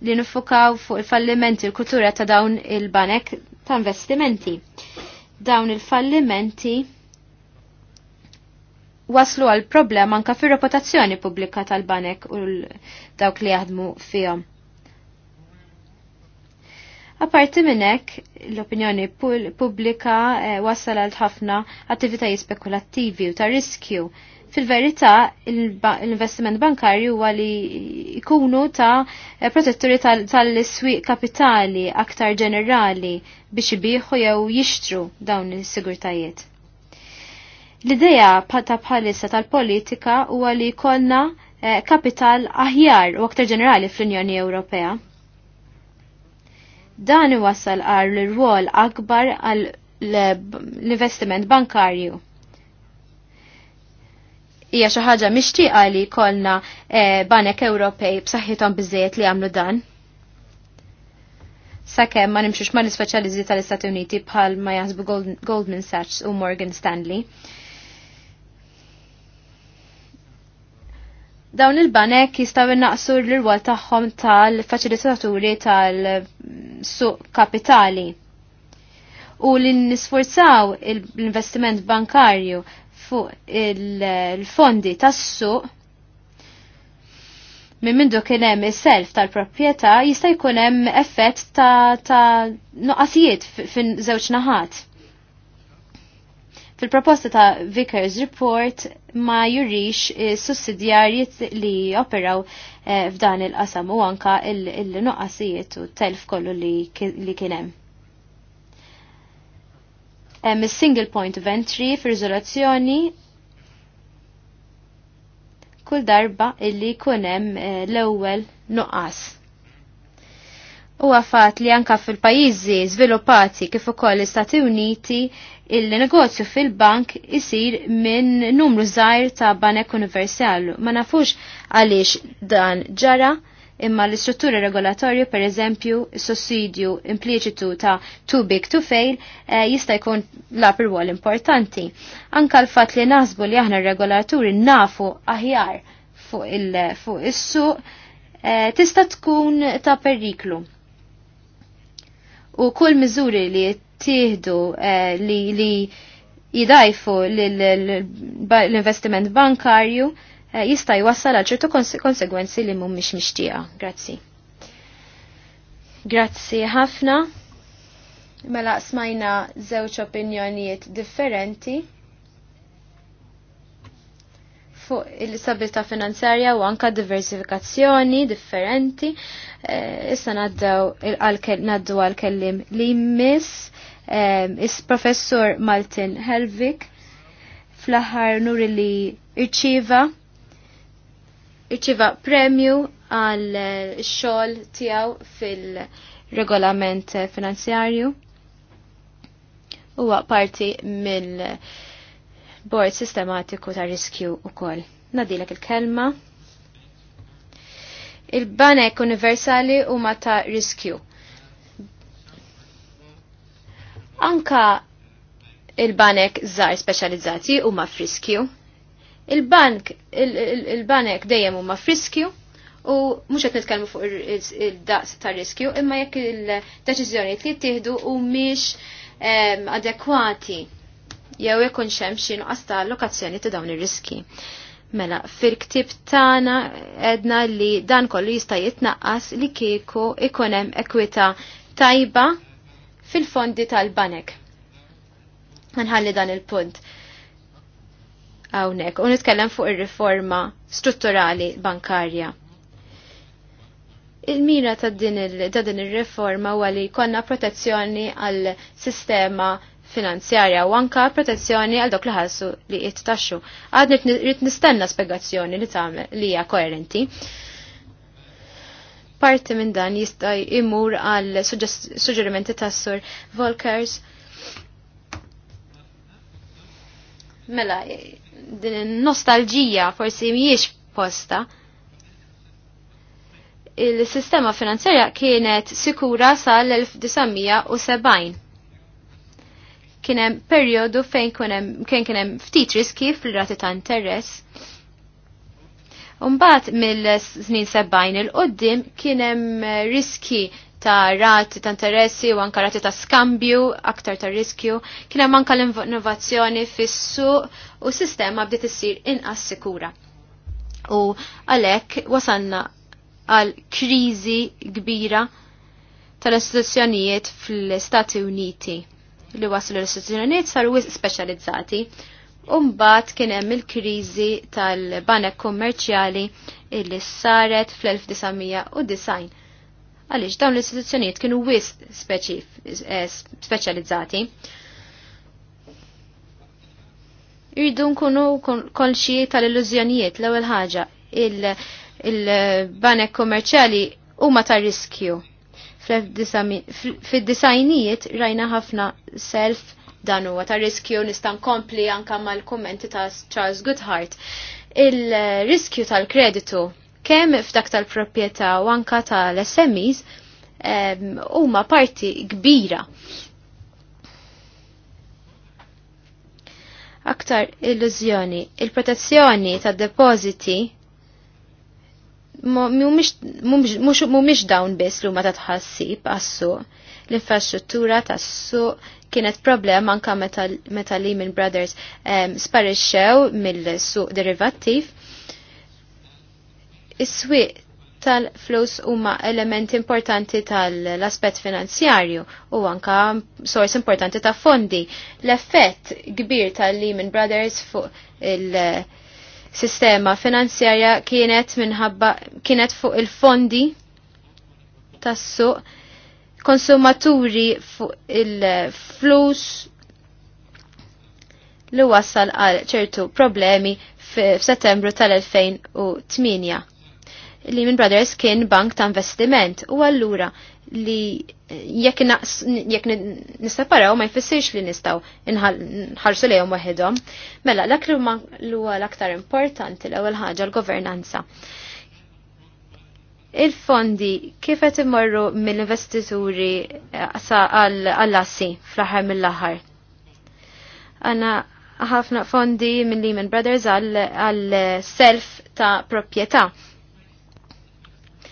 li nifukaw fuq il-fallimenti l-kultura ta' dawn il-banek ta' investimenti. Dawn il-fallimenti waslu għal problem anka fir reputazzjoni pubblika tal-banek u dawk li jaħdmu fihom. Aparti minnek, l-opinjoni pubblika eh, wassal għal ħafna attivitajiet spekulattivi u ta' riskju. Fil-verità, l-investiment bankarju huwa li jkunu ta' eh, protetturi tal-iswiq kapitali aktar ġenerali biex ibiħu jew jixtru dawn is-sigurtajiet. L-ideja ta' bħalissa tal-politika huwa li konna eh, kapital aħjar u aktar ġenerali fl-Unjoni Ewropea. Dan iwassal għar l-rwol akbar għal l-investiment bankarju. Hija xi ħaġa mixtieqa li jkollna eh, banek Ewropej b'saħħithom biżejjed li għamlu dan. Sakemm ma nimxux mal-ispeċjaliżi tal-Istati Uniti bħal ma jaħsbu Goldman Sachs u Morgan Stanley Dawn il-banek jistaw innaqsu l-irwal tagħhom tal-faċilitaturi tal-suq kapitali. U li nisforzaw l-investiment bankarju fuq il-fondi tas-suq minn mindu kien hemm is-self tal-proprjetà jista' jkun hemm effett ta', ta nuqqasijiet fin żewġ naħat. Fil-proposta ta' Vickers Report ma jurix sussidjarji li operaw eh, f'dan il-qasam u anka il-nuqqasijiet u telf kollu li kienem. Hemm single point of entry fir rizolazzjoni kull darba illi kunem eh, l-ewwel nuqqas. Huwa fatt li anka fil-pajjiżi żviluppati kif ukoll l-Istati Uniti il-negozju fil-bank isir minn numru żgħir ta' banek universal. Ma nafux għaliex dan ġara imma l-istrutturi regolatorju per eżempju sussidju impliċitu ta' too big to fail eh, jista' jkun l-upper wall importanti. Anka l-fat li nasbu li aħna regolaturi nafu aħjar fuq il-suq il suq eh, tista' tkun ta' periklu. U kull miżuri li tiħdu eh, li li jidajfu l-investiment bankarju eh, jista' jwassal għal ċertu konsegwenzi li mhumiex mixtieqa. Grazzi. Grazzi ħafna. Mela smajna żewġ opinjonijiet differenti fuq il-stabilità finanzjarja u anka diversifikazzjoni differenti. Eh, issa naddu għal-kellim li miss is-professur Maltin Helvik fl-aħħar nur li irċiva irċiva premju għal eh, xogħol tiegħu fil-regolament finanzjarju. Huwa parti mill-bord sistematiku ta' riskju koll. Nadilek il-kelma. Il-banek universali huma ta' riskju Anka il-banek żgħar speċjalizzati huma friskju. Il-bank il-banek dejjem huma friskju u mhux qed nitkellmu fuq il-daqs ta' riskju imma jekk il-deċiżjonijiet li u mhumiex adekwati jew ikun xem xi nuqqas ta' allokazzjoni ta' dawn ir-riski. Mela, fil-ktib tagħna edna li dan kollu jista' jitnaqqas li kieku ikun hemm ekwita tajba fil-fondi tal-banek. Nħalli dan il-punt. Hawnhekk, u nitkellem fuq ir-riforma strutturali bankarja. Il-mira ta' din ir-riforma huwa li jkollna protezzjoni għal sistema finanzjarja u anka protezzjoni għal dok li ħassu li jittaxxu. Għadni rrit nistenna spiegazzjoni li tagħmel li hija koerenti. Parti minn dan jista' imur għal suġġerimenti tas-sur Volkers. Mela, din nostalġija forsi mhijiex posta. Il-sistema finanzjarja kienet sikura sal-1970 kienem periodu fejn kienem ftit riski fil-rati ta' interess Umbat mill-snin sebbajn il-qoddim kienem riski ta' rati ta' interessi u anka rati ta' skambju, aktar ta' riskju, kienem anka l-innovazzjoni fissu u sistema bdiet issir inqas sikura. U għalek wasanna għal krizi kbira tal-istituzzjonijiet fl-Stati Uniti li waslu l-istituzzjonijiet saru specializzati. Umbat kien hemm il-kriżi tal-banek kummerċjali illi saret fl-1990. Għaliex dawn l-istituzzjonijiet kienu wis speċjalizzati. Irridu nkunu konxi tal-illużjonijiet l-ewwel ħaġa il-banek kummerċjali huma ta' riskju. Fid-disajnijiet rajna ħafna self dan huwa ta' riskju nista' nkompli anke mal-kummenti ta' Charles Goodhart. Il-riskju tal-kreditu kemm f'dak tal-proprjetà u anka tal-SMEs huma um, parti kbira aktar illużjoni. Il-protezzjoni ta' depoziti mhumiex dawn biss li huma ta' tħassib assu. L-infrastruttura tas-suq kienet problem anka meta Lehman Brothers um, sparixxew mill-suq derivattiv. Is-swieq tal-flus huma element importanti tal-aspett finanzjarju u anka sors importanti ta' fondi. L-effett kbir tal-Lehman Brothers fuq il-sistema finanzjarja kienet minħabba kienet fuq il-fondi tas-suq konsumaturi fuq il-flus li wassal għal ċertu problemi f'Settembru tal-2008 li minn Brothers kien bank ta' investiment u allura li jekk jekk ma jfissirx li nistaw nħarsu lejhom waħedhom. Mela l-aktar l-aktar importanti l-ewwel ħaġa l-governanza. l governanza Il-fondi kif qed imorru mill-investituri eh, għall-assi fl-aħħar mill-aħħar? Għana ħafna fondi minn Lehman Brothers għall-self ta' proprjetà.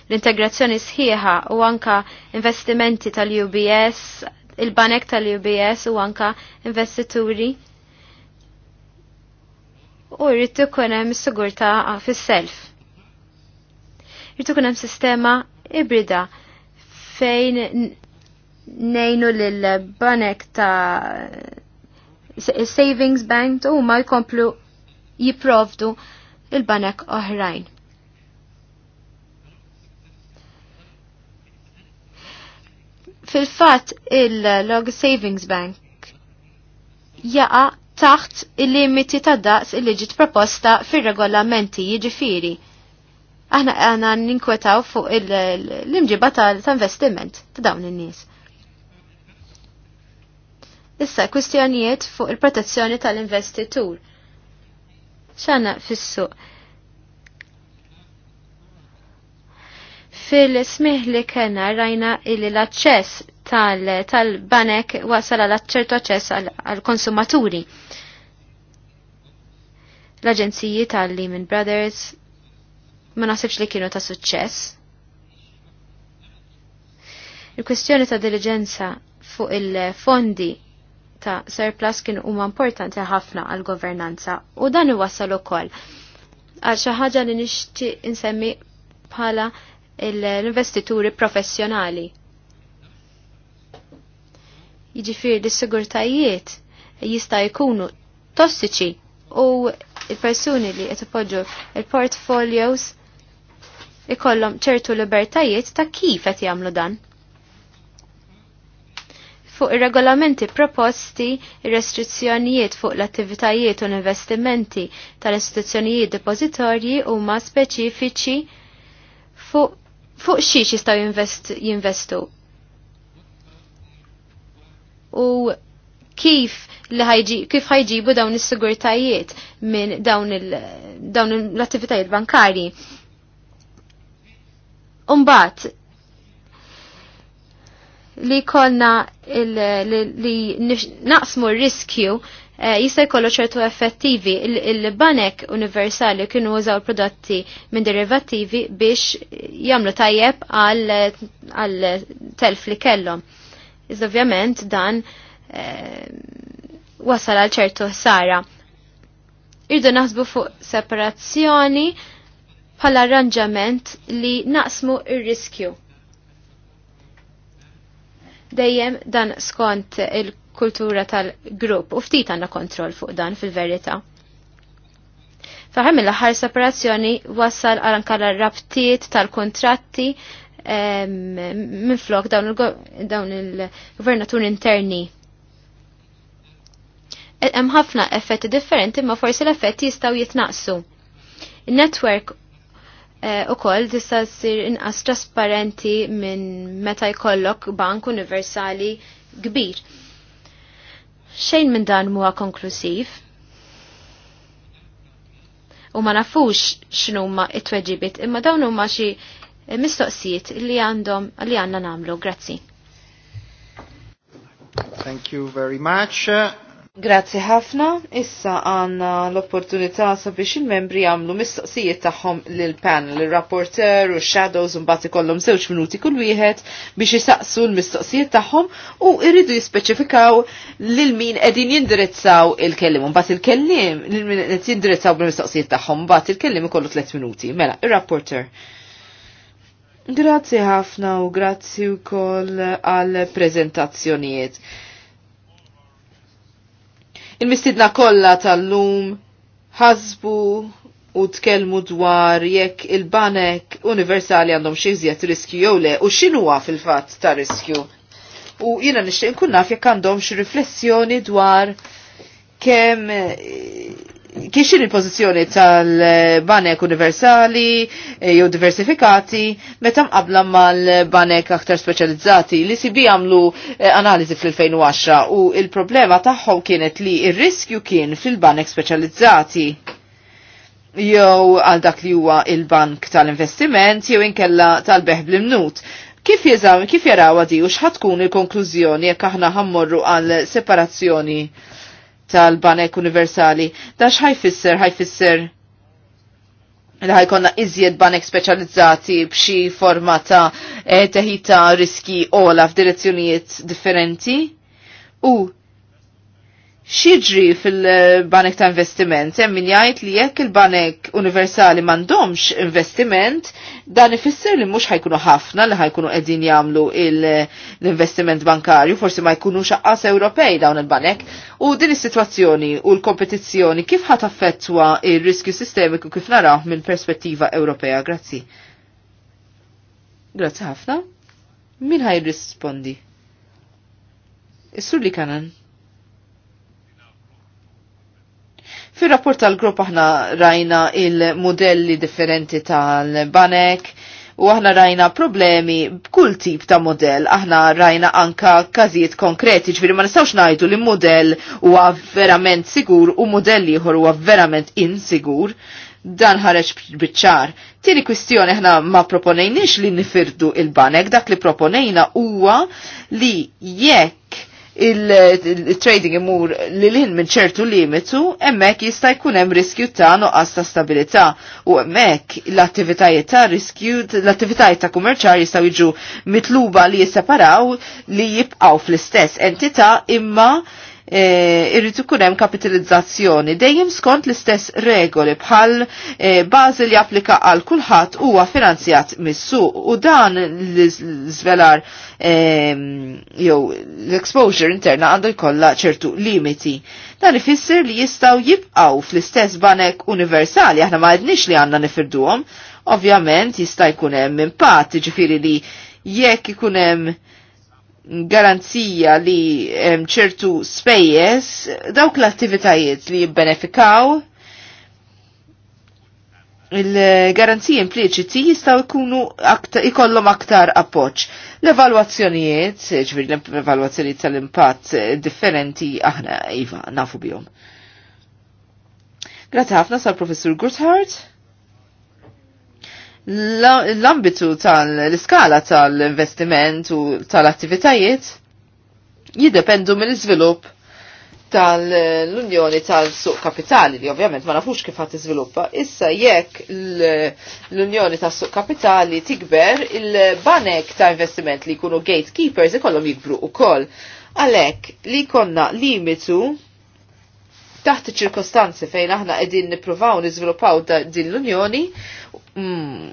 L-integrazzjoni sħiħa u anka investimenti tal-UBS, il-banek tal-UBS u anka investituri u rrit ikun hemm sigurtà fis-self. Irtu kunem sistema ibrida fejn nejnu lil banek ta' savings bank u ma jkomplu jiprovdu il-banek oħrajn. Fil-fat il-Log Savings Bank jaqa taħt il-limiti ta' daqs il-liġit proposta fil-regolamenti jiġifiri. Aħna għana ninkwetaw fuq l-imġiba tal-investiment ta' dawn in-nies. Issa, kwistjonijiet fuq il-protezzjoni tal-investitur. ċana fissu. Fil-smih li kena rajna illi l-access tal-banek wasala l ċertu access għal-konsumaturi. L-Aġenziji tal-Lehman Brothers, ma nasibx li kienu ta' suċċess. Il-kwestjoni ta' diligenza fuq il-fondi ta' surplus kienu huma importanti ħafna għal governanza u dan iwassal ukoll għal xi ħaġa li nixtieq insemmi bħala l-investituri professjonali. Jiġifieri l sigurtajiet jista' jkunu tossiċi u il-persuni li qed ipoġġu il-portfolios ikollhom ċertu libertajiet ta' kif qed jagħmlu dan. Fuq ir-regolamenti proposti, ir-restrizzjonijiet fuq l-attivitajiet u l-investimenti tal-istituzzjonijiet depozitorji huma speċifiċi fuq fuq xiex jistgħu jinvestu. U kif li ħajġi, kif ħajġibu dawn is-sigurtajiet minn dawn l-attivitajiet bankarji? Umbat, li kolna li naqsmu riskju eh, jista' jkollu ċertu effettivi il-banek universali kienu użaw prodotti minn derivativi biex jagħmlu tajjeb għal telf li kellhom. Iż ovvjament dan eh, wasal għal ċertu ħsara. Irdu naħsbu fuq separazzjoni bħala arranġament li naqsmu ir-riskju. Dejjem dan skont il-kultura tal-grupp u ftit għandna kontroll fuq dan fil-verità. Faħem l separazzjoni wassal anka l-rabtiet tal-kontratti minn flok dawn il gvernatur interni. E, hemm ħafna effetti differenti ma forsi l-effetti jistgħu jitnaqsu. Il-network Eh, u koll tista sir inqas trasparenti minn meta jkollok bank universali kbir. Xejn minn dan huwa konklusiv. U ma nafux x'numa it-tweġibiet, imma dawn huma xi mistoqsijiet li għandhom li għandna nagħmlu. Grazzi. Thank you very much. Grazzi ħafna, issa għanna l-opportunità sabiex il-membri għamlu mistoqsijiet tagħhom lill-panel, il-rapporter u shadows un bati kollom żewġ minuti kull wieħed biex jisaqsu l-mistoqsijiet tagħhom u irridu jispeċifikaw lil min qegħdin jindirizzaw il-kellim. Mbagħad il-kellim lil min edin jindirizzaw bil-mistoqsijiet tagħhom, bati il-kellim ikollu tliet minuti. Mela, ir-rapporter. Grazzi ħafna u grazzi u koll għal prezentazzjonijiet. Il-mistidna kollha tal-lum ħasbu u tkellmu dwar jekk il-banek universali għandhom xi iżjed riskju jew le u x'inhuwa fil-fatt ta' riskju. U jiena nixtieq nkun naf jekk għandhom xi riflessjoni dwar kemm kiex il-pozizjoni tal-banek universali e, jew diversifikati meta mqabla mal-banek aktar speċjalizzati li si għamlu e, analiżi fl-2010 u il-problema tagħhom kienet li ir-riskju kien fil-banek speċjalizzati jew għal dak li huwa il-bank tal-investiment jew inkella tal-beħ bl-imnut. Kif jeżaw, kif jaraw għadi u tkun il-konklużjoni jekk aħna ħammorru għal separazzjoni tal-Banek Universali. Dax ħajfisser, ħajfisser li ħajkonna iżjed banek speċjalizzati b'xi forma ta' eh, teħita riski ola f'direzzjonijiet differenti. U xieġri fil-banek ta' investiment, hemm min jgħid li jekk il-banek universali m'għandhomx investiment, dan ifisser li mhux ħajkunu ħafna li ħajkunu qegħdin jagħmlu l-investiment bankarju, forsi ma jkunux xaqqas Ewropej dawn il-banek. U din is-sitwazzjoni u l-kompetizzjoni kif ħat affettwa il riskju sistemiku kif naraw minn perspettiva Ewropea? Grazzi. Grazzi ħafna. Min ħaj rispondi? Is-sur li kanan? Fil-rapport tal-grupp aħna rajna il-modelli differenti tal-banek, u aħna rajna problemi b'kull tip ta' modell, aħna rajna anka każijiet konkreti, ġviri ma nistawx najdu li modell huwa verament sigur u modelli ieħor huwa verament insigur. Dan ħareġ biċċar. Tieni kwistjoni aħna ma proponejniex li nifirdu il-banek, dak li proponejna huwa li jekk il-trading imur li l-ħin minn ċertu limitu, emmek jista' jkun hemm riskju ta' nuqqas ta' stabilità u emmek l-attivitajiet ta' riskju, l-attivitajiet ta' kummerċar jistgħu jiġu mitluba li jisseparaw li jibqgħu fl-istess entità imma Eh, irrid ikun hemm kapitalizzazzjoni dejjem skont l-istess regoli bħal eh, bażi li applika għal kulħadd huwa finanzjat missu. u dan l-żvelar ehm, jew l-exposure interna għandu jkollha ċertu limiti. Dan ifisser li jistgħu jibqgħu fl-istess banek universali aħna ma għedniex li għandna nifirduhom. Ovvjament jista' jkun hemm impatt, ġifieri li jekk ikun hemm garanzija li ċertu spejjes dawk l-attivitajiet li jibbenefikaw il garanzija impliċiti jistaw ikunu ikollom aktar appoġġ. L-evalwazzjonijiet, ġviri l-evalwazzjonijiet tal-impatt differenti aħna iva nafu bjom. Grazie ħafna sal professur Gurthardt l-ambitu tal-iskala tal-investiment u tal-attivitajiet jiddependu mill iżvilupp tal-Unjoni tal-Suq Kapitali li ovvjament ma nafux kif għat iżviluppa. Issa jekk l-Unjoni tal-Suq Kapitali tikber il-banek ta' investiment li jkunu gatekeepers ikollhom jikbru ukoll. Għalhekk li konna limitu taħt ċirkostanzi fejn aħna qegħdin nippruvaw niżviluppaw din l-Unjoni Mm.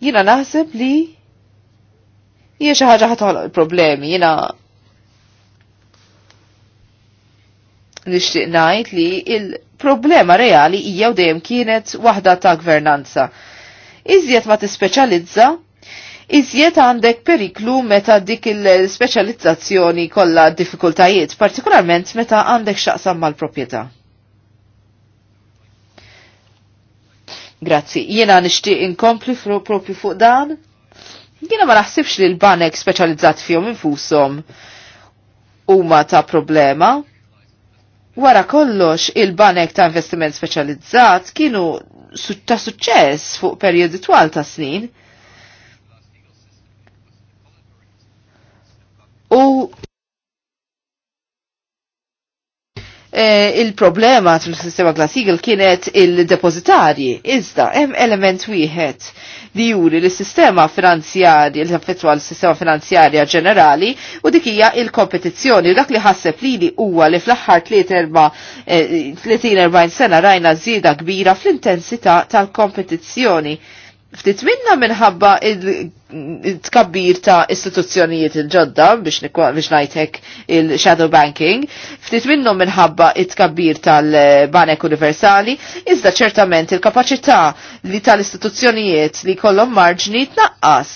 Jina naħseb li hija xi ħaġa ħatoħloq problemi jina nixtieq ngħid li il-problema reali hija u dejjem kienet waħda ta' gvernanza. Iżjed ma tispeċjalizza, iżjed għandek periklu meta dik il-speċjalizzazzjoni kollha diffikultajiet, partikolarment meta għandek x'aqsam mal-proprjetà. Grazzi. Jiena nixtieq inkompli propju fuq dan. Jiena ma naħsibx li l-banek speċjalizzat fihom infushom huma ta' problema. Wara kollox, il-banek ta' investiment speċjalizzat kienu ta' suċċess fuq perjodi twal ta' snin. U Eh, il-problema fil-sistema klasikal kienet il-depozitarji. Iżda, hemm element wieħed li juri li sistema Finanzjarji, li taffetwa l-sistema finanzjarja ġenerali, u dik hija il-kompetizzjoni. Dak li ħasseb li li huwa li fl-aħħar 34 eh, sena rajna żieda kbira fl-intensità tal-kompetizzjoni. Ta ftit minna minħabba il-tkabbir ta' istituzzjonijiet il-ġodda biex najtek il-shadow banking, ftit minnu minħabba il-tkabbir tal-banek universali, iżda ċertament il-kapacità li tal-istituzzjonijiet li kollom marġni tnaqqas.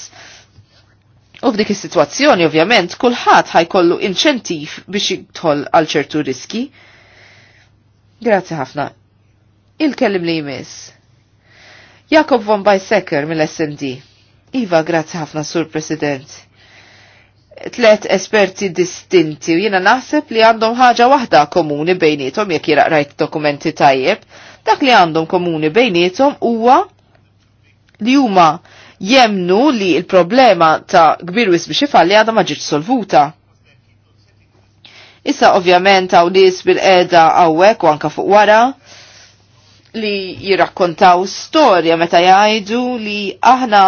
U f'dik is-sitwazzjoni ovvjament kulħadd ħajkollu inċentiv biex jidħol għal ċertu riski. Grazzi ħafna. Il-kellim li jmiss. Jakob von Bajsekker mill-SMD. Iva, grazzi ħafna, Sur President. Tlet esperti distinti u jiena naħseb li għandhom ħaġa waħda komuni bejnietom jekk jiraqrajt dokumenti tajjeb. Dak li għandhom komuni bejnietom huwa li huma jemnu li il-problema ta' kbir wis biex ifalli għadha ma ġietx solvuta. Issa ovvjament hawn nies bil-qeda hawnhekk u anke fuq wara li jirrakkontaw storja meta jgħidu li aħna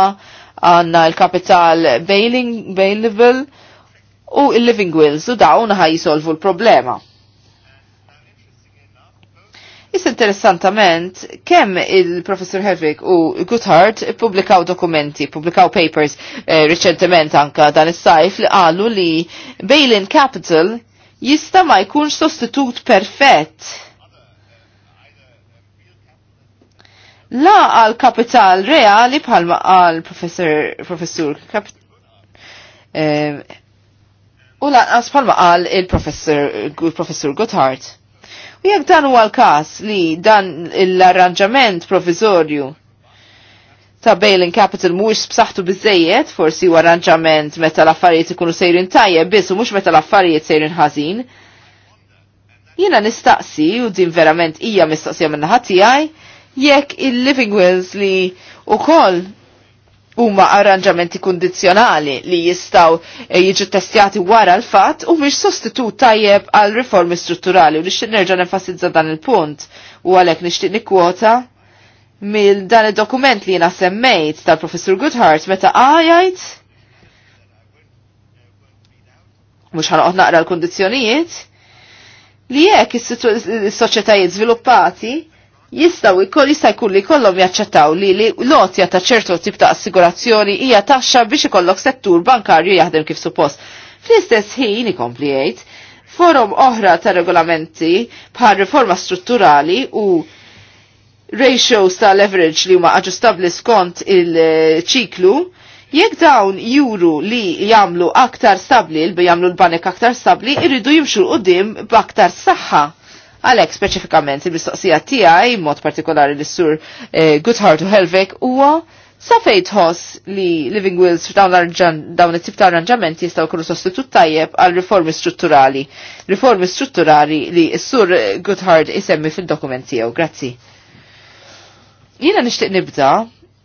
għanna l-kapital bailable u il-living wills u dawn jisolvu l-problema. Is interessantament, kemm il-Professor Hevik u Goodhart publikaw dokumenti, publikaw papers eh, reċentement anka dan is-sajf li qalu li bail-in capital jista' ma jkunx sostitut perfett la għal kapital reali bħalma għal professor kap eh, u lanqas bħalma għal il-professur Gotthard. U jekk dan huwa l-każ li dan l-arranġament provizorju ta' bail-in capital mhux b'saħħtu biżejjed, forsi huwa arranġament meta l-affarijiet ikunu sejrin tajjeb biss u mhux meta l-affarijiet sejrin ħażin. Jiena nistaqsi u din verament hija mistaqsija minna ħadd tiegħi jekk il-living wills li ukoll huma arranġamenti kondizjonali li jistaw eh, jiġu testjati wara l-fatt u mhix sostitut tajjeb għal riformi strutturali u nixtieq nerġa' nenfasizza dan il-punt u għalhekk nixtieq nikkwota mill dan id-dokument li jiena semmejt tal-Professur Goodhart meta għajajt mhux ħanoqgħod naqra l-kundizzjonijiet li jekk is-soċjetajiet żviluppati jistaw ikoll jista' jkun li kollhom jaċċettaw li li lotja ta' ċertu tip ta' assigurazzjoni hija taxxa biex ikollok settur bankarju jaħdem kif suppost. Fl-istess ħin ikompli jgħid, forum oħra ta' regolamenti bħal riforma strutturali u ratios ta' leverage li huma aġustabli skont il-ċiklu Jekk dawn juru li jagħmlu aktar stabli, l jagħmlu l-banek aktar stabli, irridu jimxu l-qudiem b'aktar saħħa Għalek speċifikament il-mistoqsija tiegħi mod partikolari l sur eh, Goodhart u Helvek huwa sa fejn tħoss li Living Wills f'dawn dawn it-tip ta' arranġamenti jistgħu jkunu sostitut tajjeb għal riformi strutturali. Riformi strutturali li s-sur eh, Goodhart isemmi fil-dokument tiegħu. Grazzi. Jiena nixtieq nibda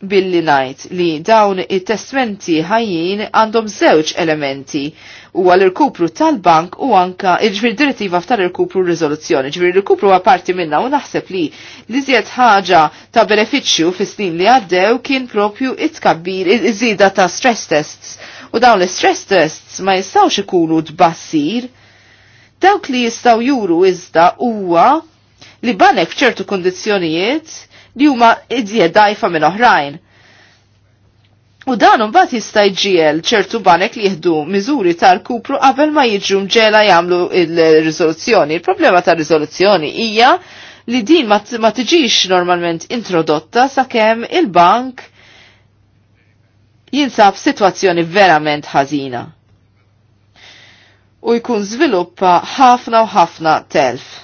billi najt li dawn it-testmenti ħajjin għandhom żewġ elementi u għal irkupru tal-bank u anka ġvir direttiva f'tal irkupru rizoluzzjoni. il-kupru għaparti minna u naħseb li li zjed ħaġa ta' beneficju fi snin li għaddew kien propju it-kabbir, iż-żida ta' stress tests. U dawn l-stress tests ma jistawx ikunu d-bassir. Dawk li jistaw juru iżda huwa li banek f'ċertu kondizjonijiet li huma idjed dajfa minn oħrajn. U dan mbagħad jista' jġiel ċertu banek li jieħdu miżuri tal-kupru qabel ma jiġu mġela jagħmlu il-riżoluzzjoni. Il-problema tar-riżoluzzjoni hija li din ma tiġix normalment introdotta sakemm il-bank jinsab situazzjoni verament ħażina. U jkun żviluppa ħafna u ħafna telf.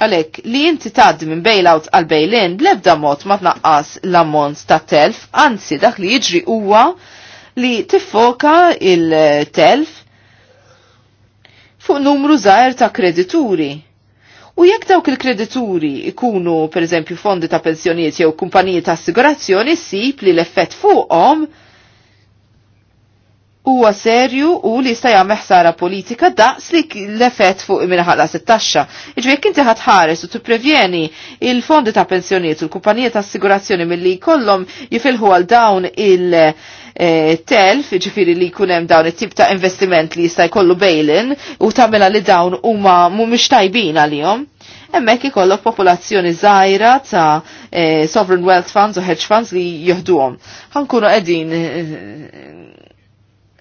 Għalek, li inti taddi minn bailout għal bail-in, lebda mod ma tnaqqas l-ammont ta' telf, anzi dak li jiġri huwa li tiffoka il-telf fuq numru zaħir ta' kredituri. U jekk dawk il-kredituri ikunu per eżempju fondi ta' pensjoniet jew kumpaniji ta' assigurazzjoni sip li l-effett fuqhom, huwa serju u li jista' jagħmel ħsara politika daqs li l-effett fuq minħaqlas it-taxxa. Iġbi jekk inti ħatħares u tipprevjeni il-fondi ta' pensjoniet u l-kumpanija ta' assigurazzjoni milli jkollhom jifilħu għal dawn il- e, telf, ġifiri li kunem dawn it-tip ta' investiment li jista' jkollu bejlin u tagħmilha li dawn huma mhumiex tajbin għalihom. Hemmhekk ikollok popolazzjoni zaħira ta' e, sovereign wealth funds u hedge funds li jieħduhom. Ħankunu qegħdin e,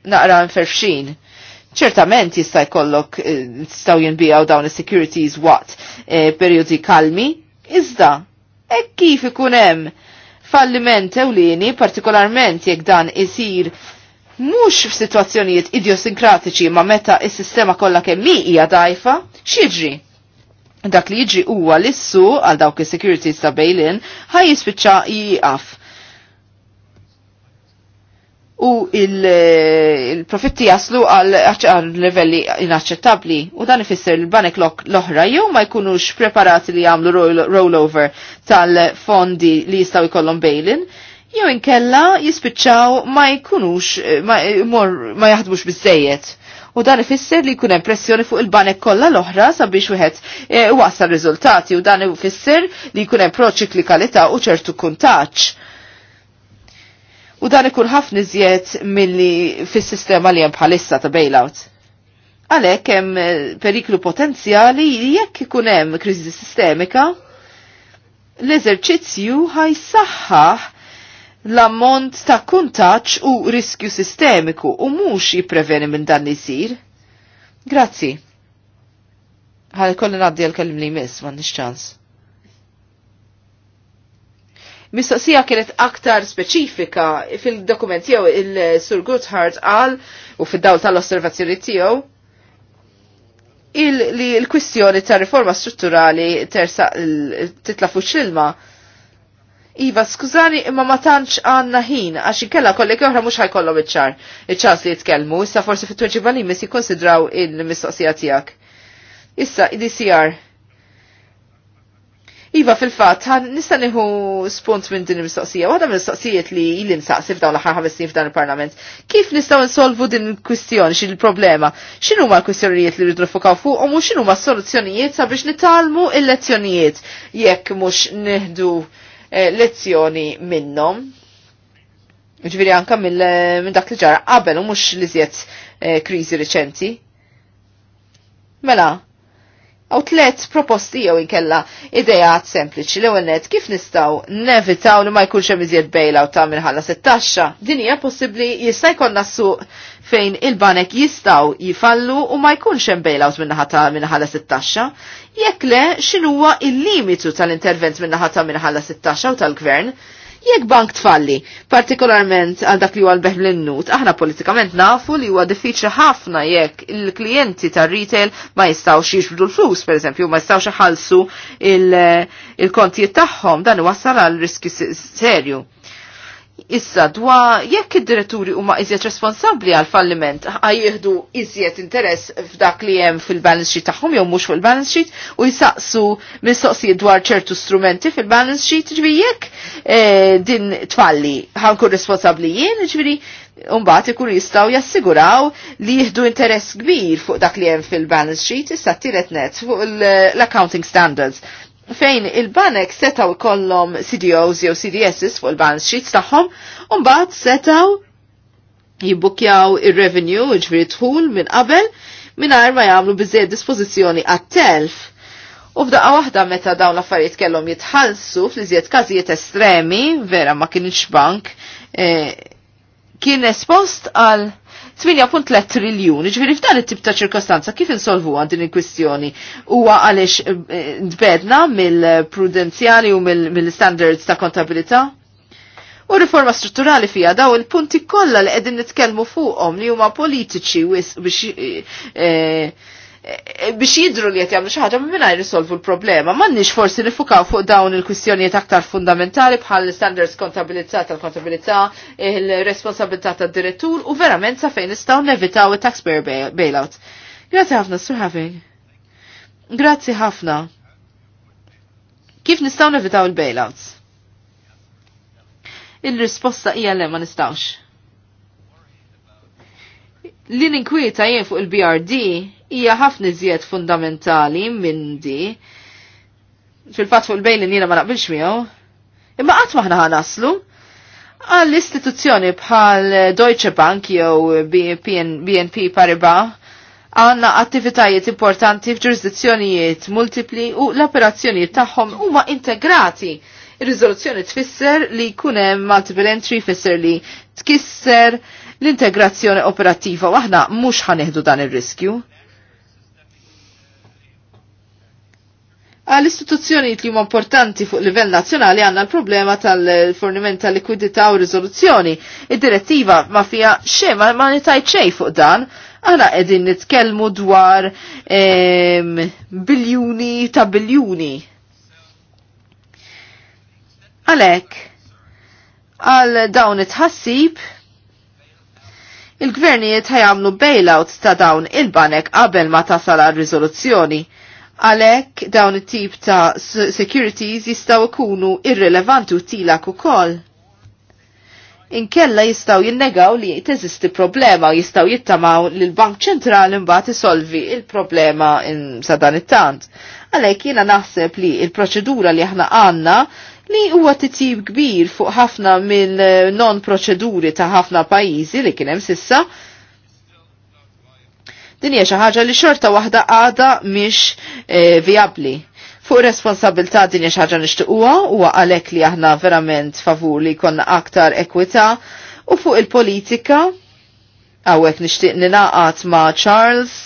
naqra nferfxin. Ċertament jista' jkollok tistgħu eh, jinbijaw dawn is-securities waqt eh, periodi kalmi, iżda hekk kif ikun hemm falliment ewlieni, partikolarment jekk dan isir mhux f'sitwazzjonijiet idiosinkratiċi ma meta is-sistema kollha kemm hija dajfa, x'jiġri? Dak li jiġri huwa l-issu għal dawk is-securities ta' bail-in ħaj jispiċċa jieqaf u eh, il-profitti jaslu għal livelli inaċċettabli u dan ifisser l-banek l-oħra jew ma jkunux preparati li jagħmlu rollover tal-fondi li jistgħu jkollhom bail jew inkella jispiċċaw ma jkunux eh, ma, ma jaħdmux u dan ifisser li jkun hemm pressjoni fuq il-banek kollha l-oħra sabiex wieħed e, eh, wasal riżultati u dan ifisser li jkun hemm proċiklikalità u ċertu kuntaġġ U dan ikun ħafna iżjed milli fis-sistema li hemm bħalissa ta' bailout. Għalhekk hemm eh, periklu potenzjali jekk ikun hemm kriżi sistemika, l-eżerċizzju ħajsaħħaħ l-ammont ta' kuntaċ u riskju sistemiku u mhux jippreveni minn dan li jsir. Grazzi. Ħalli kolli ngħaddi għal-kellim li jmiss, ma' nixċans mistoqsija kienet aktar speċifika fil-dokument tiegħu il-Sur Goodhart qal u fid-dawl tal-osservazzjoni tiegħu li l-kwistjoni ta' riforma strutturali tersa titla fuq xilma. Iva, skużani, imma ma tantx għanna ħin, għax inkella kollegi oħra mhux ħajkollhom iċ-ċar. Iċ-ċans li jitkellmu, issa forsi fit-tweġiba li mis jikkonsidraw il-mistoqsija tiegħek. Issa, id-DCR. Iva fil-fat, nista' nieħu spunt minn din il-mistoqsija. Waħda mill-mistoqsijiet li ili nsaqsi f'dawn l-aħħar ħames snin f'dan il-Parlament. Kif nistgħu nsolvu din il-kwistjoni, xi il-problema? X'inhu huma l-kwistjonijiet li rridu fukaw fuq u mhux x'inhu huma s-soluzzjonijiet sabiex nitalmu il-lezzjonijiet jekk mhux nieħdu eh, lezzjoni minnhom. Ġviri anke minn dak li ġara qabel u mhux li zjet eh, kriżi riċenti. Mela, għaw tlet proposti jew inkella idejat sempliċi li għennet kif nistaw nevitaw li ma jkunx hemm iżjed bejla u ta' minħalla settaxxa. Din hija possibbli jista' jkollna nassu fejn il-banek jistaw jifallu u ma jkunx hemm bailout minnaħa ta' minnaħala settaxxa. Jekk le x'inhuwa il-limitu tal-intervent minnaħa ta' minnaħala settaxxa u tal-gvern jekk bank tfalli, partikolarment għal dak li huwa l-beħ l-innut. Aħna politikament nafu li huwa diffiċli ħafna jekk il-klijenti tar-retail ma jistgħux jiġbdu l-flus, pereżempju, ma jistgħux iħallsu il-kontijiet tagħhom dan iwassal għal riski serju. Issa dwa jekk id-diretturi huma iżjed responsabbli għal falliment jieħdu iżjed interess f'dak li hemm fil-balance sheet tagħhom jew mhux fil-balance sheet u jsaqsu mistoqsijiet dwar ċertu strumenti fil-balance sheet ġifieri jekk e, din tfalli ħankun responsabbli jien ġifieri mbagħad ikun jistgħu jassiguraw li jieħdu interess kbir fuq dak li hemm fil-balance sheet issa tiret net fuq l-accounting standards fejn il-banek setaw kollom CDOs jew CDSs fuq il-balance sheets tagħhom, u mbagħad setaw jibbukjaw ir-revenue ġifieri tħul minn qabel mingħajr ma jagħmlu biżejjed dispożizzjoni għat-telf. U f'daqqa waħda meta dawn l-affarijiet kellhom jitħallsu fl-iżjed każijiet estremi, vera ma kienx bank, eh, kien espost għal 8.3 triljun, ġviri f'dan it-tip ta' ċirkostanza kif insolvu għan din il-kwistjoni? Huwa għaliex dbedna eh, mill-prudenzjali u mill-standards ta' kontabilità? U riforma strutturali fija daw il-punti kollha li qegħdin nitkellmu fuqhom li huma politiċi biex eh, biex jidru li qed jagħmlu xi ħaġa mingħajr risolvu l-problema. M'għandniex forsi nifukaw fuq dawn il-kwistjonijiet aktar fundamentali bħal standards kontabilità tal-kontabilità, il-responsabilità tad-direttur u verament sa fejn nistgħu nevitaw it-taxpayer bailout. Grazzi ħafna, Sir Having. Grazzi ħafna. Kif nistgħu nevitaw il-bailouts? Il-risposta hija le ma nistawx. Li ninkwita jien fuq il-BRD hija ħafna iżjed fundamentali minn di. Fil-fatt fuq il-bejlin jiena ma naqbilx miegħu. Imma qatt maħna naslu. għall-istituzzjoni bħal Deutsche Bank jew BNP Paribas għanna attivitajiet importanti f'ġurisdizzjonijiet multipli u l-operazzjonijiet tagħhom huma integrati. Ir-riżoluzzjoni tfisser li jkun hemm multiple entry fisser li tkisser l-integrazzjoni operattiva u aħna mhux ħaneħdu dan ir-riskju. għal istituzzjonijiet li huma importanti fuq livell nazzjonali għandna l-problema tal-forniment tal likwidità u riżoluzzjoni. Id-direttiva ma fija xejn ma, ma nitajt fuq dan. Għana qegħdin nitkellmu dwar em, biljuni ta' biljuni. Għalhekk għal dawn it-ħassib il-gvernijiet ħajamlu bailout ta' dawn il-banek qabel ma tasal għal riżoluzzjoni. Għalek dawn it-tip ta' securities jistaw ikunu irrelevanti u tilak ukoll. Inkella jistaw jinnegaw li teżisti problema u jistaw jittamaw li l-Bank ċentrali mbagħad isolvi il-problema sa dan it-tant. Għalhekk jiena naħseb li il-proċedura li aħna għandna li huwa titjib kbir fuq ħafna mill-non eh, proċeduri ta' ħafna pajjiżi li kien hemm sissa. Din hija xi ħaġa li xorta waħda għada mhix e, viabli. Fuq responsabilità din hija xi ħaġa nixtiequha huwa għalhekk li aħna verament favur li jkollna aktar ekwità u fuq il-politika hawnhekk nixtieq ninaqat ma' Charles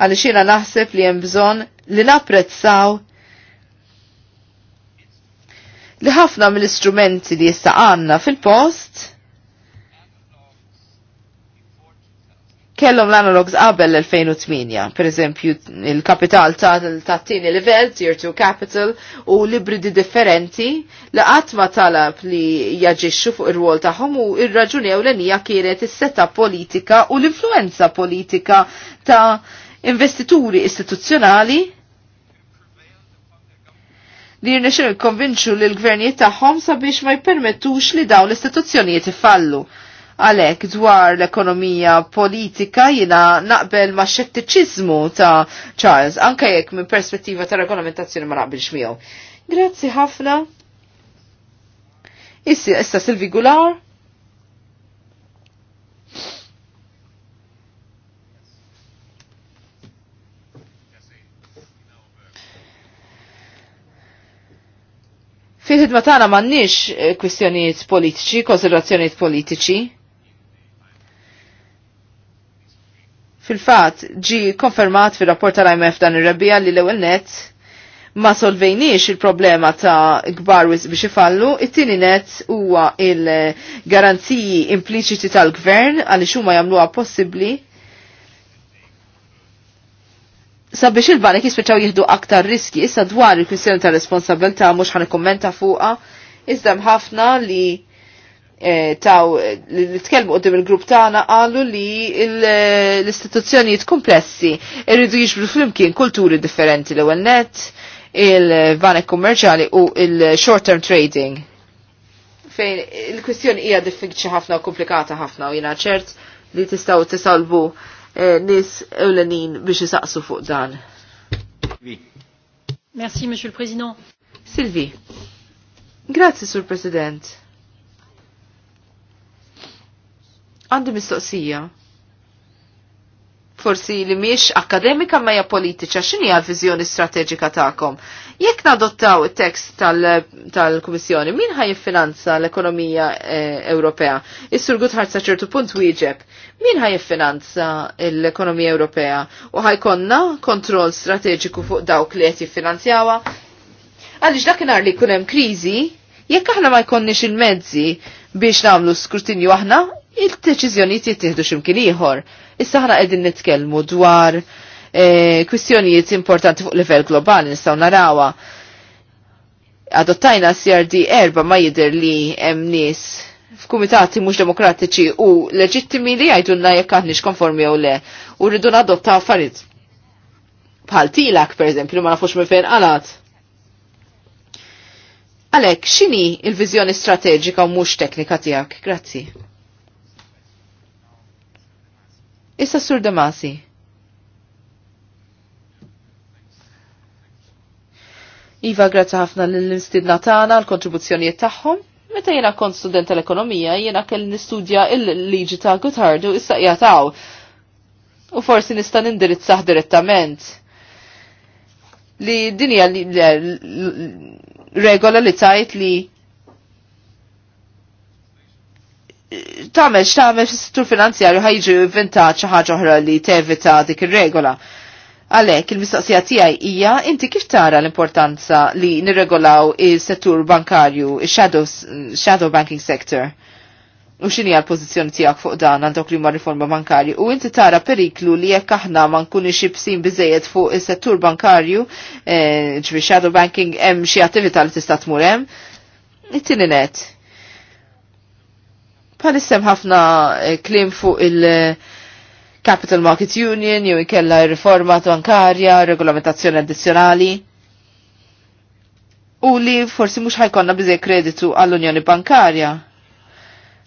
għaliex jiena naħseb li hemm bżonn li napprezzaw li ħafna mill-istrumenti li jista' għandna fil-post kellhom l-analogs qabel l-2008, per eżempju il-kapital ta' tieni livell, tier 2 capital, u libridi differenti li qatt ma talab li jaġixxu fuq ir wol tagħhom u ir-raġuni ewlenija kienet is-seta politika u l-influenza politika ta' investituri istituzzjonali li il konvinċu li l-gvernijiet tagħhom sabiex ma jippermettux li daw l-istituzzjonijiet ifallu. Għalek dwar l-ekonomija politika jina naqbel ma' xettiċizmu ta' Charles, anke jekk minn perspettiva ta' regolamentazzjoni ma naqbilx miegħu. Grazzi ħafna. Issi, issa Silvi Gular. Fil-ħidma tagħna m'għandniex eh, kwistjonijiet politiċi, konsiderazzjonijiet politiċi. Fil-fatt ġi konfermat fir-rapport tal-IMF dan ir-rebbija li l-ewwel net ma solvejniex il-problema ta' gbar biex ifallu, it-tieni net huwa il-garanziji impliċiti tal-gvern għaliex huma jagħmluha possibbli sabiex il-banek jispiċaw jihdu aktar riski, issa dwar il-kwistjoni ta' responsabilta mux ħan kommenta fuqa, iżda ħafna li eh, taw li tkellmu qudiem il-grupp tagħna qalu li l-istituzzjonijiet komplessi irridu jiġbru flimkien kulturi differenti l-ewwel net, il-banek kummerċjali u il-short term trading. Fejn il-kwistjoni hija diffiċli ħafna u komplikata ħafna u jiena ċert li tistgħu tisalbu Eh, nis ewlenin biex jisaqsu fuq dan. Merci, Monsieur le Président. Sylvie. Grazie, Sur President. Għandi mistoqsija forsi li miex akademika ma hija politiċa, x'inhi l-viżjoni strateġika tagħkom? Jekk nadottaw it-tekst tal-Kummissjoni, min ħaj jiffinanza l-ekonomija eh, Ewropea? Is-Sur Gutħar sa ċertu punt wieġeb. Min ħaj jiffinanza l-ekonomija Ewropea? U ħajkonna kontroll strateġiku fuq dawk li qed jiffinanzjawha? Għaliex dakinhar li jkun hemm kriżi, jekk aħna ma jkonniex il-mezzi biex nagħmlu skrutinju aħna, il-deċiżjonijiet jittieħdu x'imkien ieħor. Issa aħna qegħdin nitkellmu dwar eh, kwistjonijiet importanti fuq livell globali nistgħu narawha. Adottajna CRD erba ma jidher li hemm nies f'kumitati mhux demokratiċi u leġittimi li jgħidulna jekk aħniex konformi jew le u rridu nadotta affarijiet bħal tilak pereżempju ma nafux minn fejn qalat. Għalek, xini il-vizjoni strateġika u mux teknika tijak? Grazzi. Issa Sur Damasi. Iva, grazzi ħafna l-istidna tagħna l-kontribuzzjonijiet tagħhom. Meta jiena kont student tal-ekonomija, jiena kell nistudja il-liġi ta' Gotthard u issa jataw. U forsi nista' nindirizzah direttament. Li dinja regola li tajt li tamel x'tamel fis-settur finanzjarju ħajġu vintaġġ xi ħaġa oħra li tevita dik ir-regola. Għalhekk il-mistoqsija tiegħi hija inti kif tara l-importanza li nirregolaw is-settur bankarju, shadow banking sector? U x'inhi l-pożizzjoni tiegħek fuq dan għandok li ma riforma bankarju u inti tara periklu li jekk aħna ma nkunux xibsin biżejjed fuq is-settur bankarju, eh, ġbi shadow banking hemm xi attività li tista' tmur hemm. It-tieni Palissem ħafna eh, klim fuq il- Capital Market Union, jew ikella riforma bankarja, regolamentazzjoni addizzjonali. U li forsi mhux ħajkonna biżej kreditu għall-Unjoni Bankarja.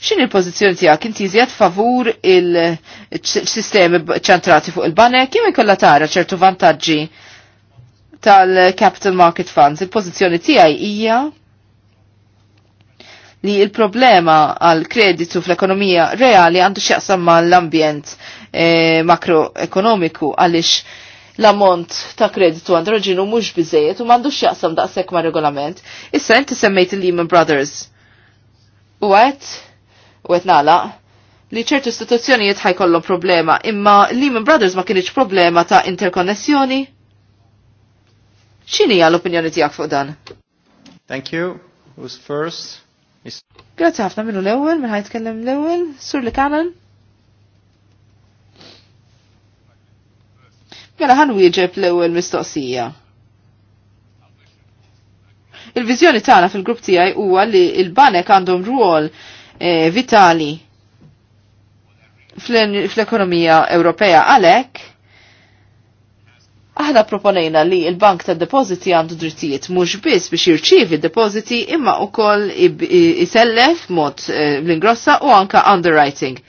X'in il-pożizzjoni tiegħek inti iżjed favur il-sistemi ċentrati fuq il-banek jew ikolla tara ċertu vantaġġi tal-Capital Market Funds. Il-pożizzjoni tiegħi hija li il-problema għal kreditu fl-ekonomija reali għandu x'jaqsam mal-ambjent e, makroekonomiku għaliex l-ammont ta' kreditu rġinu mhux biżejjed u m'għandux da' daqshekk ma' regolament. Issa inti semmejt il-Lehman Brothers. U għet, u għet nala, li ċertu istituzzjonijiet ħajkollhom problema, imma Lehman Brothers ma kienieċ problema ta' interkonnessjoni. X'inhi l-opinjoni tiegħek fuq dan? Thank you. Who's first? Grazzi ħafna minnu l-ewwel, minn ħajtkellem l-ewwel, sur li kanan. Mela ħan wieġeb l-ewwel mistoqsija. Il-viżjoni tagħna fil-grupp tiegħi huwa li l-banek għandhom rwol eh, vitali fl-ekonomija Ewropea għalhekk Aħna proponejna li il-bank ta' depoziti għandu drittijiet mhux biss biex jirċievi depoziti imma wkoll isellef mod eh, l-ingrossa u anka underwriting.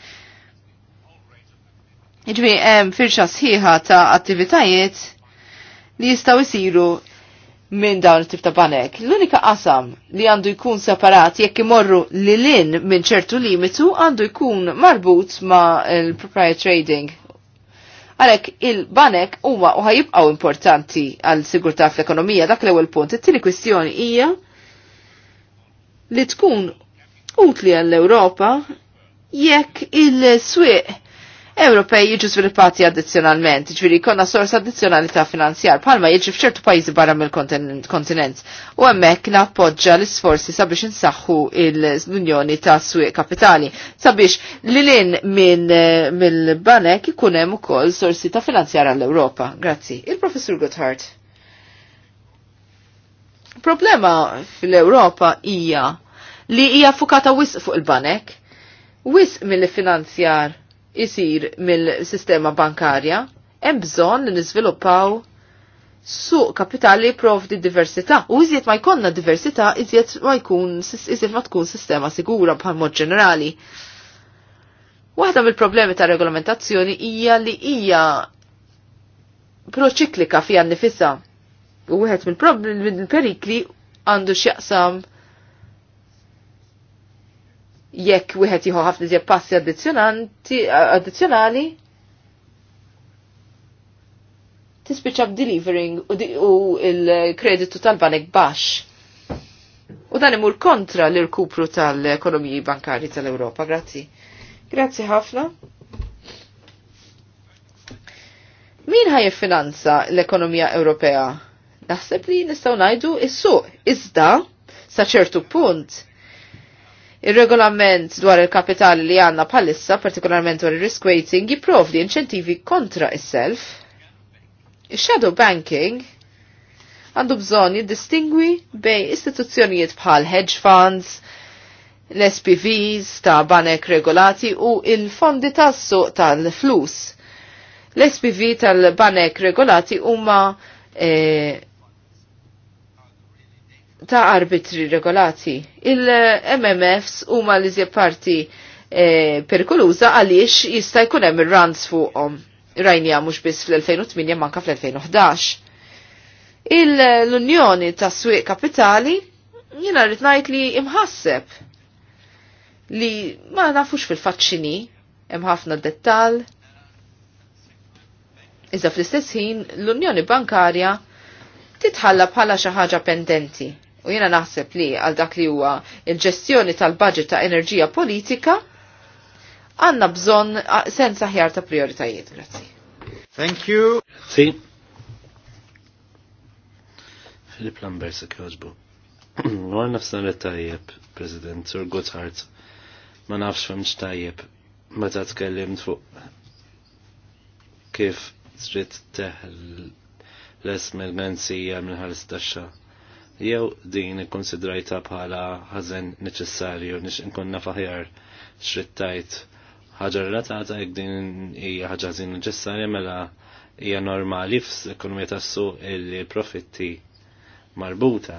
Iġbi jiġifieri, hemm firxa sħiħa ta' attivitajiet li jistgħu jsiru minn dawn it-tip ta' banek. L-unika qasam li għandu jkun separat jekk imorru lilin minn ċertu limitu għandu jkun marbut ma' il-proprietary trading Għalek il-banek huma u ħajibqaw importanti għal sigurtà fl-ekonomija dak l-ewwel punt. It-tieni kwistjoni hija li tkun utli għall-Ewropa jekk il-swieq Ewropej jiġu sviluppati addizzjonalment, ġviri konna sors addizzjonali ta' finanzjar, palma jiġi fċertu pajjiżi barra mill-kontinent. U hemmhekk nappoġġa l-isforzi sabiex insaħħu l-Unjoni ta' Swieq Kapitali, sabiex lilin minn mill-banek ikun hemm ukoll sorsi ta' finanzjar għall-Ewropa. Grazzi. Il-Professur Gotthard. Problema fil-Ewropa hija li hija fukata wisq fuq il-banek, wisq mill-finanzjar isir mill-sistema bankarja, hemm bżonn li niżviluppaw suq kapitali di diversità. U iżjed ma jkollna diversità, iżjed ma jkun iżjed ma tkun sistema sigura bħal mod ġenerali. Waħda mill-problemi ta' regolamentazzjoni hija li hija proċiklika fija nifisa. U wieħed mill-perikli għandu x'jaqsam jekk wieħed jieħu ħafna iżjed passi addizzjonali Tispiċċa b'delivering u il-kreditu tal-banek baxx. U dan imur kontra l-irkupru tal-ekonomiji bankari tal ewropa Grazzi. Grazzi ħafna. Min ħaj finanza l-ekonomija Ewropea? Naħseb li nistaw najdu is-suq. Iżda, sa ċertu punt, Il-regolament dwar il-kapitali li għanna palissa, partikolarment dwar il-risk weighting, jiprovdi inċentivi kontra is-self. Il-shadow banking għandu bżon jiddistingwi bej istituzzjonijiet bħal hedge funds, l-SPVs ta' banek regolati u il-fondi tas-suq tal-flus. L-SPV tal-banek regolati huma eh, ta' arbitri regolati. Il-MMFs huma li parti e, perikoluża għaliex jista' jkun hemm ir-runs fuqhom. Rajnija mhux biss fl-2008 manka fl-2011. L-Unjoni ta' Swieq Kapitali jiena rrid ngħid li imħasseb li ma nafux fil-faċċini hemm ħafna dettal. Iżda fl-istess ħin l-Unjoni Bankarja titħalla bħala xi ħaġa pendenti. U jena naħseb li għal dak li huwa il-ġestjoni tal-budget ta' enerġija politika għanna bżon senza ħjar ta' prioritajiet. Grazzi. Thank you. Si. Filip Lambert se kjoġbu. *clears throat* Għal nafsan li tajjeb, President, Sir Gotthard. Ma nafx fem xtajjeb. Ma ta' tkellimt fuq kif tritt teħ l esmel menzija minn mill-ħalis jew din ikkonsidrajta bħala ħażen neċessarju nix inkun faħjar xrittajt ħaġa relatata jekk din hija ħaġa ħażin neċessarja mela hija normali f'ekonomija tas-suq il-profitti marbuta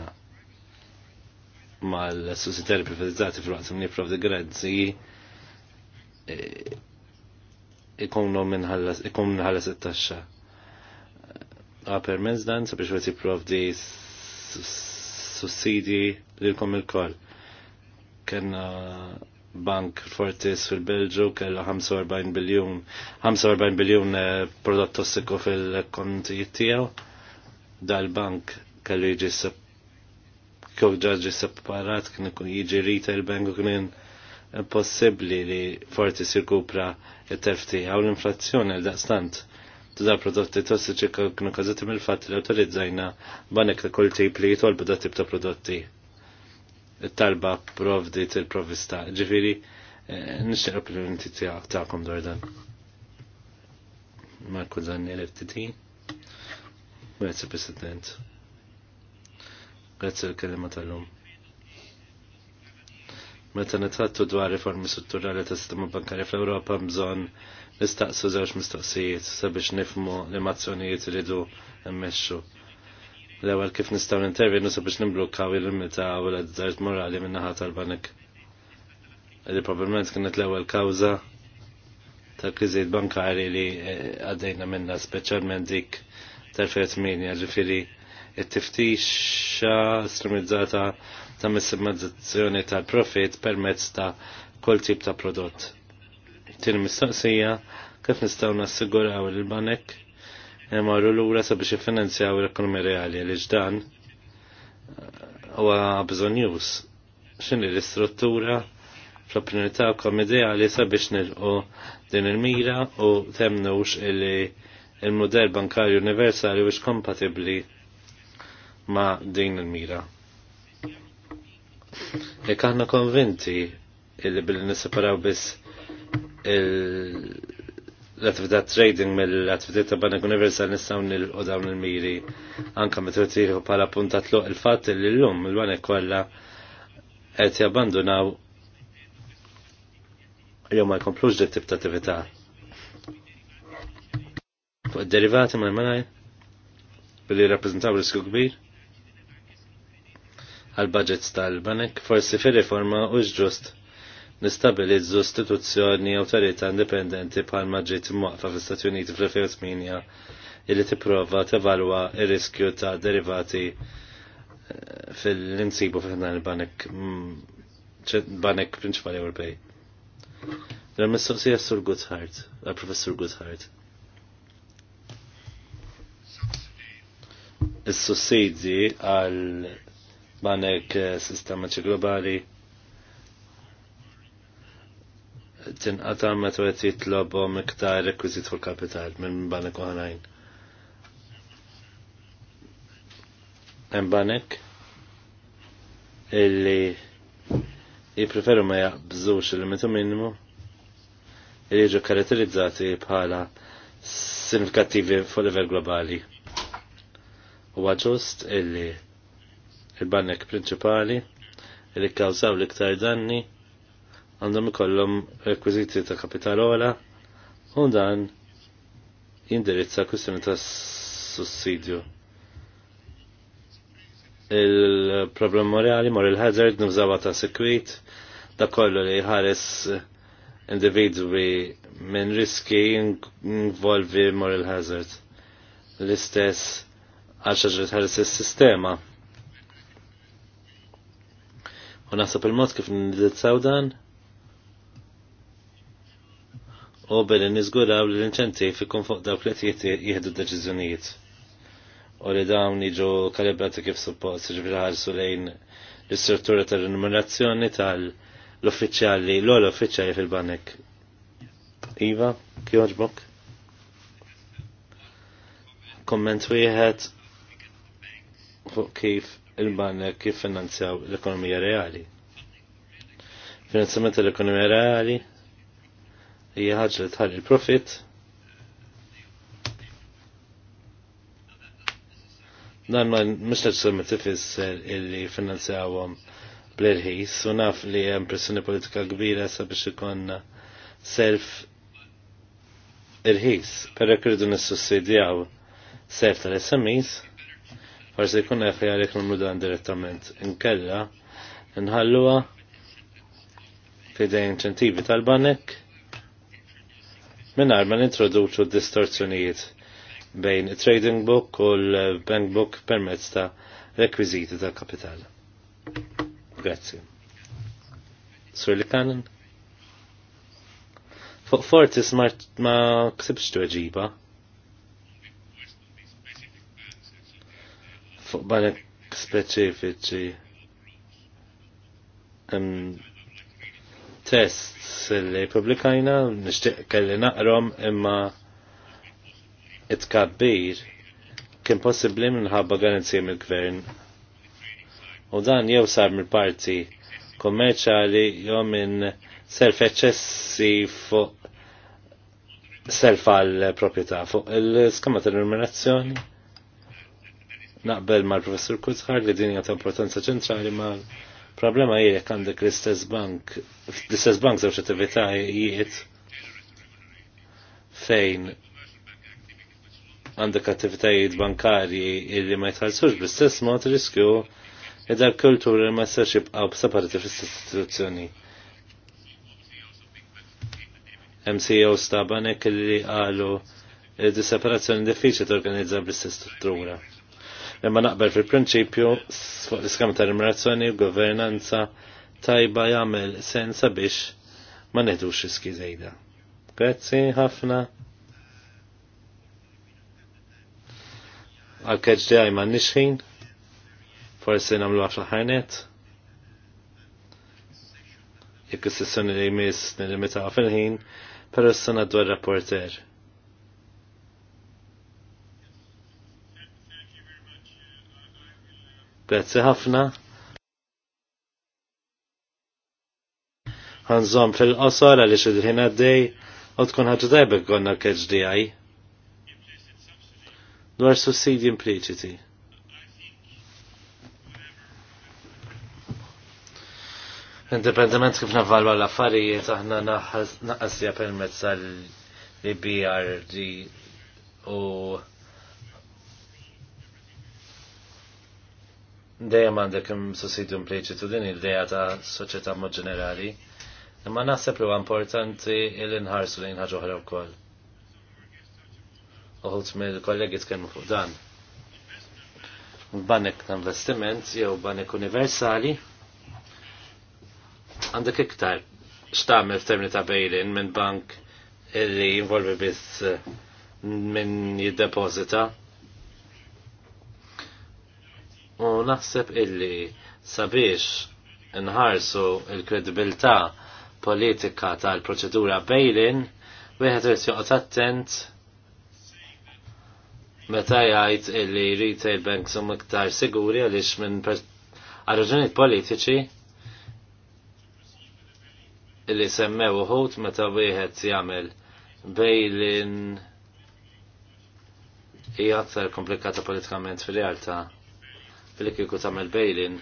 mal-sussidjari privatizzati fil-waqt minn jipprovdi grazzi e, ikonu minħallas ikonu minħallas it-taxxa. permezz dan sabiex wieħed jipprovdi sussidi lilkom il-koll. Kenna bank Fortis fil-Belġu kellu 45 biljun 45 biljun eh, prodott tossiku fil-konti tiegħu. Dal-bank kellu jiġi kif ġaġi separat kien ikun jiġi retail bank u kien possibbli li Fortis jirkupra t terfti għaw l-inflazzjoni għal daqstant ta' prodotti tossiċi kienu kazati mill-fatt li autorizzajna banek ta' kull tip li jitolbu da' tip ta' prodotti. Talba provdi til provista Ġifiri, eh, nixtieq opinjoni ta'kom dwar dan. Marko Zanni l-FTT. Grazie President. Grazie l-kelima tal-lum. Meta nitħattu dwar riformi strutturali tas sistema bankarja fl-Ewropa bżonn nistaqsu żewġ mistoqsijiet sabiex nifmu li du ridu L-ewwel kif nistgħu nintervjenu sabiex nimblukkaw il-limita u l-azzart morali minnaħa tal-banek. Li probabbilment kienet l-ewwel kawża ta' kriżijiet bankari li eh, għaddejna minna speċjalment dik tal-2008 ġifieri it-tiftixa strumizzata ta' missimizzazzjoni tal-profit permezz ta' kol tip ta' prodott tieni mistaqsija kif nistgħu nassiguraw il l-banek marru lura sabiex jiffinanzjaw l ekonomi reali li ġdan huwa bżonjus. X'inhi l-istruttura fl-opinjoni tagħkom ideali sabiex nilqu din il-mira u temnux illi il model bankarju universali wiex kompatibbli ma' din il-mira. Jekk aħna konvinti illi billi niseparaw biss l-attività trading mill-attività ta' Banek Universal nistaw nilqu dawn il-miri anka meta tieħu bħala punta tluq il fat li llum il-banek kollha qed jabbandunaw jew ma jkomplux dik tip ta' attività. Fuq id-derivati ma jmanaj billi rappresentaw risku kbir għal budgets tal-banek forsi fil-reforma u ġust nistabilizzu istituzzjoni awtorità indipendenti bħalma ġiet imwaqfa fl-Istati Uniti fl-2008 illi tipprova tevalwa ir-riskju ta' derivati eh, fil-insibu fil ħna il-banek mm, banek prinċipali Ewropej. L-mistoqsija Sur Goodhart, għal-Professur eh, Goodhart. Is-sussidji għal banek eh, sistema globali tinqata meta qed jitlobhom iktar rekwiżit fuq kapital minn banek oħrajn. Hemm banek illi jippreferu ma jaqbżux il-limitu minimu li jiġu karatterizzati bħala sinifikattivi fuq livell globali. Huwa ġust illi il banek prinċipali li kkawżaw l-iktar danni għandhom ikollhom rekwiżiti ta' kapital u dan jindirizza kwistjoni ta' sussidju. Il-problem morali, moral hazard, nużawa ta' sekwit, da' kollu li ħares individwi minn riski involvi moral hazard. L-istess għaxa ħares il-sistema. U nasab il-mod kif nidizzaw dan, u billi niżguraw li l inċentif ikun fuq dawk li jieħdu deċiżjonijiet. U li dawn jiġu kalibrati kif suppost, ġifri ħarsu lejn l-istruttura tal-remunerazzjoni renumerazzjoni l-għol uffiċjali fil-banek. Iva, kjoġbok? Komment wieħed fuq kif il-banek kif finanzjaw l-ekonomija reali. Finanzjament l-ekonomija reali hija ħaġa li tħalli l-profit. Dan ma mhux leġislament tifisser illi finanzjawhom bl-irħis u naf li hemm pressjoni politika kbira sabiex ikonna self irħis, però kridu nissussidjaw self tal-SMEs, forsi jkun qed jarek nagħmlu dan direttament. Inkella inħalluha fidejn inċentivi tal-banek minnar ma nintroduċu distorzjonijiet bejn trading book u l-bank book permezz ta' rekwiziti ta' kapital. Grazzi. Sur li kanin? Fuq Fortis ma ksibx tweġiba. Fuq banek speċifiċi test li publikajna, nishtiq kelli naqrom imma it-kabbir kien possibli minħabba garanzija mill-gvern. U dan jew sar mill-parti kommerċali jew minn self eċċessi fuq self għal proprjetà fuq il-skema tal-remunerazzjoni. Naqbel mal-professur Kuzħar li din ta' importanza ċentrali mal Problema jek għandek l-istess bank, l-istess bank zewċ jiet fejn għandek attivitajiet bankarji illi ma jitħalsux bl-istess mod riskju id kultura ma jistax jibqaw b'separati fl-istess istituzzjoni. MCO e stabanek li għalu di separazzjoni diffiċli organizza bl-istess struttura. Imma naqbel fil-prinċipju fuq l-iskam ta' remunerazzjoni u governanza tajba jagħmel sensa biex ma neħdux riski żejda. Grazzi ħafna. Għal-keġ di għajma nixħin, forse namlu għafla ħajnet. Jekk s sessjoni li jmiss nil nilimita fil-ħin, pero s-sena dwar rapporter. Grazie ħafna. Għanżom fil-qosor għaliex id għaddej u tkun ħaġa tajba konna KHDI. Dwar sussidi impliċiti. Indipendiment kif navalwa l-affarijiet, aħna naqqasja permezz tal-BRD u dejjem għandek hemm sussidju impliċitu din il deja ta' soċjetà mod ġenerali, imma naħseb li huwa importanti il inħarsu lejn ħaġa oħra wkoll. Uħut mill-kollegi tkellmu fuq dan. Banek ta' investiment jew banek universali għandek iktar x'tagħmel f'termini ta' bejlin minn bank illi jinvolvi biss minn jiddepozita U naħseb illi sabiex nħarsu il-kredibilità politika tal-proċedura bejlin, wieħed irid joqgħod attent meta jgħid illi retail banks hum iktar siguri għaliex minn għal raġunijiet politiċi illi semmew uħut meta wieħed jagħmel bejlin hija aktar komplikata politikament fil-realtà billi kieku tagħmel bejlin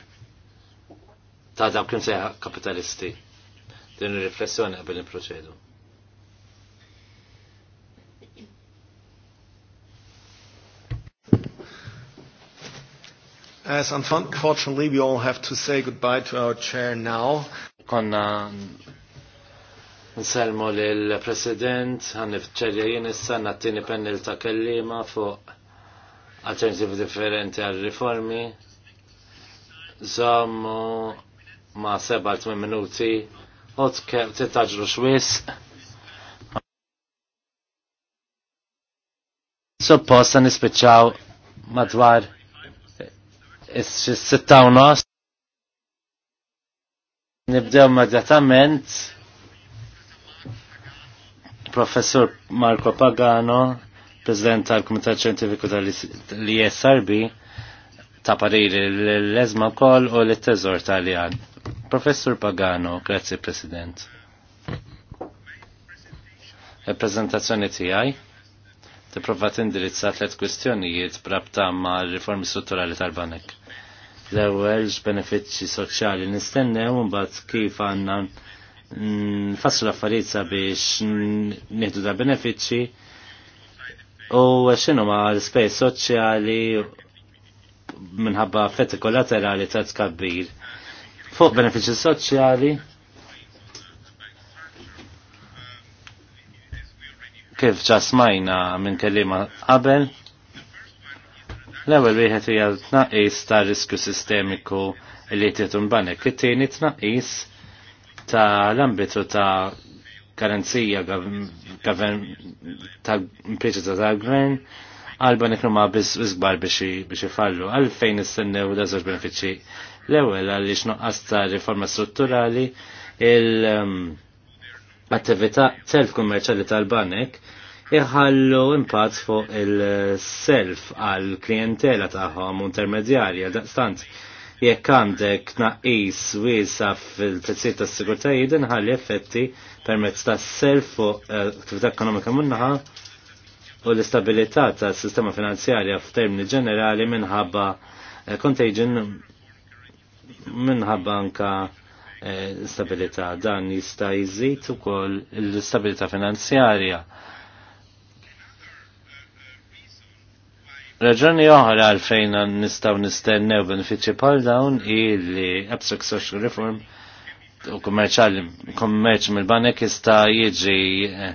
ta' dam kien seħa kapitalisti. Din ir-riflessjoni qabel nipproċedu. As unfortunately we all have to say goodbye to our chair now. Konna nsalmu lill-President, għan nifċerja jien issa nattini pennil ta' kellima fuq alternativi differenti għal riformi Zommu ma seba' tmin minuti u t-taġru xwis Supposta nispiċaw madwar s sitta u nos. Nibdew immedjatament. Professor Marco Pagano President tal-Kumitat Ċentifiku tal-ISRB ta' pariri l-ezma kol u l-teżor tal-jan. Professor Pagano, grazie President. Il-prezentazzjoni tiegħi tipprova tindirizza tliet kwistjonijiet brabta ma' riformi strutturali tal-banek. L-ewwel x'benefiċċji soċjali un mbagħad kif għandna nfassu l-affarijiet sabiex nieħdu da' benefiċċji u xinu ma l space soċjali minħabba fetti kollaterali ta' tkabbir. Fuq benefici soċjali, kif ġasmajna minn kelima qabel, l-ewel wieħed hija tnaqis ta' riskju sistemiku li titun banek, it-tieni tnaqis ta' l-ambitu ta' garanzija tal-gvern impreċa ta' tal-gvern għalba nekru ma bizbar biex jifallu għalfejn u da żewġ benefiċċji. L-ewwel għaliex noqqas ta' riforma strutturali il-attività um, self kummerċjali tal-banek iħallu impatt fuq il-self għal klientela tagħhom intermedjarja daqstant jekk għandek naqis wiesa fil-prezzijiet tas sigurtà jidin ħalli effetti permezz tas self u eh, attività ekonomika munnaħa u l-istabilità tas sistema finanzjarja f'termini ġenerali minħabba eh, contagion minħabba anka eh, stabilità dan jista' jżid ukoll l-istabilità finanzjarja Raġuni oħra għalfejn nistaw nistennew benefiċi pal dawn i li abstract social reform u kummerċali, kummerċ mill-banek jista' jiġi eh,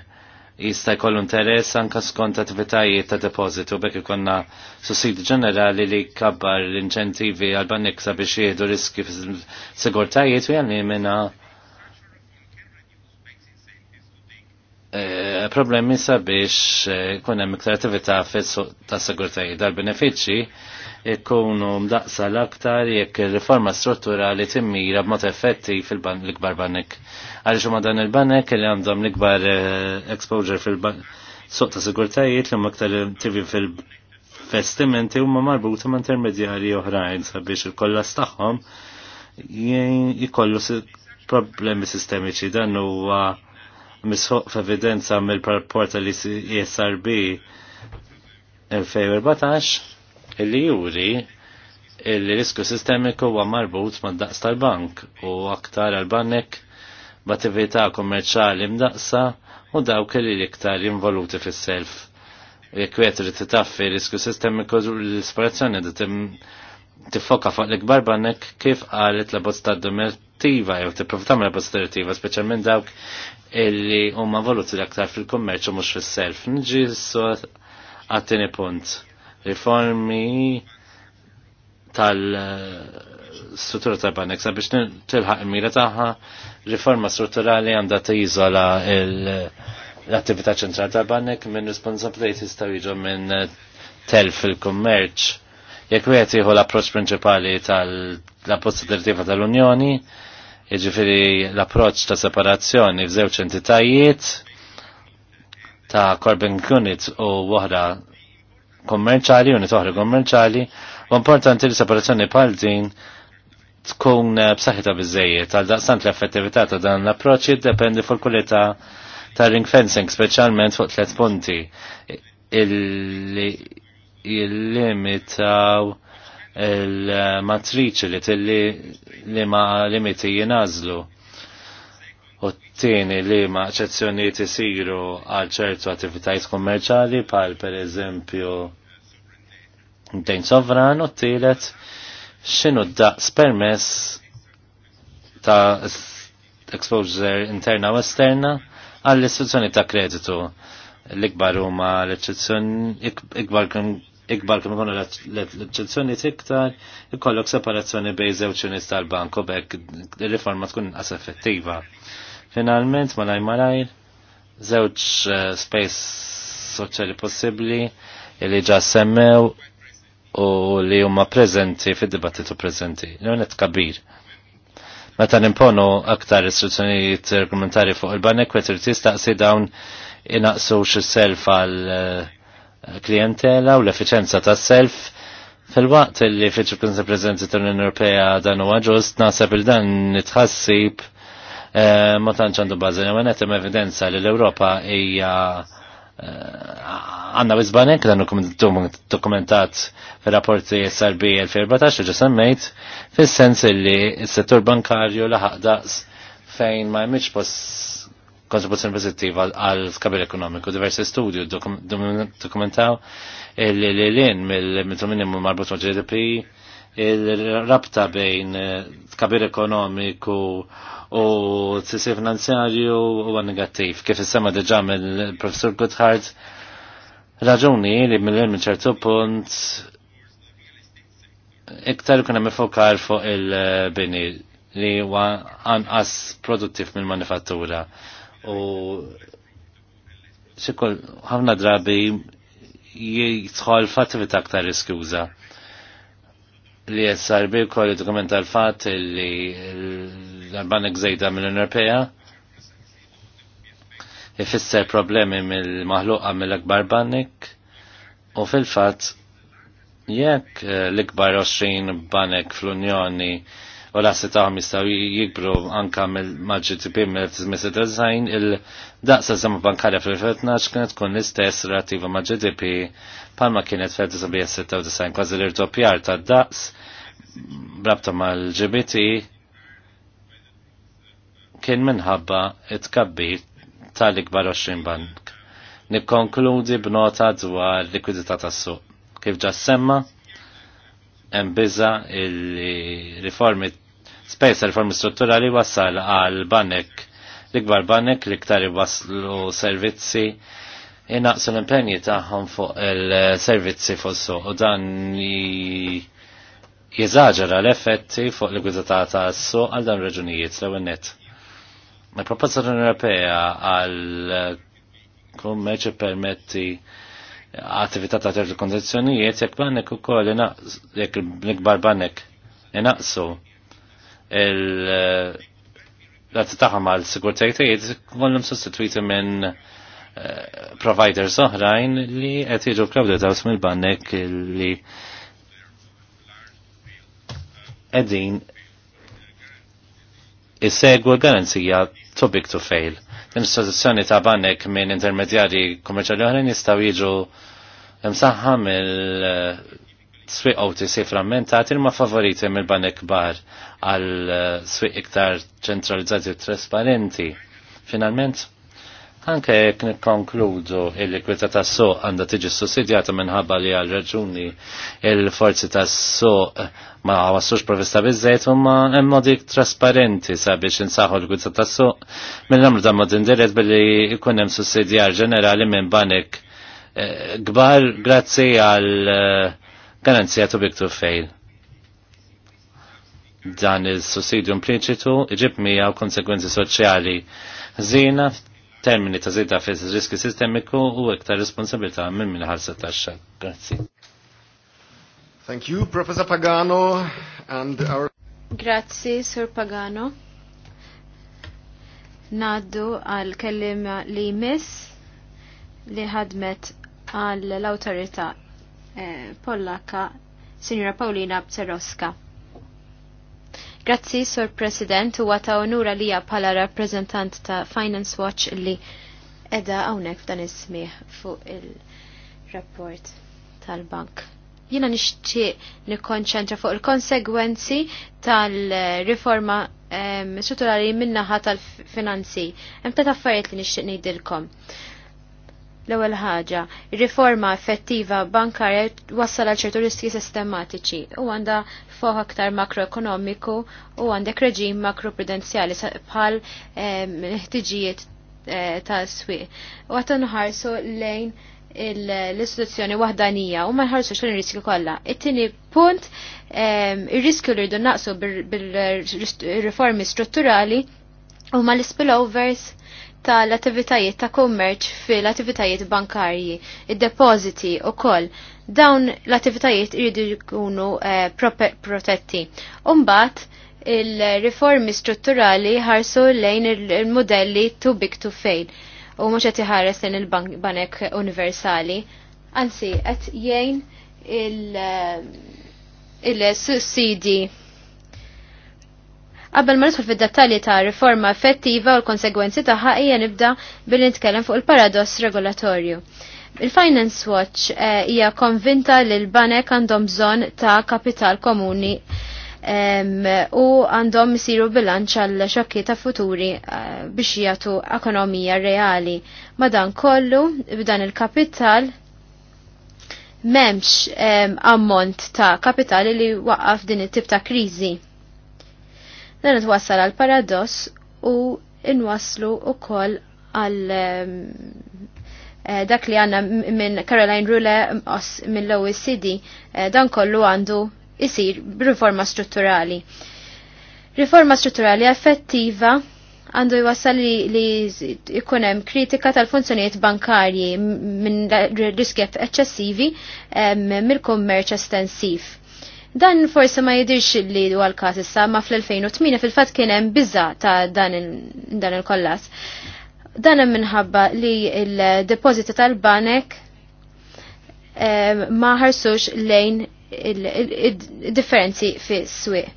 jista' jkollu interess anka skont attivitajiet ta' depositu bekk ikonna sussidi ġenerali li kabbar l-inċentivi għal banek sabiex jieħdu riski f-segurtajiet u jgħalli minna Eh, problemi sabiex eh, kun hemm iktar attività fis-suq ta' sigurtajiet dal-benefiċċji ikunu mdaqsa l-aktar jekk il-riforma strutturali timmira b'mod effetti fil-ban ikbar banek. Għaliex huma dan il-banek li għandhom l-ikbar eh, exposure fil-suq ta' sigurtajiet li huma iktar tivi fil-vestimenti huma marbuti ma' intermedjari oħrajn sabiex il-kollas tagħhom jkollu problemi sistemiċi dan huwa uh, misħuq f'evidenza mill parporta li ISRB 2014 illi juri illi risku sistemiku huwa marbut ma' daqs tal-bank u aktar għal-bannek b'attività kommerċali mdaqsa u dawk li l-iktar involuti fis-self. Kwet li titaffi risku sistemiku l isparazzjoni da tifoka fuq l-ikbar bannek kif qalet la bozz tad pozittiva jew tipprova tagħmel pozittiva, speċjalment dawk illi huma voluti l-aktar fil-kummerċ u mhux fis-self. Niġi għattini punt. Riformi tal-struttura tal-banek, sabiex tilħaq il-mira tagħha, riforma strutturali għandha tiżola l-attività ċentrali tal-banek minn responsabilità jistgħu jiġu minn telf il-kummerċ. Jekk wieħed jieħu l-approċċ prinċipali tal-apposta tal-Unjoni, tal Iġifiri l-approċċ ta' separazzjoni f'żewġ entitajiet ta' Corbin Unit u wahra kommerċali, unit oħra kommerċali, u importanti li separazzjoni bħal din tkun b'saħħitha biżejjed għal daqsant l-effettività ta' dan l-approċċ jiddependi fuq kulita ta' ring fencing speċjalment fuq tliet punti il il-matriċi li tilli li ma limiti jinazlu u t-tieni li ma ċezzjoniet isiru għal ċertu attivitajiet kummerċali pal per eżempju dejn sovran u t-tielet xinu d-daqs permess ta' exposure interna u esterna għall istituzzjoni ta' kreditu l-ikbar huma l-eċezzjoni ikbar ikbar kem ikonu l-ċezzjoni iktar, ikollok separazzjoni bej żewġ unis tal-bank u bekk ir-riforma tkun inqas effettiva. Finalment, malaj malaj, żewġ eh, space soċjali possibbli li ġa semmew u li huma preżenti fid-dibattitu preżenti. l kabir. Meta nimponu aktar istruzzjonijiet argumentari fuq il-banek, kwetir tistaqsi dawn inaqsu x-self għal uh, klientela u l-efficienza tas self fil-waqt li fiċ prezenti tal-Unjoni Ewropea dan huwa ġust naħseb il dan nitħassib eh, ma tantx għandu bażin u hemm evidenza li l-Ewropa hija eh, għanna bizbanek dan dokumentat fil-rapporti SRB 2014 ġa semmejt fil-sens li s-settur bankarju laħaq daqs fejn ma jmiċ poss kontribuzzjoni pozittiva għal skabel ekonomiku. Diversi studju dokumentaw il-lin mill-minimum marbut ma' GDP, il-rabta bejn eh, skabel ekonomiku u t-sisi finanzjarju u negattiv. Kif s-sema deġa mill-professor Goodhart, raġuni li mill-lin minn ċertu punt iktar kuna mifokar fuq il-bini li huwa anqas produttiv mill-manifattura U xikol ħafna drabi jitħol f'attività aktar riskjuża li jessar bi kolli dokumenta l-fat li l-Albanek zejda mill europea jifisser ifisser problemi mill-maħluqa mill-akbar banek u fil-fat jekk eh, l-ikbar 20 banek fl-Unjoni u l-assi taħm jistaw jikbru anka mill-GDP mill-1990 il-daqsa zama bankarja fil-2012 kienet tkun l-istess relativa ma' GDP palma kienet fil-1996 kważi l-irdopjar ta' daqs brabta mal-GBT kien minħabba it kabbi tal-ikbar 20 bank. Nikkonkludi b'nota dwar likwidità tas-suq. Kif ġas semma? hemm biża il-riformi spejsa riformi strutturali wassal għal banek l-ikbar banek l-iktar waslu servizzi jenaqsu l-impenji tagħhom fuq il-servizzi fuq u dan jeżaġera l-effetti fuq l-gwizità ta' s-suq għal dan raġunijiet l net. Ma' proposta Europea għal kummeċi permetti permetti attività ta' ċertu kondizzjonijiet jekk banek ukoll jekk l-ikbar banek jenaqsu l-għazzi eh, taħħam għal sigurtajtijiet, għollum sostituiti minn eh, providers oħrajn li qed jiġu klawdetaw mill-banek li għedin jissegwa garanzija to big to fail l-introduzzjoni ta' banek minn intermedjari kummerċali oħrajn jistgħu jiġu msaħħa mill eh, swieq OTC frammentati ma favoriti mill-banek kbar għal eh, swieq iktar ċentralizzati u trasparenti. Finalment, Anke jekk nikkonkludu il-likwita tas-suq għandha tiġi sussidjata minħabba li għal raġuni il-forzi tas-suq ma wassux provista bizzejt u ma hemm modi trasparenti sabiex insaħħu l-likwita tas-suq mill-amru da mod indirett billi ikun hemm sussidjar ġenerali minn banek eh, kbar grazzi għal eh, garanzija to big to fail dan il-sussidju impliċitu iġib u konsekwenzi soċjali żina termini ta' zida fi riski sistemiku u iktar responsabilità minn minn ħalsa taxxa. Grazzi. Thank you, Professor Pagano and our... Grazzi, Sir Pagano. Naddu għal kellima li miss li ħadmet għal l-autorita eh, Pollaka, Signora Paulina Pzeroska. Grazzi, Sur President, u għata onura li bħala rappresentant ta' Finance Watch li edha għawnek f'dan ismiħ fuq il-rapport tal-bank. Jina nixtieq nikkonċentra fuq il-konsegwenzi tal-riforma strutturali minnaħa tal-finanzi. Hemm ta' affarijiet li nixtieq ngħidilkom. L-ewwel ħaġa, riforma effettiva bankarja wassal għal ċertu riski sistematiċi u għanda foħ aktar makroekonomiku u għandek reġim makroprudenzjali bħal ħtiġijiet eh, ta' swieq U għatan nħarsu lejn l-istituzzjoni wahdanija u ma nħarsu lejn riskju kollha. It-tieni punt ir-riskju li rridu naqsu bil-riformi strutturali u ma l-spillovers tal-attivitajiet ta' kummerċ fil-attivitajiet bankarji, id-depositi u koll. Dawn l-attivitajiet irridu jkunu eh, protetti. Umbat, il reformi strutturali ħarsu lejn il-modelli too big to fail u mux qed iħares lejn il-banek universali. Anzi, qed jgħin eh, il-sussidi il sussidi Qabel ma nidħol fid-dettalji ta' riforma effettiva u l-konsegwenzi tagħha hija nibda billi nitkellem fuq il-paradoss regolatorju. Il-Finance Watch eh, hija konvinta li l-banek għandhom bżonn ta' kapital komuni u għandhom isiru bilanċ għal xokki ta' futuri eh, biex jagħtu ekonomija reali. Madan kollu b'dan il-kapital memx ammont ta' kapitali li waqaf din it-tip ta' kriżi Dan itwassal għal paradoss u inwaslu ukoll għal eh, dak li għanna minn Caroline Rule minn l-OECD eh, dan kollu għandu isir riforma strutturali. Riforma strutturali effettiva għandu jwassal li, li ikunem kritika tal-funzjonijiet bankarji minn riskjef eccessivi mill-kummerċ estensiv Dan forse ma jidirx li huwa għal każ issa ma fl-2008 fil-fatt kien hemm ta' dan il-kollas. Dan hemm minħabba li il depożiti tal-banek eh, ma ħarsux lejn il-differenzi fi s-swieq.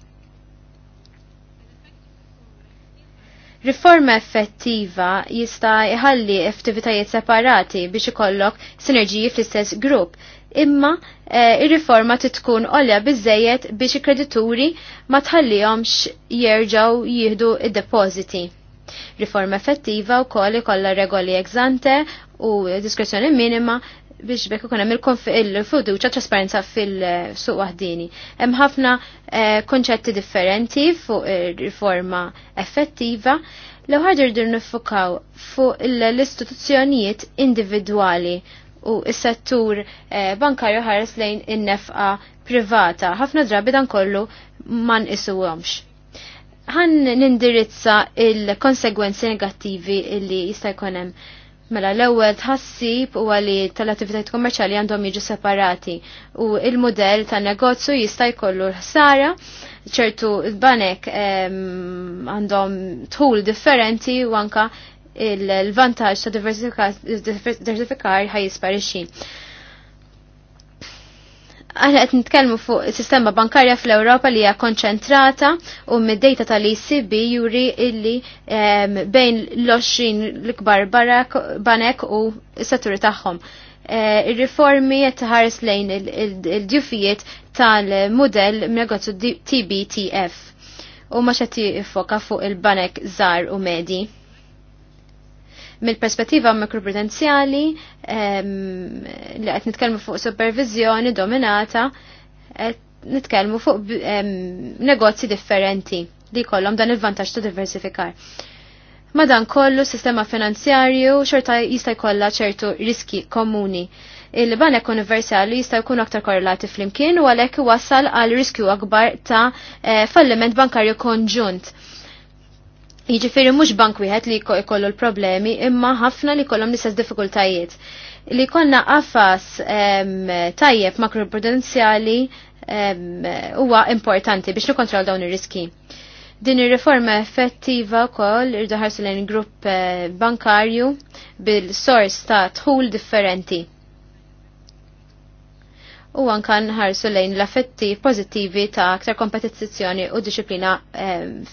Riforma effettiva jista' iħalli attivitajiet separati biex ikollok sinerġiji fl-istess grupp imma eh, ir-riforma titkun olja biżejjed biex il-kredituri ma tħallihomx jerġgħu jieħdu id depoziti Riforma effettiva u koll ikolla regoli eżante u diskrezzjoni minima biex bekk ikun hemm il-fiduċja trasparenza fil-suq waħdini. Hemm ħafna eh, konċetti differenti fuq riforma effettiva l ħaġa rridu nifukaw fuq l-istituzzjonijiet individwali u s-settur eh, bankarju ħares lejn in-nefqa privata. Ħafna drabi dan kollu man isuwomx. Ħan nindirizza il-konsegwenzi negattivi illi jista' jkun hemm. Mela l-ewwel tħassib u li tal-attivitajiet kommerċjali għandhom jiġu separati u il-mudell tan-negozju jista' jkollu l-ħsara ċertu banek ehm, għandhom tħul differenti u anka il-vantaġġ ta' diversifikar ħaj jisparixxi. Aħna qed nitkellmu fuq sistema bankarja fl-Ewropa li hija konċentrata u mid-dejta tal-ECB juri illi bejn l-20 l-ikbar banek u s setturi tagħhom. E, ir-riformi qed tħares lejn il-djufijiet tal-mudell negozju TBTF u ma xed jiffoka fuq il-banek żgħar u medji mill-perspettiva mikroprudenzjali li qed nitkellmu fuq supervizjoni dominata qed nitkellmu fuq negozji differenti li kollhom dan il-vantaġġ ta' diversifikar. Madan kollu sistema finanzjarju xorta jista' jkollha ċertu riski komuni. Il-banek universali jista' jkun aktar korrelati fl-imkien u għalhekk wasal għal riskju akbar ta' eh, falliment bankarju konġunt Jiġifieri mhux bank wieħed li jkollu l-problemi imma ħafna li kollhom l-istess diffikultajiet. Li konna qafas tajjeb makroprudenzjali huwa importanti biex nikkontrol dawn ir-riski. Din ir-riforma effettiva wkoll irdaħarsu lejn grupp eh, bankarju bil-sors ta' tħul differenti. U anka nħarsu lejn l-affetti pożittivi ta' aktar kompetizzjoni u disciplina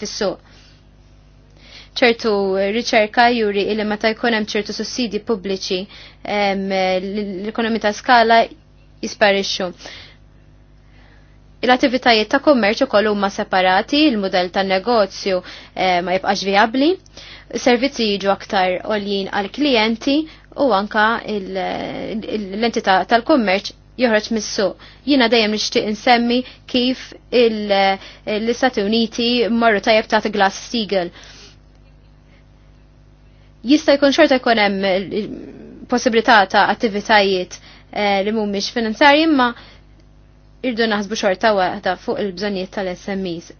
fis-suq ċertu riċerka juri illi meta jkun hemm ċertu sussidi pubbliċi l-ekonomi ta' skala jisparixxu. L-attivitajiet ta' kummerċ ukoll huma separati, il-mudell tan-negozju eh, ma jibqax viabli, servizzi jiġu aktar għoljin għal-klijenti u anka l-entità tal-kummerċ joħroġ mis-suq. Jiena dejjem nixtieq insemmi kif l-Istati Uniti marru tajjeb ta' Glass-Steagall jista' jkun xorta jkun hemm eh, possibilità ta' attivitajiet eh, li mhumiex finanzjarji imma irdu naħsbu xorta waħda fuq il-bżonnijiet tal-SMEs.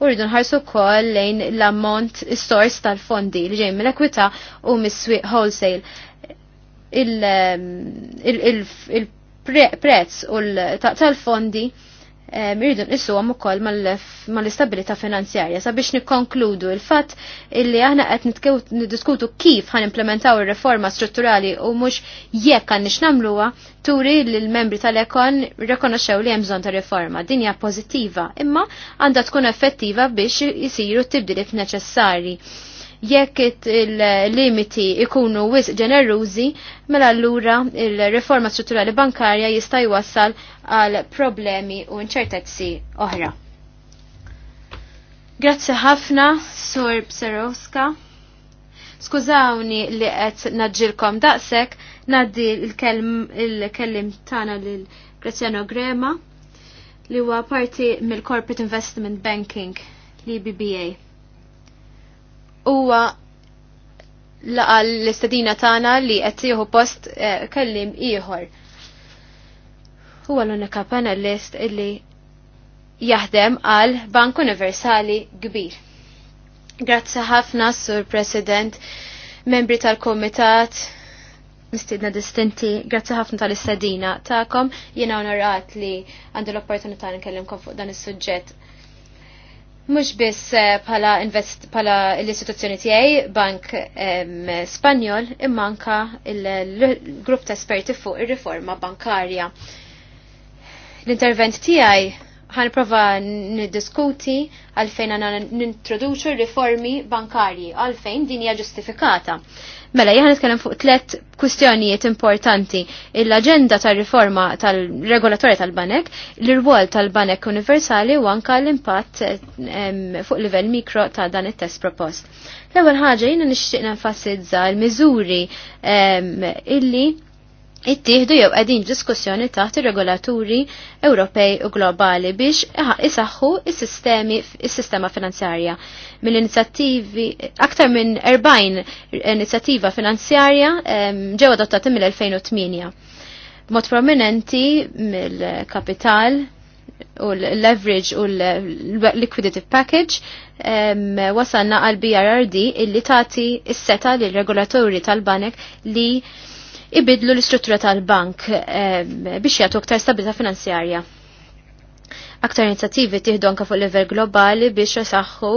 U rridu nħarsu wkoll lejn l-ammont is-sors tal-fondi li ġej mill-ekwità u mis-swieq wholesale. Il-prezz eh, u tal-fondi il, il, il, il, il, il, il, il, il, irridu nqisuhom ukoll mal-istabilità finanzjarja sabiex nikkonkludu il-fatt illi aħna qed niddiskutu kif ħan implementaw ir-reforma strutturali u mhux jekk għandniex nagħmluha turi li l-membri tal-ekon rekonoxxew li hemm bżonn ta' riforma. dinja pożittiva, imma għandha tkun effettiva biex isiru t-tibdiliet neċessarji jekk il-limiti ikunu wis ġenerużi, mela allura il-reforma strutturali bankarja jista' jwassal għal problemi u inċertezzi oħra. Grazzi ħafna, Sur Pserowska. Skużawni li qed naġġilkom daqshekk, naddi il-kellim tagħna lil Graziano Grema li huwa parti mill-Corporate Investment Banking, l-IBBA huwa laqa l-istadina tagħna li qed post eh, kellim ieħor. Huwa l-unika panelist illi jaħdem għal Bank Universali kbir. Grazzi ħafna, Sur President, membri tal-Komitat, mistidna distinti, grazzi ħafna tal-istadina ta'kom, jena onorat li għandu l-opportunità nkellimkom fuq dan is-suġġett. Mux biss eh, pala, invest, pala l-istituzzjoni tiegħi bank Spanjol immanka il-grupp ta' esperti fuq ir-riforma bankarja. L-intervent tiegħi ħanprova niddiskuti għalfejn għana nintroduċu riformi bankarji, għalfejn din hija ġustifikata. Mela, jħan nitkellem fuq tlet kwistjonijiet importanti. L-agenda tal-riforma tal-regolatorja tal-banek, l-irwol tal-banek universali u anka l-impatt fuq livell mikro ta' dan it-test propost. L-ewwel ħaġa jiena nixtieq nenfasizza l-miżuri illi ittieħdu jew qegħdin diskussjoni taħt ir-regolaturi Ewropej u globali biex isaħħu is-sistemi is-sistema finanzjarja. Mill-inizjattivi aktar minn 40 inizjattiva finanzjarja ġew adottati mill-2008. Mod prominenti mill-kapital u l-leverage u l-liquidity package wasalna għal BRRD illi tagħti is-seta lill regolatori tal-banek li ibidlu l-istruttura tal-bank eh, biex jagħtu aktar stabilità finanzjarja. Aktar inizjattivi tieħdu anke fuq livell globali biex jasaħħu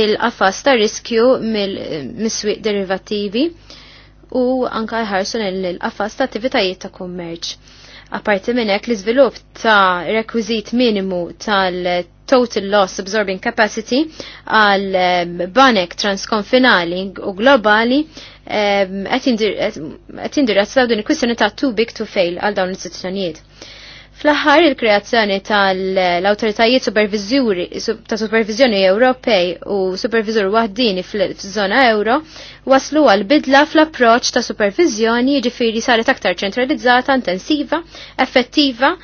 l qafas ta' riskju mill swieq derivattivi u anke jħarsu l-qafas ta' attivitajiet ta' kummerċ. Apparti minn hekk l-iżvilupp ta' rekwiżit minimu tal-total loss absorbing capacity għal banek transkonfinali u globali qed indirizzaw din il-kwistjoni ta' too big to fail għal dawn l-istituzzjonijiet. Fl-aħħar il-kreazzjoni tal-awtoritajiet ta' supervizjoni Ewropej u supervizur waħdini fl-żona euro waslu għal bidla fl-approċ ta' supervizjoni ġifiri saret aktar ċentralizzata, intensiva, effettiva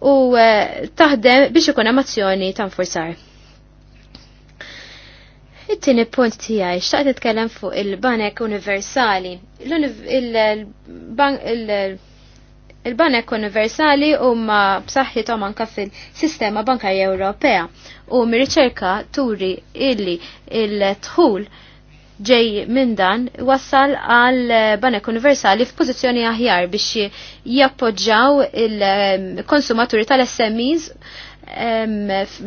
u eh, taħdem biex ikun amazzjoni ta' nfursar. It-tieni punt tiegħi xtaqt nitkellem fuq il-banek universali. Il-banek universali huma b'saħħithom anka fil-sistema bankarja Ewropea u mir-riċerka turi illi il-tħul ġej minn dan wassal għal banek universali f'pożizzjoni aħjar biex jappoġġaw il-konsumaturi tal-SMEs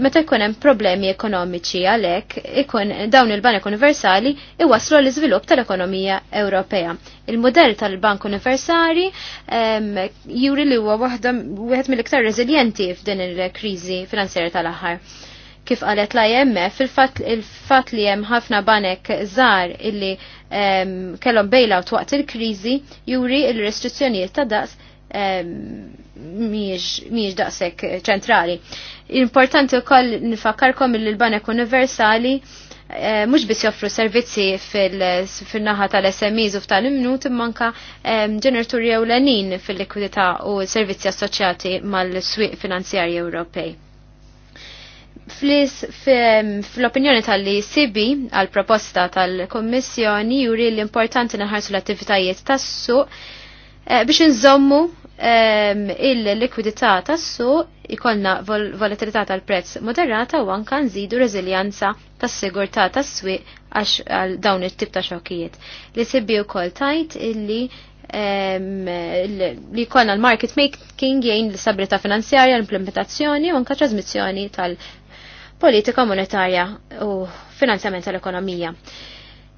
meta jkun hemm problemi ekonomiċi għalhekk ikun dawn il-Banek Universali iwaslu l-iżvilupp tal-ekonomija Ewropea. Il-modell tal-Bank Universali juri li huwa waħda wieħed mill-iktar reżiljenti f'din il-kriżi finanzjarja tal-aħħar. Kif qalet l-IMF, il-fatt li hemm ħafna banek żgħar illi kellhom bailout waqt il-kriżi juri l restrizzjonijiet ta' daqs miex daqsek ċentrali. Importanti wkoll nifakarkom li l-Banek Universali mux eh, mhux biss joffru servizzi fil-naħa tal-SMEs u tal-imnut manka eh, ġeneraturi e, ewlenin fil-likwidità u servizzi assoċjati mal-swieq finanzjarji Ewropej fl-opinjoni tal icb għal-proposta tal-Kommissjoni juri l-importanti naħarsu l-attivitajiet tas-suq eh, biex nżommu il-likwidità tas ikonna vol volatilità tal-prezz moderata u anka nżidu reżiljanza tas-sigurtà tas-swieq għal dawn it-tip ta' xokkijiet. Li sibbi wkoll tajt illi li jkollna l-market making jgħin l-stabilità finanzjarja, l-implementazzjoni u anka trasmissjoni tal-politika monetarja u finanzjament tal-ekonomija.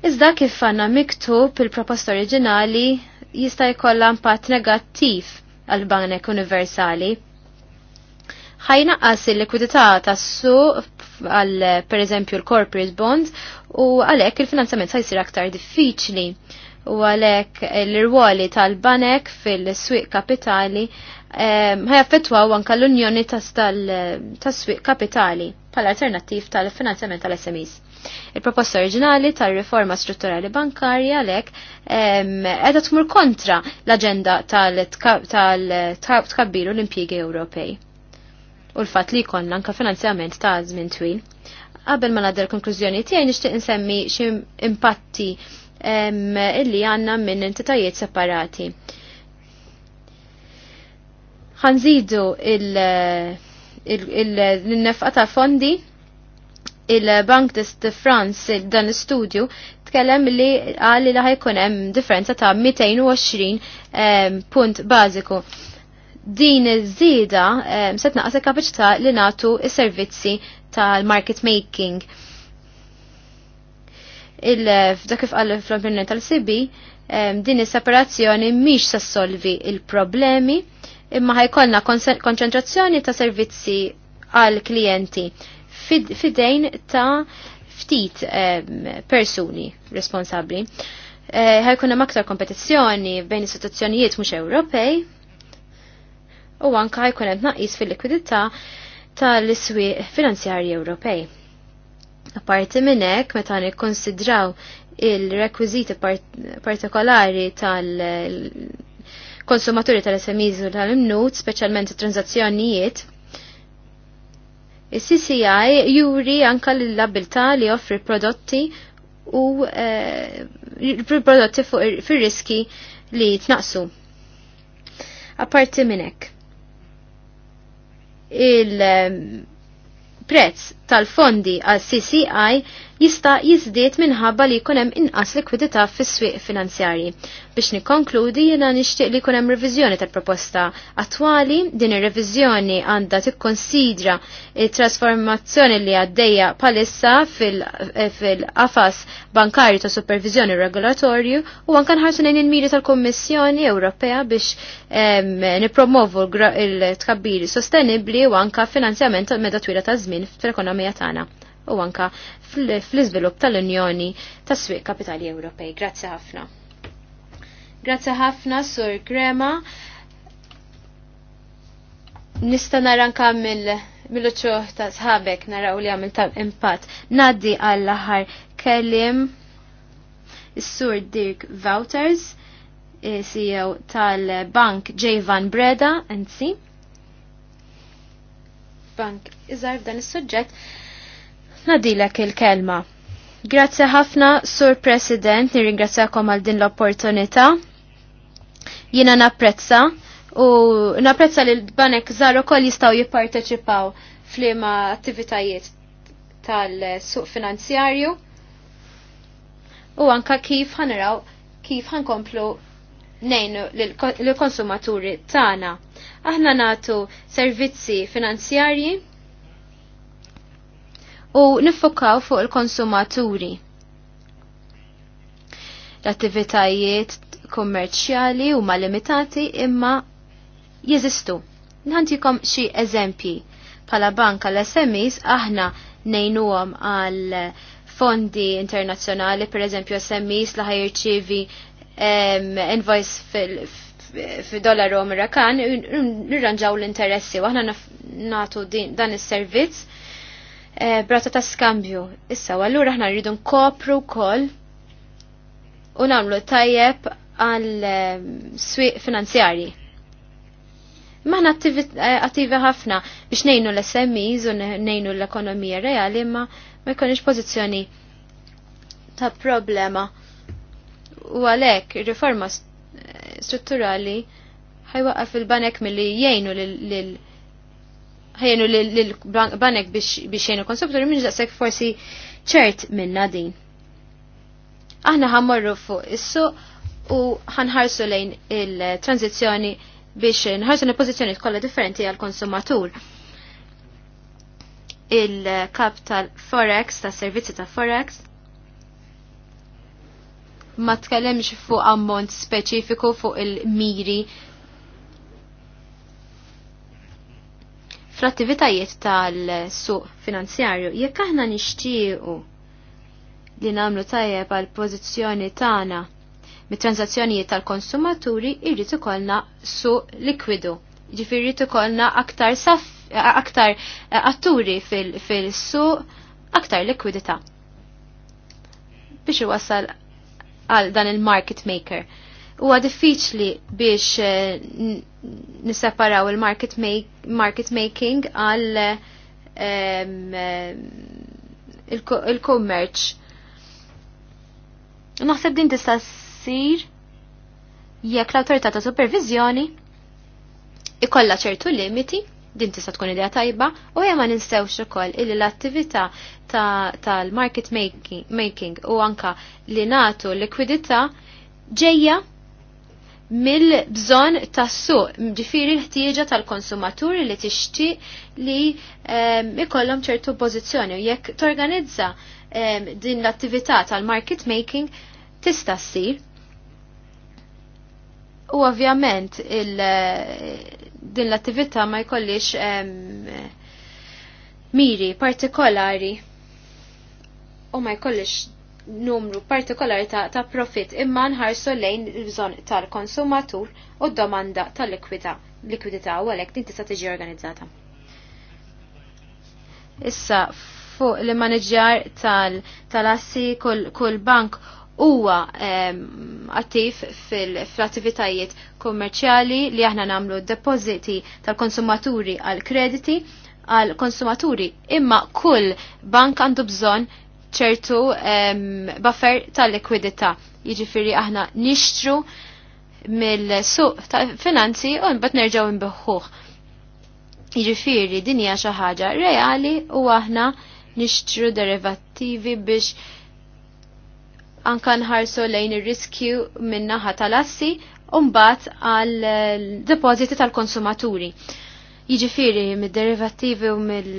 Iżda kif għanna miktub il-proposta oriġinali jista' jkollha impatt negattiv għal banek universali ħajnaqqas il-likwidità tas su għal per eżempju l-corporate bonds u għalhekk il finanzament sa jsir aktar diffiċli u għalhekk l-irwoli tal-banek fil-swieq kapitali ehm, ħajaffettwaw anke l-unjoni tas-swieq kapitali bħala alternattiv tal finanzament tal-SMEs. Il-proposta oriġinali tal-riforma strutturali bankarja lek edha tmur kontra l-agenda tal-tkabbiru l-impjiegi Ewropej. U l-fat li konna anka finanzjament ta' żmien twil. Qabel ma nadher konklużjoni tiegħi nixtieq insemmi xi impatti illi għandna minn entitajiet separati ħanżidu il-nefqa ta' fondi il-Bank de France dan l-studju tkellem li għal li ħajkun hemm differenza ta' 220 ehm, punt bażiku. Din iż-żieda ehm, se tnaqas il-kapaċità li nagħtu s-servizzi tal-market making. Il-fdak kif qal fl tal-CB, ehm, din is-separazzjoni mhix sassolvi il-problemi imma ħajkollna konċentrazzjoni ta' servizzi għal klijenti fidejn ta' ftit persuni responsabli. Eh, ħajkun hemm aktar kompetizzjoni bejn istituzzjonijiet mhux Ewropej u anke ħajkun hemm tnaqqis fil-likwidità tal-iswieq finanzjarji Ewropej. Apparti minn hekk meta nikkonsidraw il-rekwiżiti partikolari tal- konsumaturi tal-SMEs u tal-imnut, specialment transazzjonijiet, Il-CCI juri anka l-abilta li offri prodotti u eh, prodotti fir riski li tnaqsu. Aparti minnek. Il- eh, prezz tal-fondi għal CCI jista' jizdiet minħabba li jkun hemm inqas likwidità fis-swieq finanzjarji. Biex nikkonkludi jiena nixtieq li jkun hemm reviżjoni tal-proposta attwali, din ir-reviżjoni għandha tikkonsidra it-trasformazzjoni li għaddejja palissa fil-qafas bankarju ta' supervizjoni regolatorju u anke nħarsu lejn il-miri tal-Kummissjoni Ewropea biex nipromovu l-tkabbiri sostenibbli u anke finanzjament meta twila ta' żmien fil-ekonomija ekonomija tagħna u anka fl-iżvilupp tal-Unjoni tas-Swieq Kapitali Ewropej. Grazzi ħafna. Grazzi ħafna Sur Krema. Nista' nara anka mill-uċċuħ ta' sħabek naraw li għamil ta' impatt. Naddi għall-aħħar kellim is-Sur Dirk Wouters, eh, CEO tal-Bank J. Van Breda, NC bank iżgħar f'dan is-suġġett nadilek il-kelma. Grazzi ħafna, Sur President, nirringrazzjakom għal din l-opportunità. Jiena napprezza u napprezza li l-banek żgħar ukoll jistgħu jipparteċipaw f'liema attivitajiet tal-suq finanzjarju u anka kif ħanraw kif ħankomplu nejnu l-konsumaturi tagħna. Aħna natu servizzi finanzjarji u niffokaw fuq il-konsumaturi. L-attivitajiet kummerċjali u ma limitati imma jeżistu. Nħantikom xi eżempji. Pala banka l-SMEs aħna nejnuhom għal fondi internazzjonali, per eżempju SMEs li ħajrċivi invoice fil u Amerikan nirranġaw l-interessi u aħna nagħtu dan is-servizz eh, brata ta' skambju. Issa, u allura aħna rridu nkopru wkoll u nagħmlu tajjeb għal eh, swieq finanzjarji. Maħna eh, attivi ħafna biex nejnu l-SMEs u nejnu l-ekonomija reali imma ma jkunx pożizzjoni ta' problema. U għalek, riforma strutturali ħajwaqqa fil-banek milli jgħinu lil ħajjenu l-banek biex jenu konsumtori minn ġaqsek forsi ċert minna din. Aħna ħammorru fuq is-suq u ħanħarsu lejn il-tranzizjoni biex nħarsu l-pozizjoni kollha differenti għal-konsumatur. Il-kap tal-Forex, tas servizzi tal-Forex, ma tkellemx fuq ammont speċifiku fuq il-miri fl-attivitajiet tal-suq finanzjarju, jekk aħna nixtiequ li nagħmlu tajjeb għal pożizzjoni tagħna mit-transazzjonijiet tal-konsumaturi irrid ikollna suq likwidu. Ġifieri ikollna aktar saf aktar eh, atturi fil-suq fil aktar likwidità biex iwassal għal dan il-market maker. Huwa diffiċli biex eh, nisseparaw il-market making għal il-commerċ. Naħseb din tista' ssir jekk l-awtorità ta' supervizjoni ikollha ċertu limiti din tista' tkun idea tajba u hija ma ninsewx ukoll illi l-attività tal-market ta making u anka li natu likwidità ġejja mill-bżon tas-suq, ġifiri l-ħtieġa tal-konsumaturi li tixti li ehm, ikollhom ċertu pożizzjoni jekk torganizza ehm, din l-attività tal-market making tista' ssir U ovvjament din l-attività ma jkollix miri partikolari u ma jkollix numru partikolari ta', ta profit imma nħarsu lejn il-bżon tal-konsumatur u domanda tal-likwidità likwidità u għalhekk din tista' tiġi organizzata. Issa fuq l-manager tal-assi tal kull bank huwa ehm, attiv fil-attivitajiet kommerċjali li aħna namlu depoziti tal-konsumaturi għal krediti għal konsumaturi imma kull bank għandu bżon ċertu ehm, buffer tal-likwidità. Jiġifieri aħna nixtru mill-suq tal-finanzi u mbagħad nerġgħu nbeħħuh. Jiġifieri din hija xi ħaġa reali u aħna nixtru derivattivi biex anka nħarsu lejn ir-riskju min-naħa tal-assi u mbagħad għal eh, depoziti tal-konsumaturi. Jiġifieri mid-derivattivi u eh,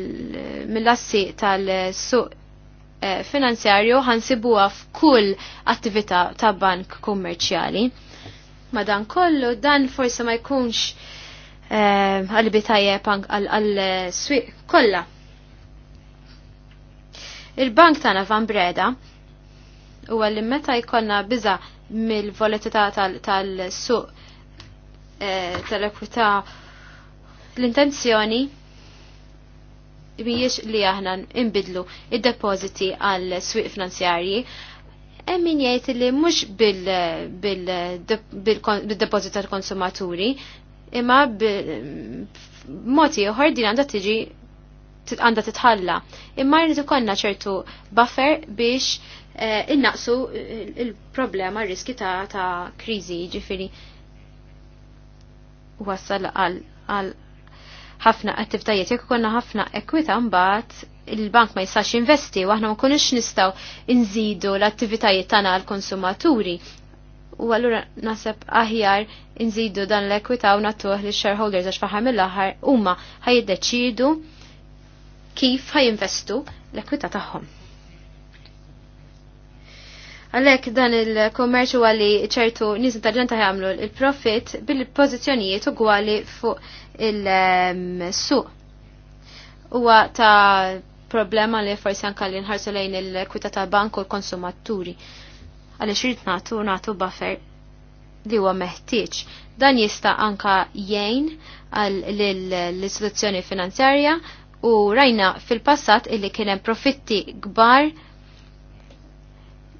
mill-assi tal-suq eh, finanzjarju ħansibuha f'kull attività ta' bank kummerċjali. Madan kollu dan forse ma jkunx għalbi tajjeb għal-swiq kollha. Il-bank tagħna Van Breda u għalli meta jkollna biża mill-volatilità tal-suq eh, tal-ekwità l-intenzjoni mhijiex li aħna nbidlu id depositi għal swieq finanzjarji hemm min jgħid li mhux bil-depożit tal-konsumaturi imma b'mod ieħor din għandha tiġi għandha titħalla. Imma rrid ikollna ċertu buffer biex Eh, innaqsu il-problema riski ta', ta krizi ġifiri wassal għal ħafna attivitajiet jekk konna ħafna ekwita mbagħad il-bank ma jistax investi u aħna ma nkunux nistgħu inżidu l-attivitajiet tagħna għall konsumaturi U allura naħseb aħjar inżidu dan l-ekwita u nattuh li shareholders għax faħam mill-aħħar huma ħajiddeċidu kif ħajinvestu l-ekwita tagħhom. Għalek dan il-kommerċu għalli ċertu nis intelligenta jgħamlu il-profit bil-pozizjonijiet għalli fuq il-suq. Huwa ta' problema li forsi anka li nħarsu lejn il-kwita ta' bank u l-konsumaturi. Għalli rrit natu natu buffer li huwa meħtieġ. Dan jista' anka jgħin l-istituzzjoni finanzjarja u rajna fil-passat illi kien hemm profitti kbar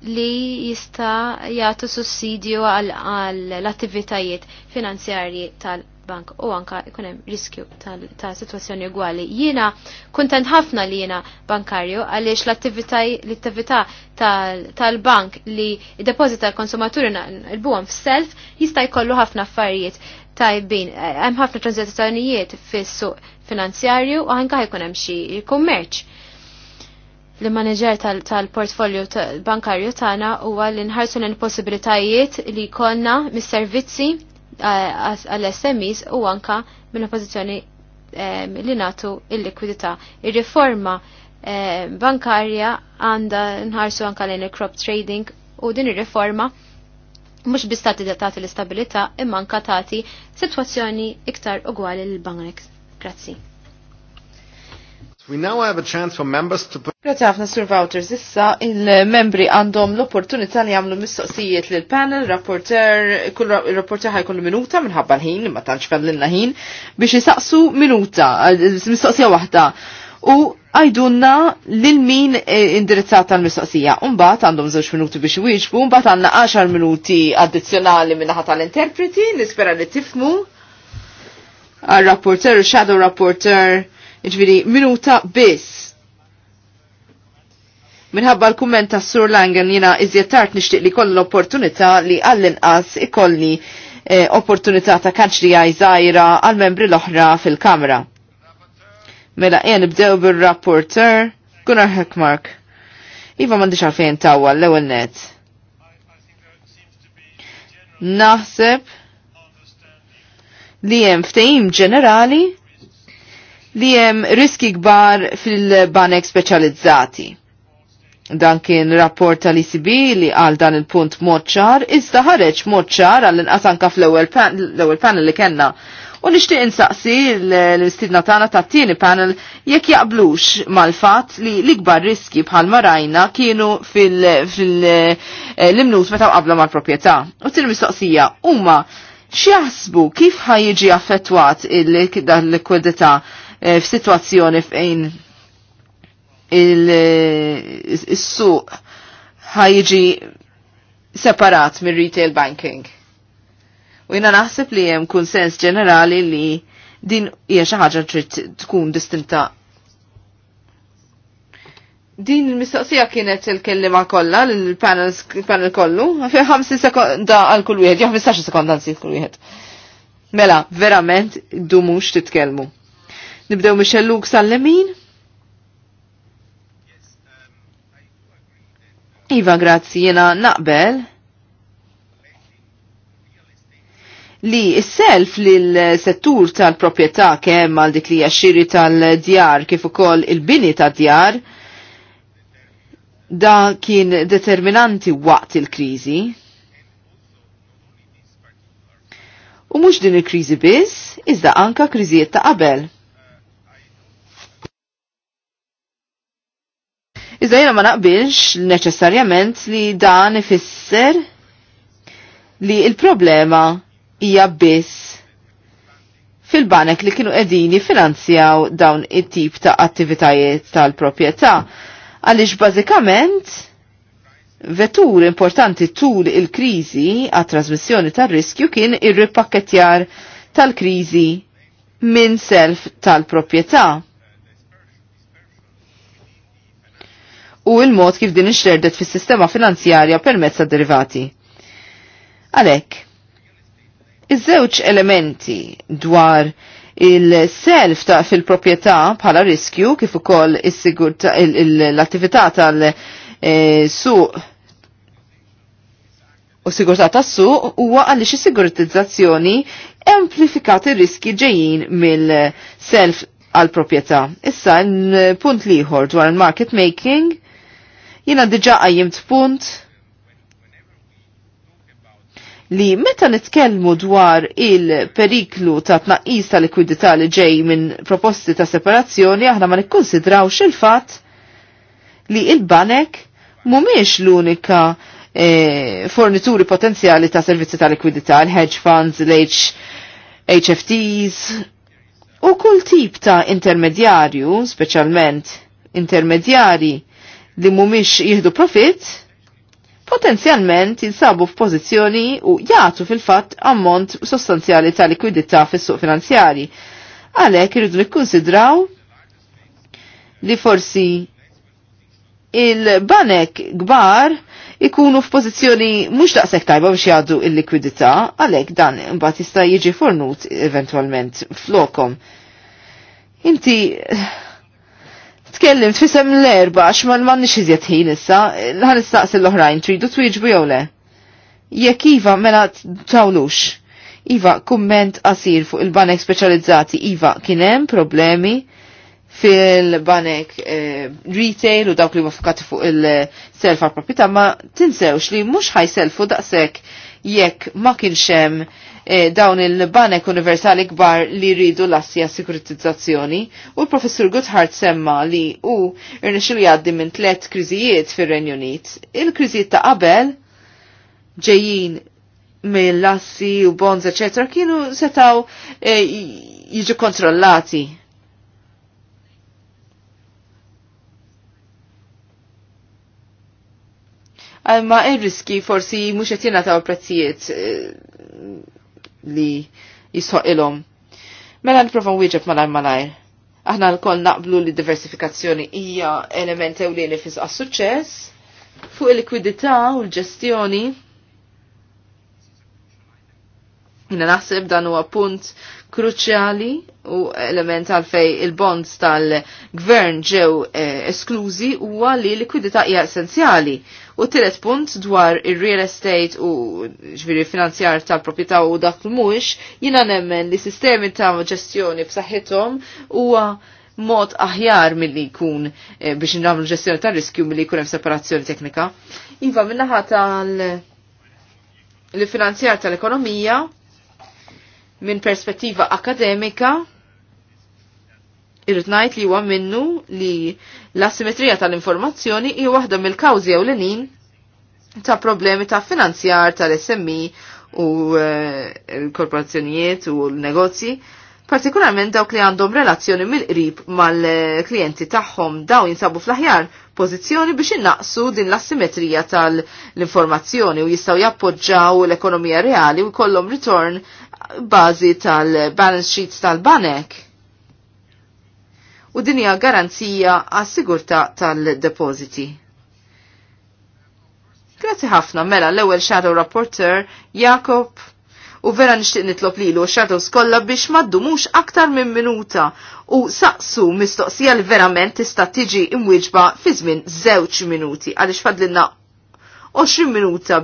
li jista jagħtu sussidju għall-attivitajiet finanzjarji tal-bank u anka jkun hemm riskju ta' sitwazzjoni ugwali. Jiena kuntent ħafna li jiena bankarju għaliex l-attività tal-bank li id deposita tal-konsumaturi il-buhom f'self jista' jkollu ħafna affarijiet tajbin. Hemm ħafna transazzjonijiet fis-suq finanzjarju u anke jkun hemm xi kummerċ li manager tal-portfolio bankarju tagħna huwa li nħarsu l-possibilitajiet li jkollna mis-servizzi għall-SMEs u anka minn pożizzjoni li natu il-likwidità. Ir-riforma bankarja għandha nħarsu anka lejn il-crop trading u din ir-riforma mhux biss tagħti l istabilita imma anka tagħti sitwazzjoni iktar uguali l-Banrex. Grazzi. We now have a chance for members to put... Grazie għafna Sir Vouchers, issa il-membri għandhom l-opportunità li għamlu mistoqsijiet lil panel rapporter, kull rapporter ħajkollu minuta minħabba l-ħin, ma tantx kellilna ħin, biex jisaqsu minuta, mistoqsija waħda. U għajdunna lil min e, indirizzata l-mistoqsija. Umbat għandhom żewġ minuti biex iwieġbu, umbat għandna 10 minuti addizzjonali minnaħat tal-interpreti, nispera li tifmu. shadow rapporter shadow rapporter, Iġviri, minuta biss. Minħabba l-kumment ta' Sur Langen jina iżjed tard nixtieq li kollu l-opportunità li għall-inqas ikolli eh, opportunità ta' kanċrija zaħira għal-membri l-oħra fil-Kamra. Mela jen nibdew bil-rapporter Gunnar Hekmark. Iva mandiċ għalfejn tawa l-ewel net. Naħseb li jem ftejim ġenerali li hemm riski kbar fil-banek speċjalizzati. Dan kien rapport tal-ICB li għal dan il-punt moċċar, iżda ħareġ moċċar għall inqasanka fl-ewwel panel li kellna. U nixtieq insaqsi l-istidna tagħna tat-tieni panel jekk jaqblux mal-fatt li l-ikbar riski bħal marajna kienu fil-imnus eh, meta qabla mal-proprjetà. U til mistoqsija huma x'jaħsbu kif ħajjiġi affettwat il-likwidità Eh, f'sitwazzjoni fejn il-suq eh, ħajġi separat minn retail banking. U jina naħseb li hemm sens ġenerali li din hija xi ħaġa trid tkun distinta Din il-mistoqsija kienet il-kellima kollha l-panel kollu, fi 5 sekonda għal kull wieħed, jew 15 sekonda għal kull wieħed. Mela, verament dumux titkellmu. Nibdew Michel Lux għall-lemin? Iva, grazzi, jena naqbel. li s-self l-settur tal-propieta kemm għal dik li jaxxiri tal-djar kif ukoll il-bini tad-djar da kien determinanti waqt il-kriżi. U mhux din il-kriżi biss, iżda anka kriżijiet ta' qabel. Iżda jena ma naqbilx neċessarjament li dan ifisser li il-problema hija biss fil-banek li kienu edini finanzjaw dawn it-tip ta' attivitajiet tal-propieta. Għalix bazikament vetur importanti tul il-krizi għat trasmissjoni tal-riskju kien ir-ripakketjar tal-krizi minn self tal-propieta. u il-mod kif din inxerdet fis sistema finanzjarja permezz ta' derivati. Għalek, iż-żewġ elementi dwar il-self ta' fil-propieta bħala riskju kif ukoll l-attività tal-suq eh, u s-sigurta' tas-suq huwa għaliex is-siguritizzazzjoni amplifikat ir-riski ġejjin mill-self għal proprjetà Issa punt liħor dwar il-market making Jina diġa għajjimt punt li meta nitkellmu dwar il-periklu ta' tnaqqis ta' likwidità li ġej minn proposti ta' separazzjoni aħna ma nikkonsidrawx il-fatt li il-banek mumiex l-unika e, fornituri potenzjali ta' servizzi ta' likwidità, l hedge funds, l-HFTs u kull tip ta' intermedjarju, specialment intermedjari li mumiex jihdu profit, potenzjalment jinsabu f'pożizzjoni u jagħtu fil-fatt ammont sostanzjali ta' likwidità fis-suq finanzjari. Għalhekk irridu nikkonsidraw li forsi il-banek gbar ikunu f'pożizzjoni mhux daqshekk tajba biex jgħaddu il-likwidità, għalhekk dan mbagħad jista' jiġi fornut eventwalment flokom. Inti Tkellim tfisem l-erba għax ma nix manni hi ħin issa, ħan istaqsi l-oħrajn tridu twijġbu jew le. Jekk iva mela tawlux. Iva, kumment qasir fuq il-banek speċjalizzati Iva, kien hemm problemi fil-banek eh, retail u dawk li mafukati fuq il-self proprjetà ma tinsewx li mhux ħajselfu daqshekk jekk ma kienx hemm E, dawn il-banek universali kbar li rridu l-assi għas-sikuritizzazzjoni, u l-professur Guthard semma li u irnexil jaddi minn tlet kriżijiet fir renju Unit. Il-kriżijiet ta' qabel ġejjin mill-assi u bonds, ecc. kienu setaw eh, jiġu kontrollati Ma il riski forsi mhux qed jingħataw prezzijiet e, li ilom. Mela niprofa wieġeb malajr malajr. Aħna l-koll naqblu li diversifikazzjoni hija element ewlieni fis suċċess fuq il-likwidità u l-ġestjoni Jina naħseb dan huwa punt kruċjali u element għal fej il-bonds tal-gvern ġew eh, esklużi huwa li likwidità hija essenzjali. U t-tielet punt dwar ir-real estate u ġviri finanzjar tal-proprjetà u dak mhux, jiena nemmen li sistemi ta' ġestjoni b'saħħithom huwa mod aħjar milli jkun e, biex nagħmlu ġestjoni tar-riskju milli jkun hemm separazzjoni teknika. Iva minnaħa tal- finanzjar tal-ekonomija minn perspettiva akademika irrid ngħid li huwa minnu li l-asimetrija tal-informazzjoni hi waħda mill-kawżi ewlenin ta' problemi ta' finanzjar tal-SMI u eh, l-korporazzjonijiet u l-negozji, partikolarment dawk li għandhom relazzjoni mill-qrib mal-klijenti eh, tagħhom daw jinsabu fl-aħjar pożizzjoni biex innaqsu din l assimetrija tal-informazzjoni u jistaw jappoġġaw l-ekonomija reali u jkollhom return bażi tal-balance sheets tal-banek. U din hija garanzija għas-sigurtà tal depositi Grazzi ħafna mela l-ewwel shadow rapporteur Jakob u vera nixtieq nitlob lilu x-shadows skolla biex ma mux aktar minn minuta u saqsu mistoqsija li verament tista' tiġi imwieġba fi żmien żewġ minuti għaliex fadlinna 20 minuta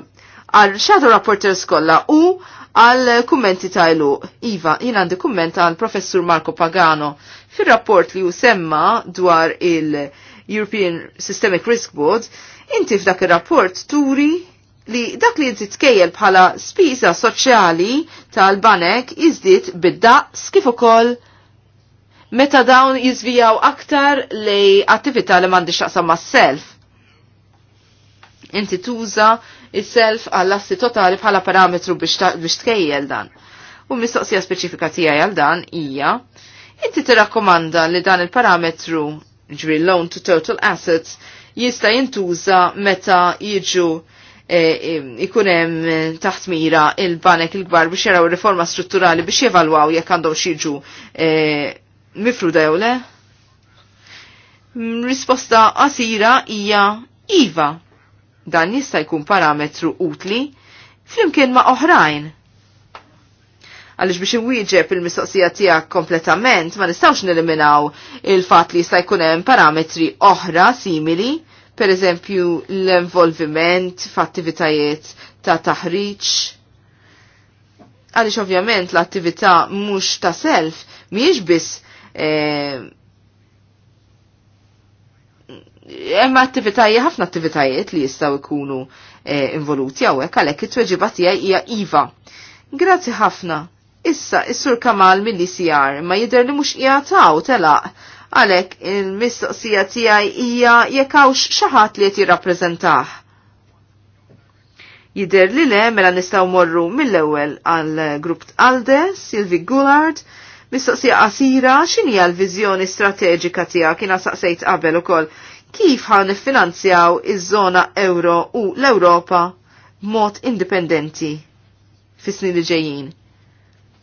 għal shadow rapporter skolla u għal kummenti tajlu. Iva, jina għandi kummenta għal professur Marco Pagano fir-rapport li ju semma dwar il- European Systemic Risk Board, inti f'dak ir-rapport turi li dak li jizit kejjel bħala spiża soċjali tal-banek jizdit bidda skifu kif ukoll meta dawn jizvijaw aktar li attività li mandi xaqsam ma' self. Inti tuża il-self għall-assi totali bħala parametru biex tkejjel dan. U mistoqsija speċifika tiegħi għal dan hija inti tirakkomanda li dan il-parametru ġri loan to total assets jista' jintuża meta jiġu E, e, ikunem e, taħt mira il-banek il-gbar biex jaraw riforma strutturali biex jevalwaw jekk għandhom xieġu mifruda jew le? Mm, risposta qasira hija iva. Dan jista' jkun parametru utli flimkien ma' oħrajn għalix biex imwieġeb il-mistoqsija tijak kompletament ma nistawx neliminaw il-fat li jista' jkun hemm parametri oħra simili per eżempju l-involviment f'attivitajiet ta' taħriġ. Għaliex ovvjament l-attività mhux ta' self mhijiex biss eh, hemm attivitajiet ħafna attivitajiet li jistgħu jkunu eh, involuti hawnhekk għalhekk it-tweġiba tiegħi hija iva. Grazzi ħafna. Issa, is-sur Kamal mill-ICR ma jidher li mhux qiegħataw telaq Għalek, il-mistoqsija tijaj ija jekawx xaħat li jti rappresentaħ. Jider li le, mela nistaw morru mill-ewel għal-grupp għalde, Silvi Gullard, mistoqsija qasira x'inhija l-viżjoni strateġika tiegħek kina saqsejt qabel ukoll kif għan niffinanzjaw iż-żona euro u l-Ewropa b'mod indipendenti fis-snin li ġejjin.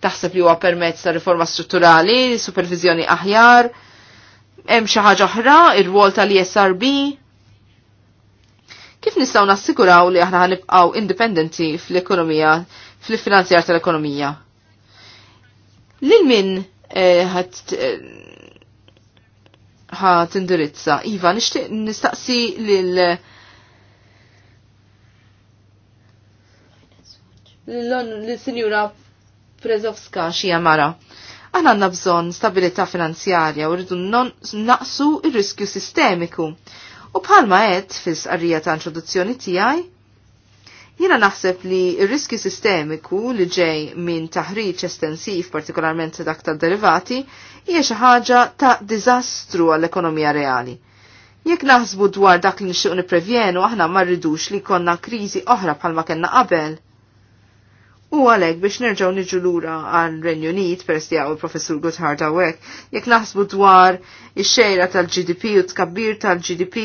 Taħseb li huwa permezz ta' riforma strutturali, supervizjoni aħjar, Hemm xi ħaġa oħra, ir-rwol tal-ISRB. Kif nistgħu nassiguraw li aħna ħanibqgħu indipendenti fl-ekonomija, fl finanzjar tal-ekonomija? Lil min ħadd ħat indirizza. Iva, nixtieq nistaqsi lil l-sinjura Prezovska xija mara. Aħna għandna bżonn stabilità finanzjarja u rridu naqsu il riskju sistemiku. U bħalma għed, fis sqarrija ta' introduzzjoni tiegħi, Jina naħseb li il riskju sistemiku li ġej minn taħriġ estensiv, partikolarment dak ta' derivati, hija xi ħaġa ta' diżastru għall-ekonomija reali. Jekk naħsbu dwar dak li nixtieq niprevjenu aħna ma rridux li konna kriżi oħra bħalma kellna qabel. U għalek biex nerġaw niġu lura għal Renju Unit peress li għaw il-professur Guthardt għawek, jek naħsbu dwar ix-xejra tal-GDP u tkabbir tal-GDP,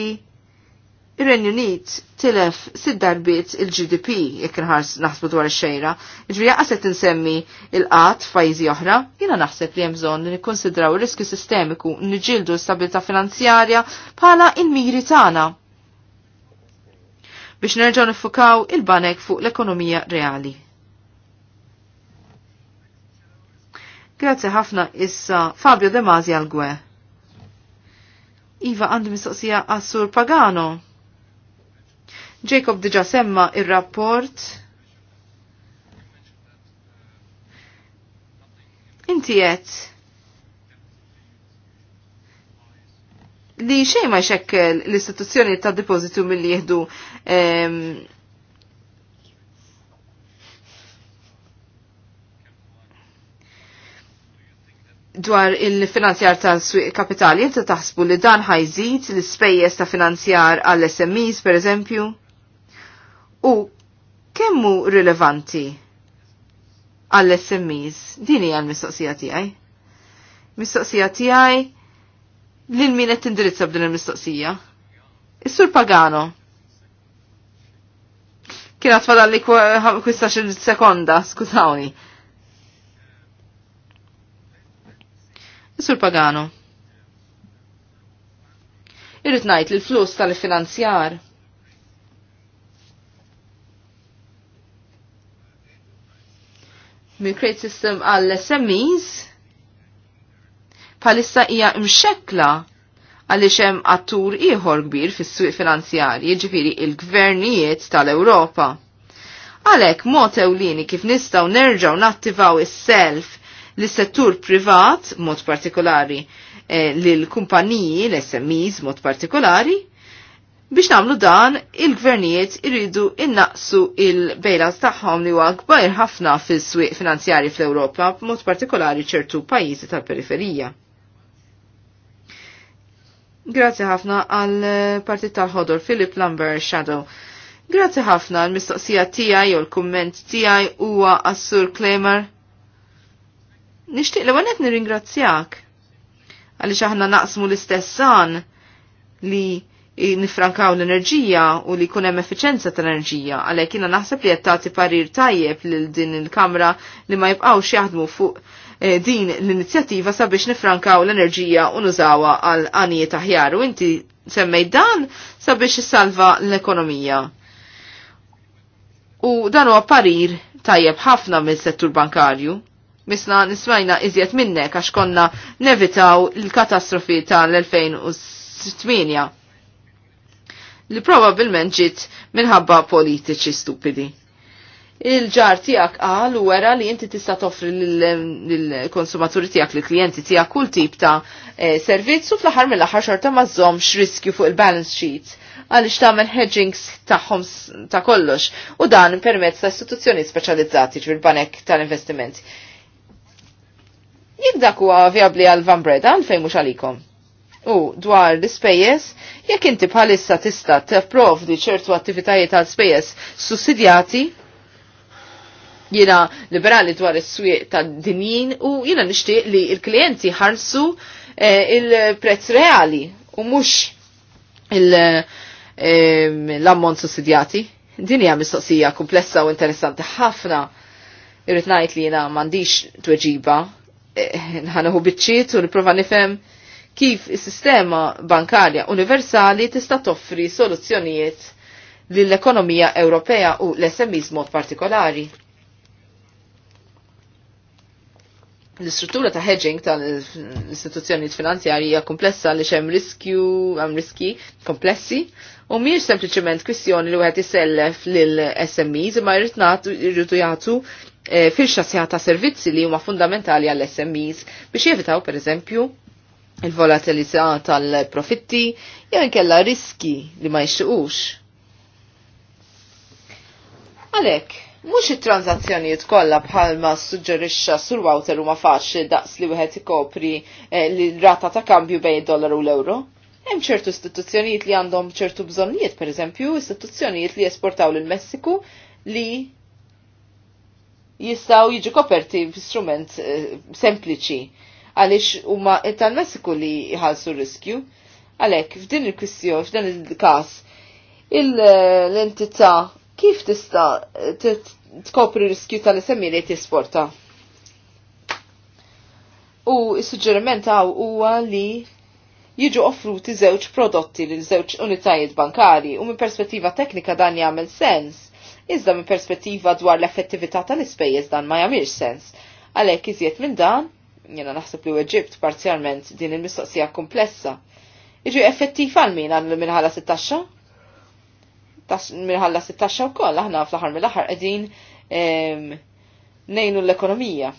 ir-Renju Unit tilef sid darbiet il-GDP jek nħars naħsbu dwar ix-xejra, ġviri għaset nsemmi il-qat fajzi oħra, jina naħseb li jemżon li nikkonsidraw riskju sistemiku nġildu stabilta finanzjarja bħala il-miri tagħna biex nerġaw nifukaw il-banek fuq l-ekonomija reali. Grazzi ħafna issa Fabio De Masi għal-gwe. Iva għandi mistoqsija għassur Pagano. Jacob diġa semma il-rapport. Inti qed li xej ma jxekkel l-istituzzjoni ta' depozitu mill-li jihdu dwar il-finanzjar ta' swiq kapitali, inti taħsbu li dan ħajżid l-ispejjeż ta' finanzjar għall-SMEs, per eżempju? U kemmu rilevanti għall-SMEs? Din hija l-mistoqsija tiegħi. Mistoqsija tiegħi lil min qed tindirizza b'din il-mistoqsija. Is-Sur Pagano. Kienet fadalli kwistax-il sekonda, skużawni. Sur Pagano. Irrit najt li l-flus tal-finanzjar. Mi Create System għall-SMEs palissa hija imxekla għaliex hemm attur ieħor kbir fis-suq finanzjarji, jiġifieri il-gvernijiet tal-Ewropa. Għalhekk mod ewlieni kif nistgħu nerġgħu nattivaw is-self l-settur privat, mod partikolari, eh, l-kumpaniji, l smis mod partikolari, Biex namlu dan, il-gvernijiet irridu innaqsu il-bejlas tagħhom li huwa kbar ħafna fis-swieq finanzjari fl-Ewropa, b'mod partikolari ċertu pajjiżi tal-periferija. Grazzi ħafna għal partit tal-ħodor Philip Lambert Shadow. Grazzi ħafna għal mistoqsija tiegħi jew l-kumment tiegħi huwa għas-Sur Klemer Nishtiq li għanet nir-ingrazzjak għalix aħna naqsmu l-istessan li nifrankaw l-enerġija u li kunem effiċenza tal-enerġija, għalek jina naħseb li jattati parir tajjeb lil din il-kamra li ma jibqawx jaħdmu fuq eh, din l-inizjattiva sabiex nifrankaw l-enerġija u nużawa għal għanijiet aħjar u inti semmej dan sabiex salva l-ekonomija. U dan huwa parir tajjeb ħafna mill-settur bankarju misna nismajna iżjed minnek għax konna nevitaw il-katastrofi tal-2008 li probabilment ġiet minħabba politiċi stupidi. Il-ġar tijak għal u għera li inti tista toffri l-konsumaturi tijak, li klienti tijak kull tip ta' eh, servizzu fl-ħar mill-ħar xorta ma' zomx riskju fuq il-balance sheet għalix tamel hedgings taħħom ta' kollox u dan permezz ta' istituzzjoni speċjalizzati ġvil banek tal-investimenti jek dak huwa vjabli għal Van Breda, fejn mhux għalikom. U dwar l-ispejjeż, jekk inti bħalissa tista' tipprovdi ċertu attivitajiet għal spejjeż sussidjati, jiena liberali dwar is-swieq tad-dinjin u jiena nixtieq li l-klijenti ħarsu eh, il-prezz reali u mhux ehm, l-ammont eh, sussidjati. Din hija mistoqsija komplessa u interessanti ħafna irrit ngħid li jiena m'għandix tweġiba nħanuħu biċċiet u niprofa nifhem kif is-sistema bankarja universali tista' toffri soluzzjonijiet lill-ekonomija Ewropea u l smis mod partikolari. L-istruttura ta' hedging tal istituzzjonijiet finanzjarji hija komplessa li xem riskju, għam riski komplessi, u mhijiex sempliċement kwistjoni li wieħed isellef lill SMEs imma jrid jagħtu Eh, firxa sħiħa ta' servizzi li huma fundamentali għall-SMEs biex jevitaw per eżempju il-volatilità tal-profitti jew inkella riski li ma jxuqux. Għalek, mux it-tranzazzjonijiet kollha bħalma suġġerixxa sur Wouter huma faċli daqs li wieħed ikopri eh, l-rata ta' kambju bejn id-dollaru u l-euro. Hemm ċertu istituzzjonijiet li għandhom ċertu bżonnijiet, pereżempju istituzzjonijiet li jesportaw lil Messiku li jistaw jiġu koperti f-strument eh, sempliċi għaliex huma tal-Messiku li jħallsu riskju. Għalhekk f'din il-kwistjoni, f'dan il-każ, l-entità kif tista' tkopri riskju tal-isemmi li t-sporta? U s-suġġeriment għaw huwa li jiġu offruti żewġ prodotti li żewġ unitajiet bankari u minn perspettiva teknika dan jagħmel sens iżda minn perspettiva dwar l-effettività tal-ispejjeż dan ma jagħmilx sens. Għalhekk iżjed minn dan, jiena naħseb li Eġibt parzjalment din il-mistoqsija komplessa. Iġu effettiv għal min għal minħala 16? Minħalla 16 u koll, aħna fl-ħar mill-ħar qegħdin nejnu l-ekonomija.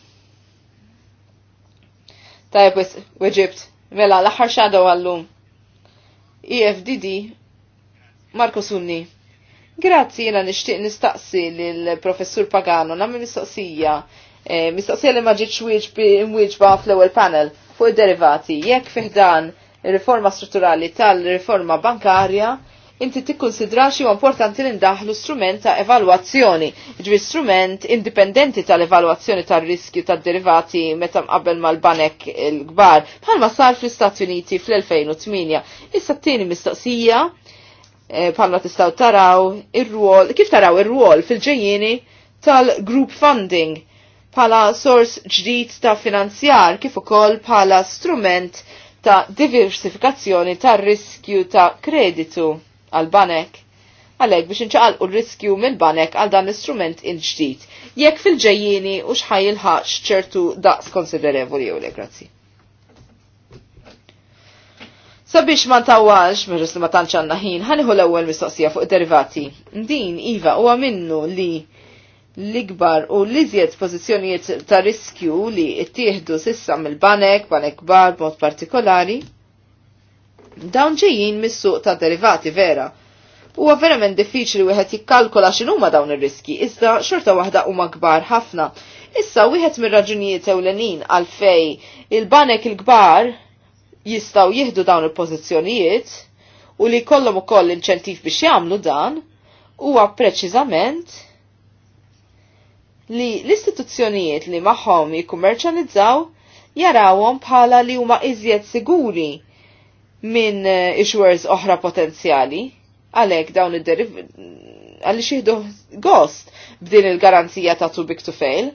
Tajb, Eġibt, mela l-ħar xadow għallum. EFDD, Marko Sunni. Grazzi, jena nishtiq nistaqsi l-professur Pagano, nammi mistaqsija. E, eh, mistaqsija li maġiċ imwieġba fl-ewel panel fuq derivati. Jekk fiħdan riforma strutturali tal-riforma bankarja, inti tikkonsidra xi importanti li ndaħlu strument ta' evalwazzjoni, ġbi strument indipendenti tal-evalwazzjoni tar-riskju tad-derivati meta mqabbel mal-banek il-kbar, bħalma sar fl-Istati Uniti fl-2008. Issa t-tieni mistoqsija Eh, Palla tistaw taraw ir-rwol, kif taraw ir-rwol fil-ġejjini tal-group funding bħala sors ġdid ta' finanzjar kif ukoll bħala strument ta' diversifikazzjoni ta' riskju ta' kreditu għal-banek. Għalek biex u riskju mill-banek għal dan l-istrument il-ġdid. Jekk fil-ġejjini u xħajilħax ċertu daqs konsiderevoli u le, grazzi. Sabiex ma tawax, meġus li ma tantx għandna ħin, hu l-ewwel mistoqsija fuq derivati. Din iva huwa minnu li l-ikbar u l-iżjed pożizzjonijiet ta' riskju li ttieħdu sissa mill-banek, banek kbar b'mod partikolari. Dawn ġejjin mis-suq ta' derivati vera. Huwa verament diffiċli wieħed jikkalkola x'inhuma dawn ir-riski, iżda xorta waħda huma kbar ħafna. Issa wieħed mir-raġunijiet ewlenin għalfej il-banek il-kbar jistaw jihdu dawn il-pozizjonijiet u li kollom u koll inċentif biex jamlu dan huwa preċiżament li l-istituzzjonijiet li maħħom jikkummerċanizzaw jarawhom bħala li huma iżjed siguri minn eh, issuers oħra potenzjali għalek dawn id-deriv għalli xieħdu gost b'din il-garanzija ta' too big to fail.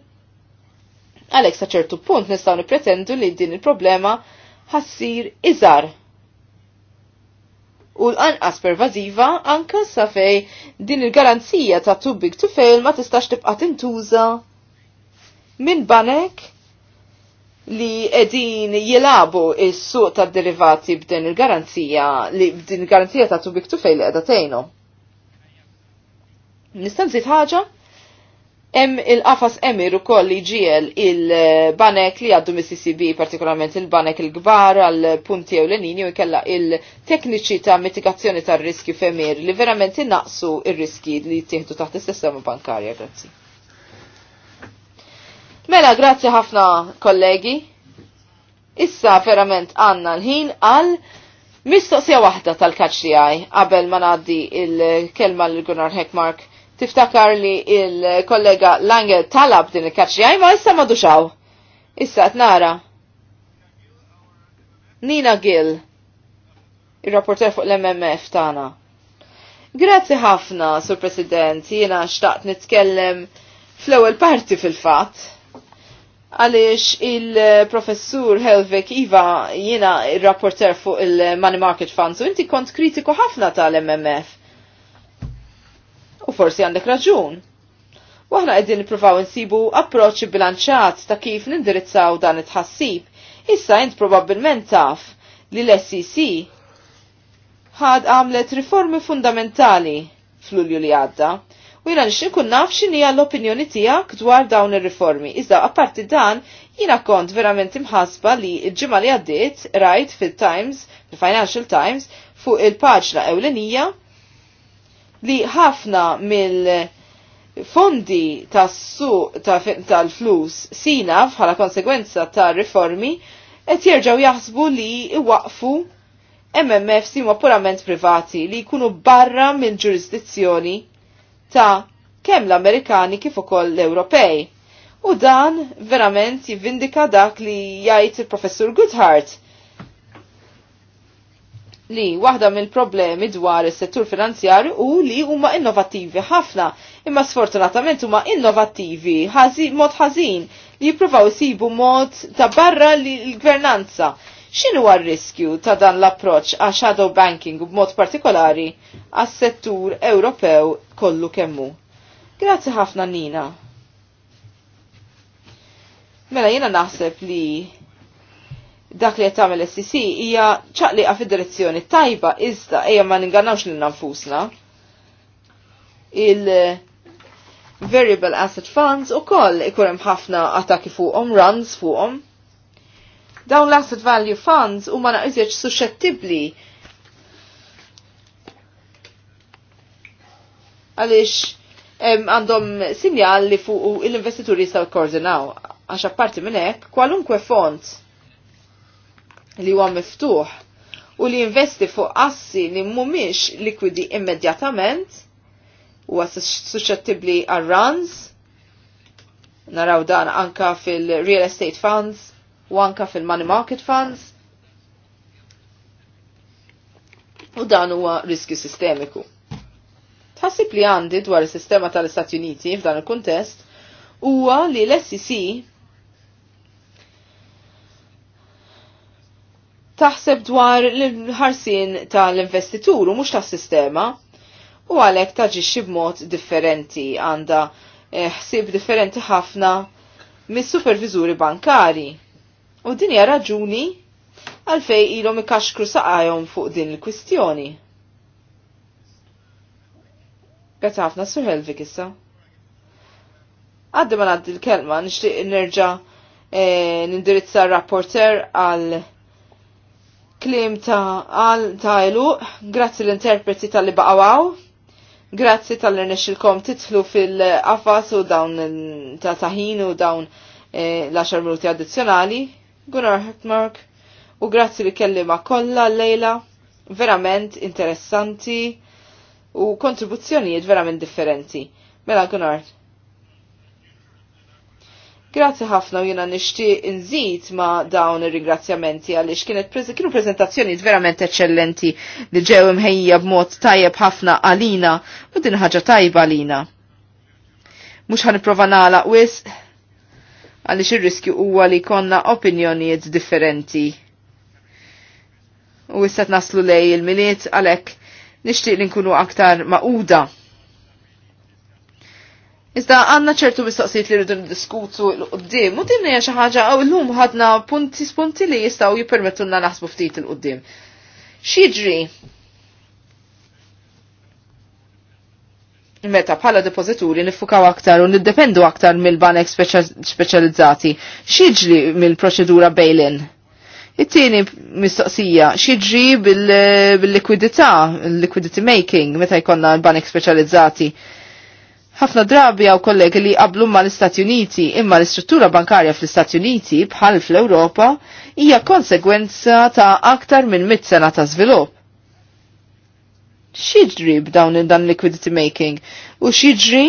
Għalek sa' ċertu punt nistaw nipretendu li din il-problema ħassir iżar u l-anqas pervaziva anka sa fej din il-garanzija ta' too big to fail ma tistax tibqa' tintuża minn banek li edin jilabu is-suq tad derivati b'din il-garanzija li b'din il-garanzija ta' too big to fail li qiegħda tgħinhom. Nista' nżid ħaġa? Em il-qafas emir u koll li ġiel il-banek li għaddu mis-CCB, partikolarment il-banek il-gbar, għal-punti u l-enini u kella il-tekniċi ta' mitigazzjoni ta' riskju femir li verament innaqsu il-riski li tieħdu taħt il-sistema bankarja, grazzi. Mela, grazzi ħafna kollegi. Issa verament għanna l-ħin għal mistoqsija waħda tal kaċċijaj li qabel ma naddi il-kelma l-Gunnar Hekmark Tiftakar li il-kollega Lange talab din il-kaċċijaj għajma issa ma duxaw. Issa nara. Nina Gill, il-rapporter fuq l-MMF tana. Grazzi ħafna, Sur President, jiena xtaqt nitkellem fl-ewwel parti fil-fatt. Għaliex il-professur Helvek Iva jiena il-rapporter fuq il-Money Market Funds u inti kont kritiku ħafna tal-MMF u forsi għandek raġun. aħna qegħdin niprofaw insibu approċċi bilanċat ta' kif nindirizzaw dan it-ħassib. Issa int probabbilment taf li l-SEC ħad għamlet riformi fundamentali fl-ulju li għadda u jina nix nkun naf xinija l-opinjoni tijak dwar dawn il-reformi. Iżda, apparti dan, jina kont verament imħasba li il-ġimma li għaddit, rajt fil-Times, fil-Financial Times, fuq il-paġna ewlenija, li ħafna mill-fondi tas-suq tal-flus sina bħala konsekwenza ta' riformi qed jerġgħu jaħsbu li iwaqfu MMFs huma purament privati li jkunu barra mill-ġurisdizzjoni ta' kemm l-Amerikani kif ukoll l-Ewropej. U dan verament jivvindika dak li jgħid il-Professur Goodhart li waħda mill-problemi dwar is-settur finanzjarju u li huma innovattivi ħafna, imma sfortunatament huma innovattivi mod ħażin li jippruvaw isibu mod ta' barra li l-gvernanza. X'inhu r-riskju ta' dan l-approċċ għal shadow banking b'mod partikolari għas-settur Ewropew kollu kemmu? Grazzi ħafna Nina. Mela jiena naħseb li dak li qed tagħmel SCC hija ċaqliqa fid-direzzjoni tajba iżda ejja ma ningannawx lil nanfusna Il eh, variable asset funds u koll ikun hemm ħafna attaki fuqhom, runs fuqhom. Dawn l-asset value funds huma naqisiex suscettibbli għaliex għandhom sinjal li fuq l-investituri jistgħu jkoordinaw għax apparti minn hekk kwalunkwe font li huwa miftuħ u li investi fuq assi li mhumiex likwidi immedjatament huwa suscettibbli għal runs naraw dan anka fil-real estate funds u anka fil-money market funds u dan huwa riskju sistemiku. Tħassib li għandi dwar is-sistema tal-Istati Uniti f'dan il-kuntest huwa li l-SEC taħseb dwar l-ħarsin tal-investitur u mux tas-sistema u għalek taġiċi b'mod differenti għanda ħsib eh, differenti ħafna mis supervizuri bankari. U din hija raġuni għalfej ilhom ikaxkru saqajhom fuq din il-kwistjoni. Qed ħafna Sur Helvik issa. Għaddi ma ngħaddi l-kelma nixtieq nerġa' eh, nindirizza rapporter għal klim ta' għal grazzi l-interpreti tal-li baqawaw, grazzi tal-li nexilkom titlu fil-qafas u dawn ta' taħin u dawn eh, l-10 minuti addizjonali, Gunnar Hartmark, u grazzi li kellima kolla l-lejla, verament interessanti u kontribuzzjonijiet verament differenti. Mela Gunnar, Grazzi ħafna u jena nishtiq nżid ma dawn ir-ringrazzjamenti għaliex kienet kienu prezentazzjoni verament eċċellenti li ġew imħejja b'mod tajjeb ħafna għalina u din ħaġa tajba għalina. Mhux ħanipprova nagħlaq wis għaliex ir-riskju huwa li konna opinjonijiet differenti. U issa naslu lej il-miliet għalhekk nixtieq li nkunu aktar maquda. Iżda għanna ċertu mistoqsijiet li rridu diskutu l-qoddim, u dinja xi ħaġa għaw l-lum ħadna punti spunti li jistgħu jippermettulna naħsbu ftit il-qoddim. X'jiġri? Meta bħala depozituri nifukaw aktar u niddependu aktar mill-banek speċjalizzati. X'jiġri mill-proċedura bail-in? It-tieni mistoqsija, x'jiġri bil-likwidità, il-liquidity making meta jkollna l-banek speċjalizzati? ħafna drabi għaw kollegi li qablu ma l-Istati Uniti imma l-istruttura bankarja fl-Istati Uniti bħal fl-Europa hija konsegwenza ta' aktar minn mit sena ta' żvilupp. X'jiġri b'dawn dan liquidity making u x'jiġri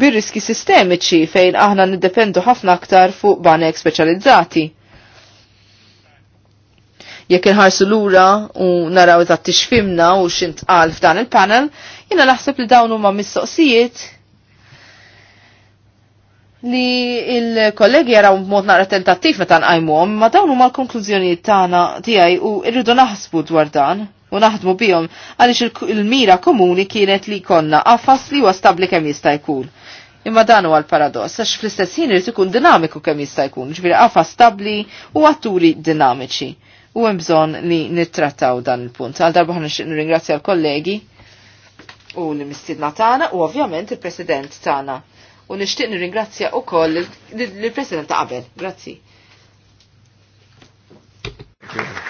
bir-riski sistemiċi fejn aħna niddependu ħafna aktar fuq banek speċjalizzati jekk inħarsu lura u naraw eżatt tixfimna u x'intqal f'dan il-panel, jiena naħseb li dawn huma mistoqsijiet li il-kollegi jaraw b'mod naqra tentattiv meta nqajmuhom, ma dawn huma l-konklużjonijiet tagħna tiegħi u rridu naħsbu dwar dan u naħdmu bihom għaliex il-mira komuni kienet li konna qafas li huwa stabbli kemm jista' jkun. Imma dan huwa l-paradoss għax fl-istess ħin irid ikun dinamiku kemm jista' jkun, ġifieri qafas stabbli u atturi dinamiċi u hemm bżonn li nittrattaw dan il-punt. Għal darba ħanix nirringrazzja l-kollegi u l-mistidna tagħna u ovvjament il-President tagħna. U nixtieq nirringrazzja ukoll il-President ta' qabel. Grazzi. Thank you.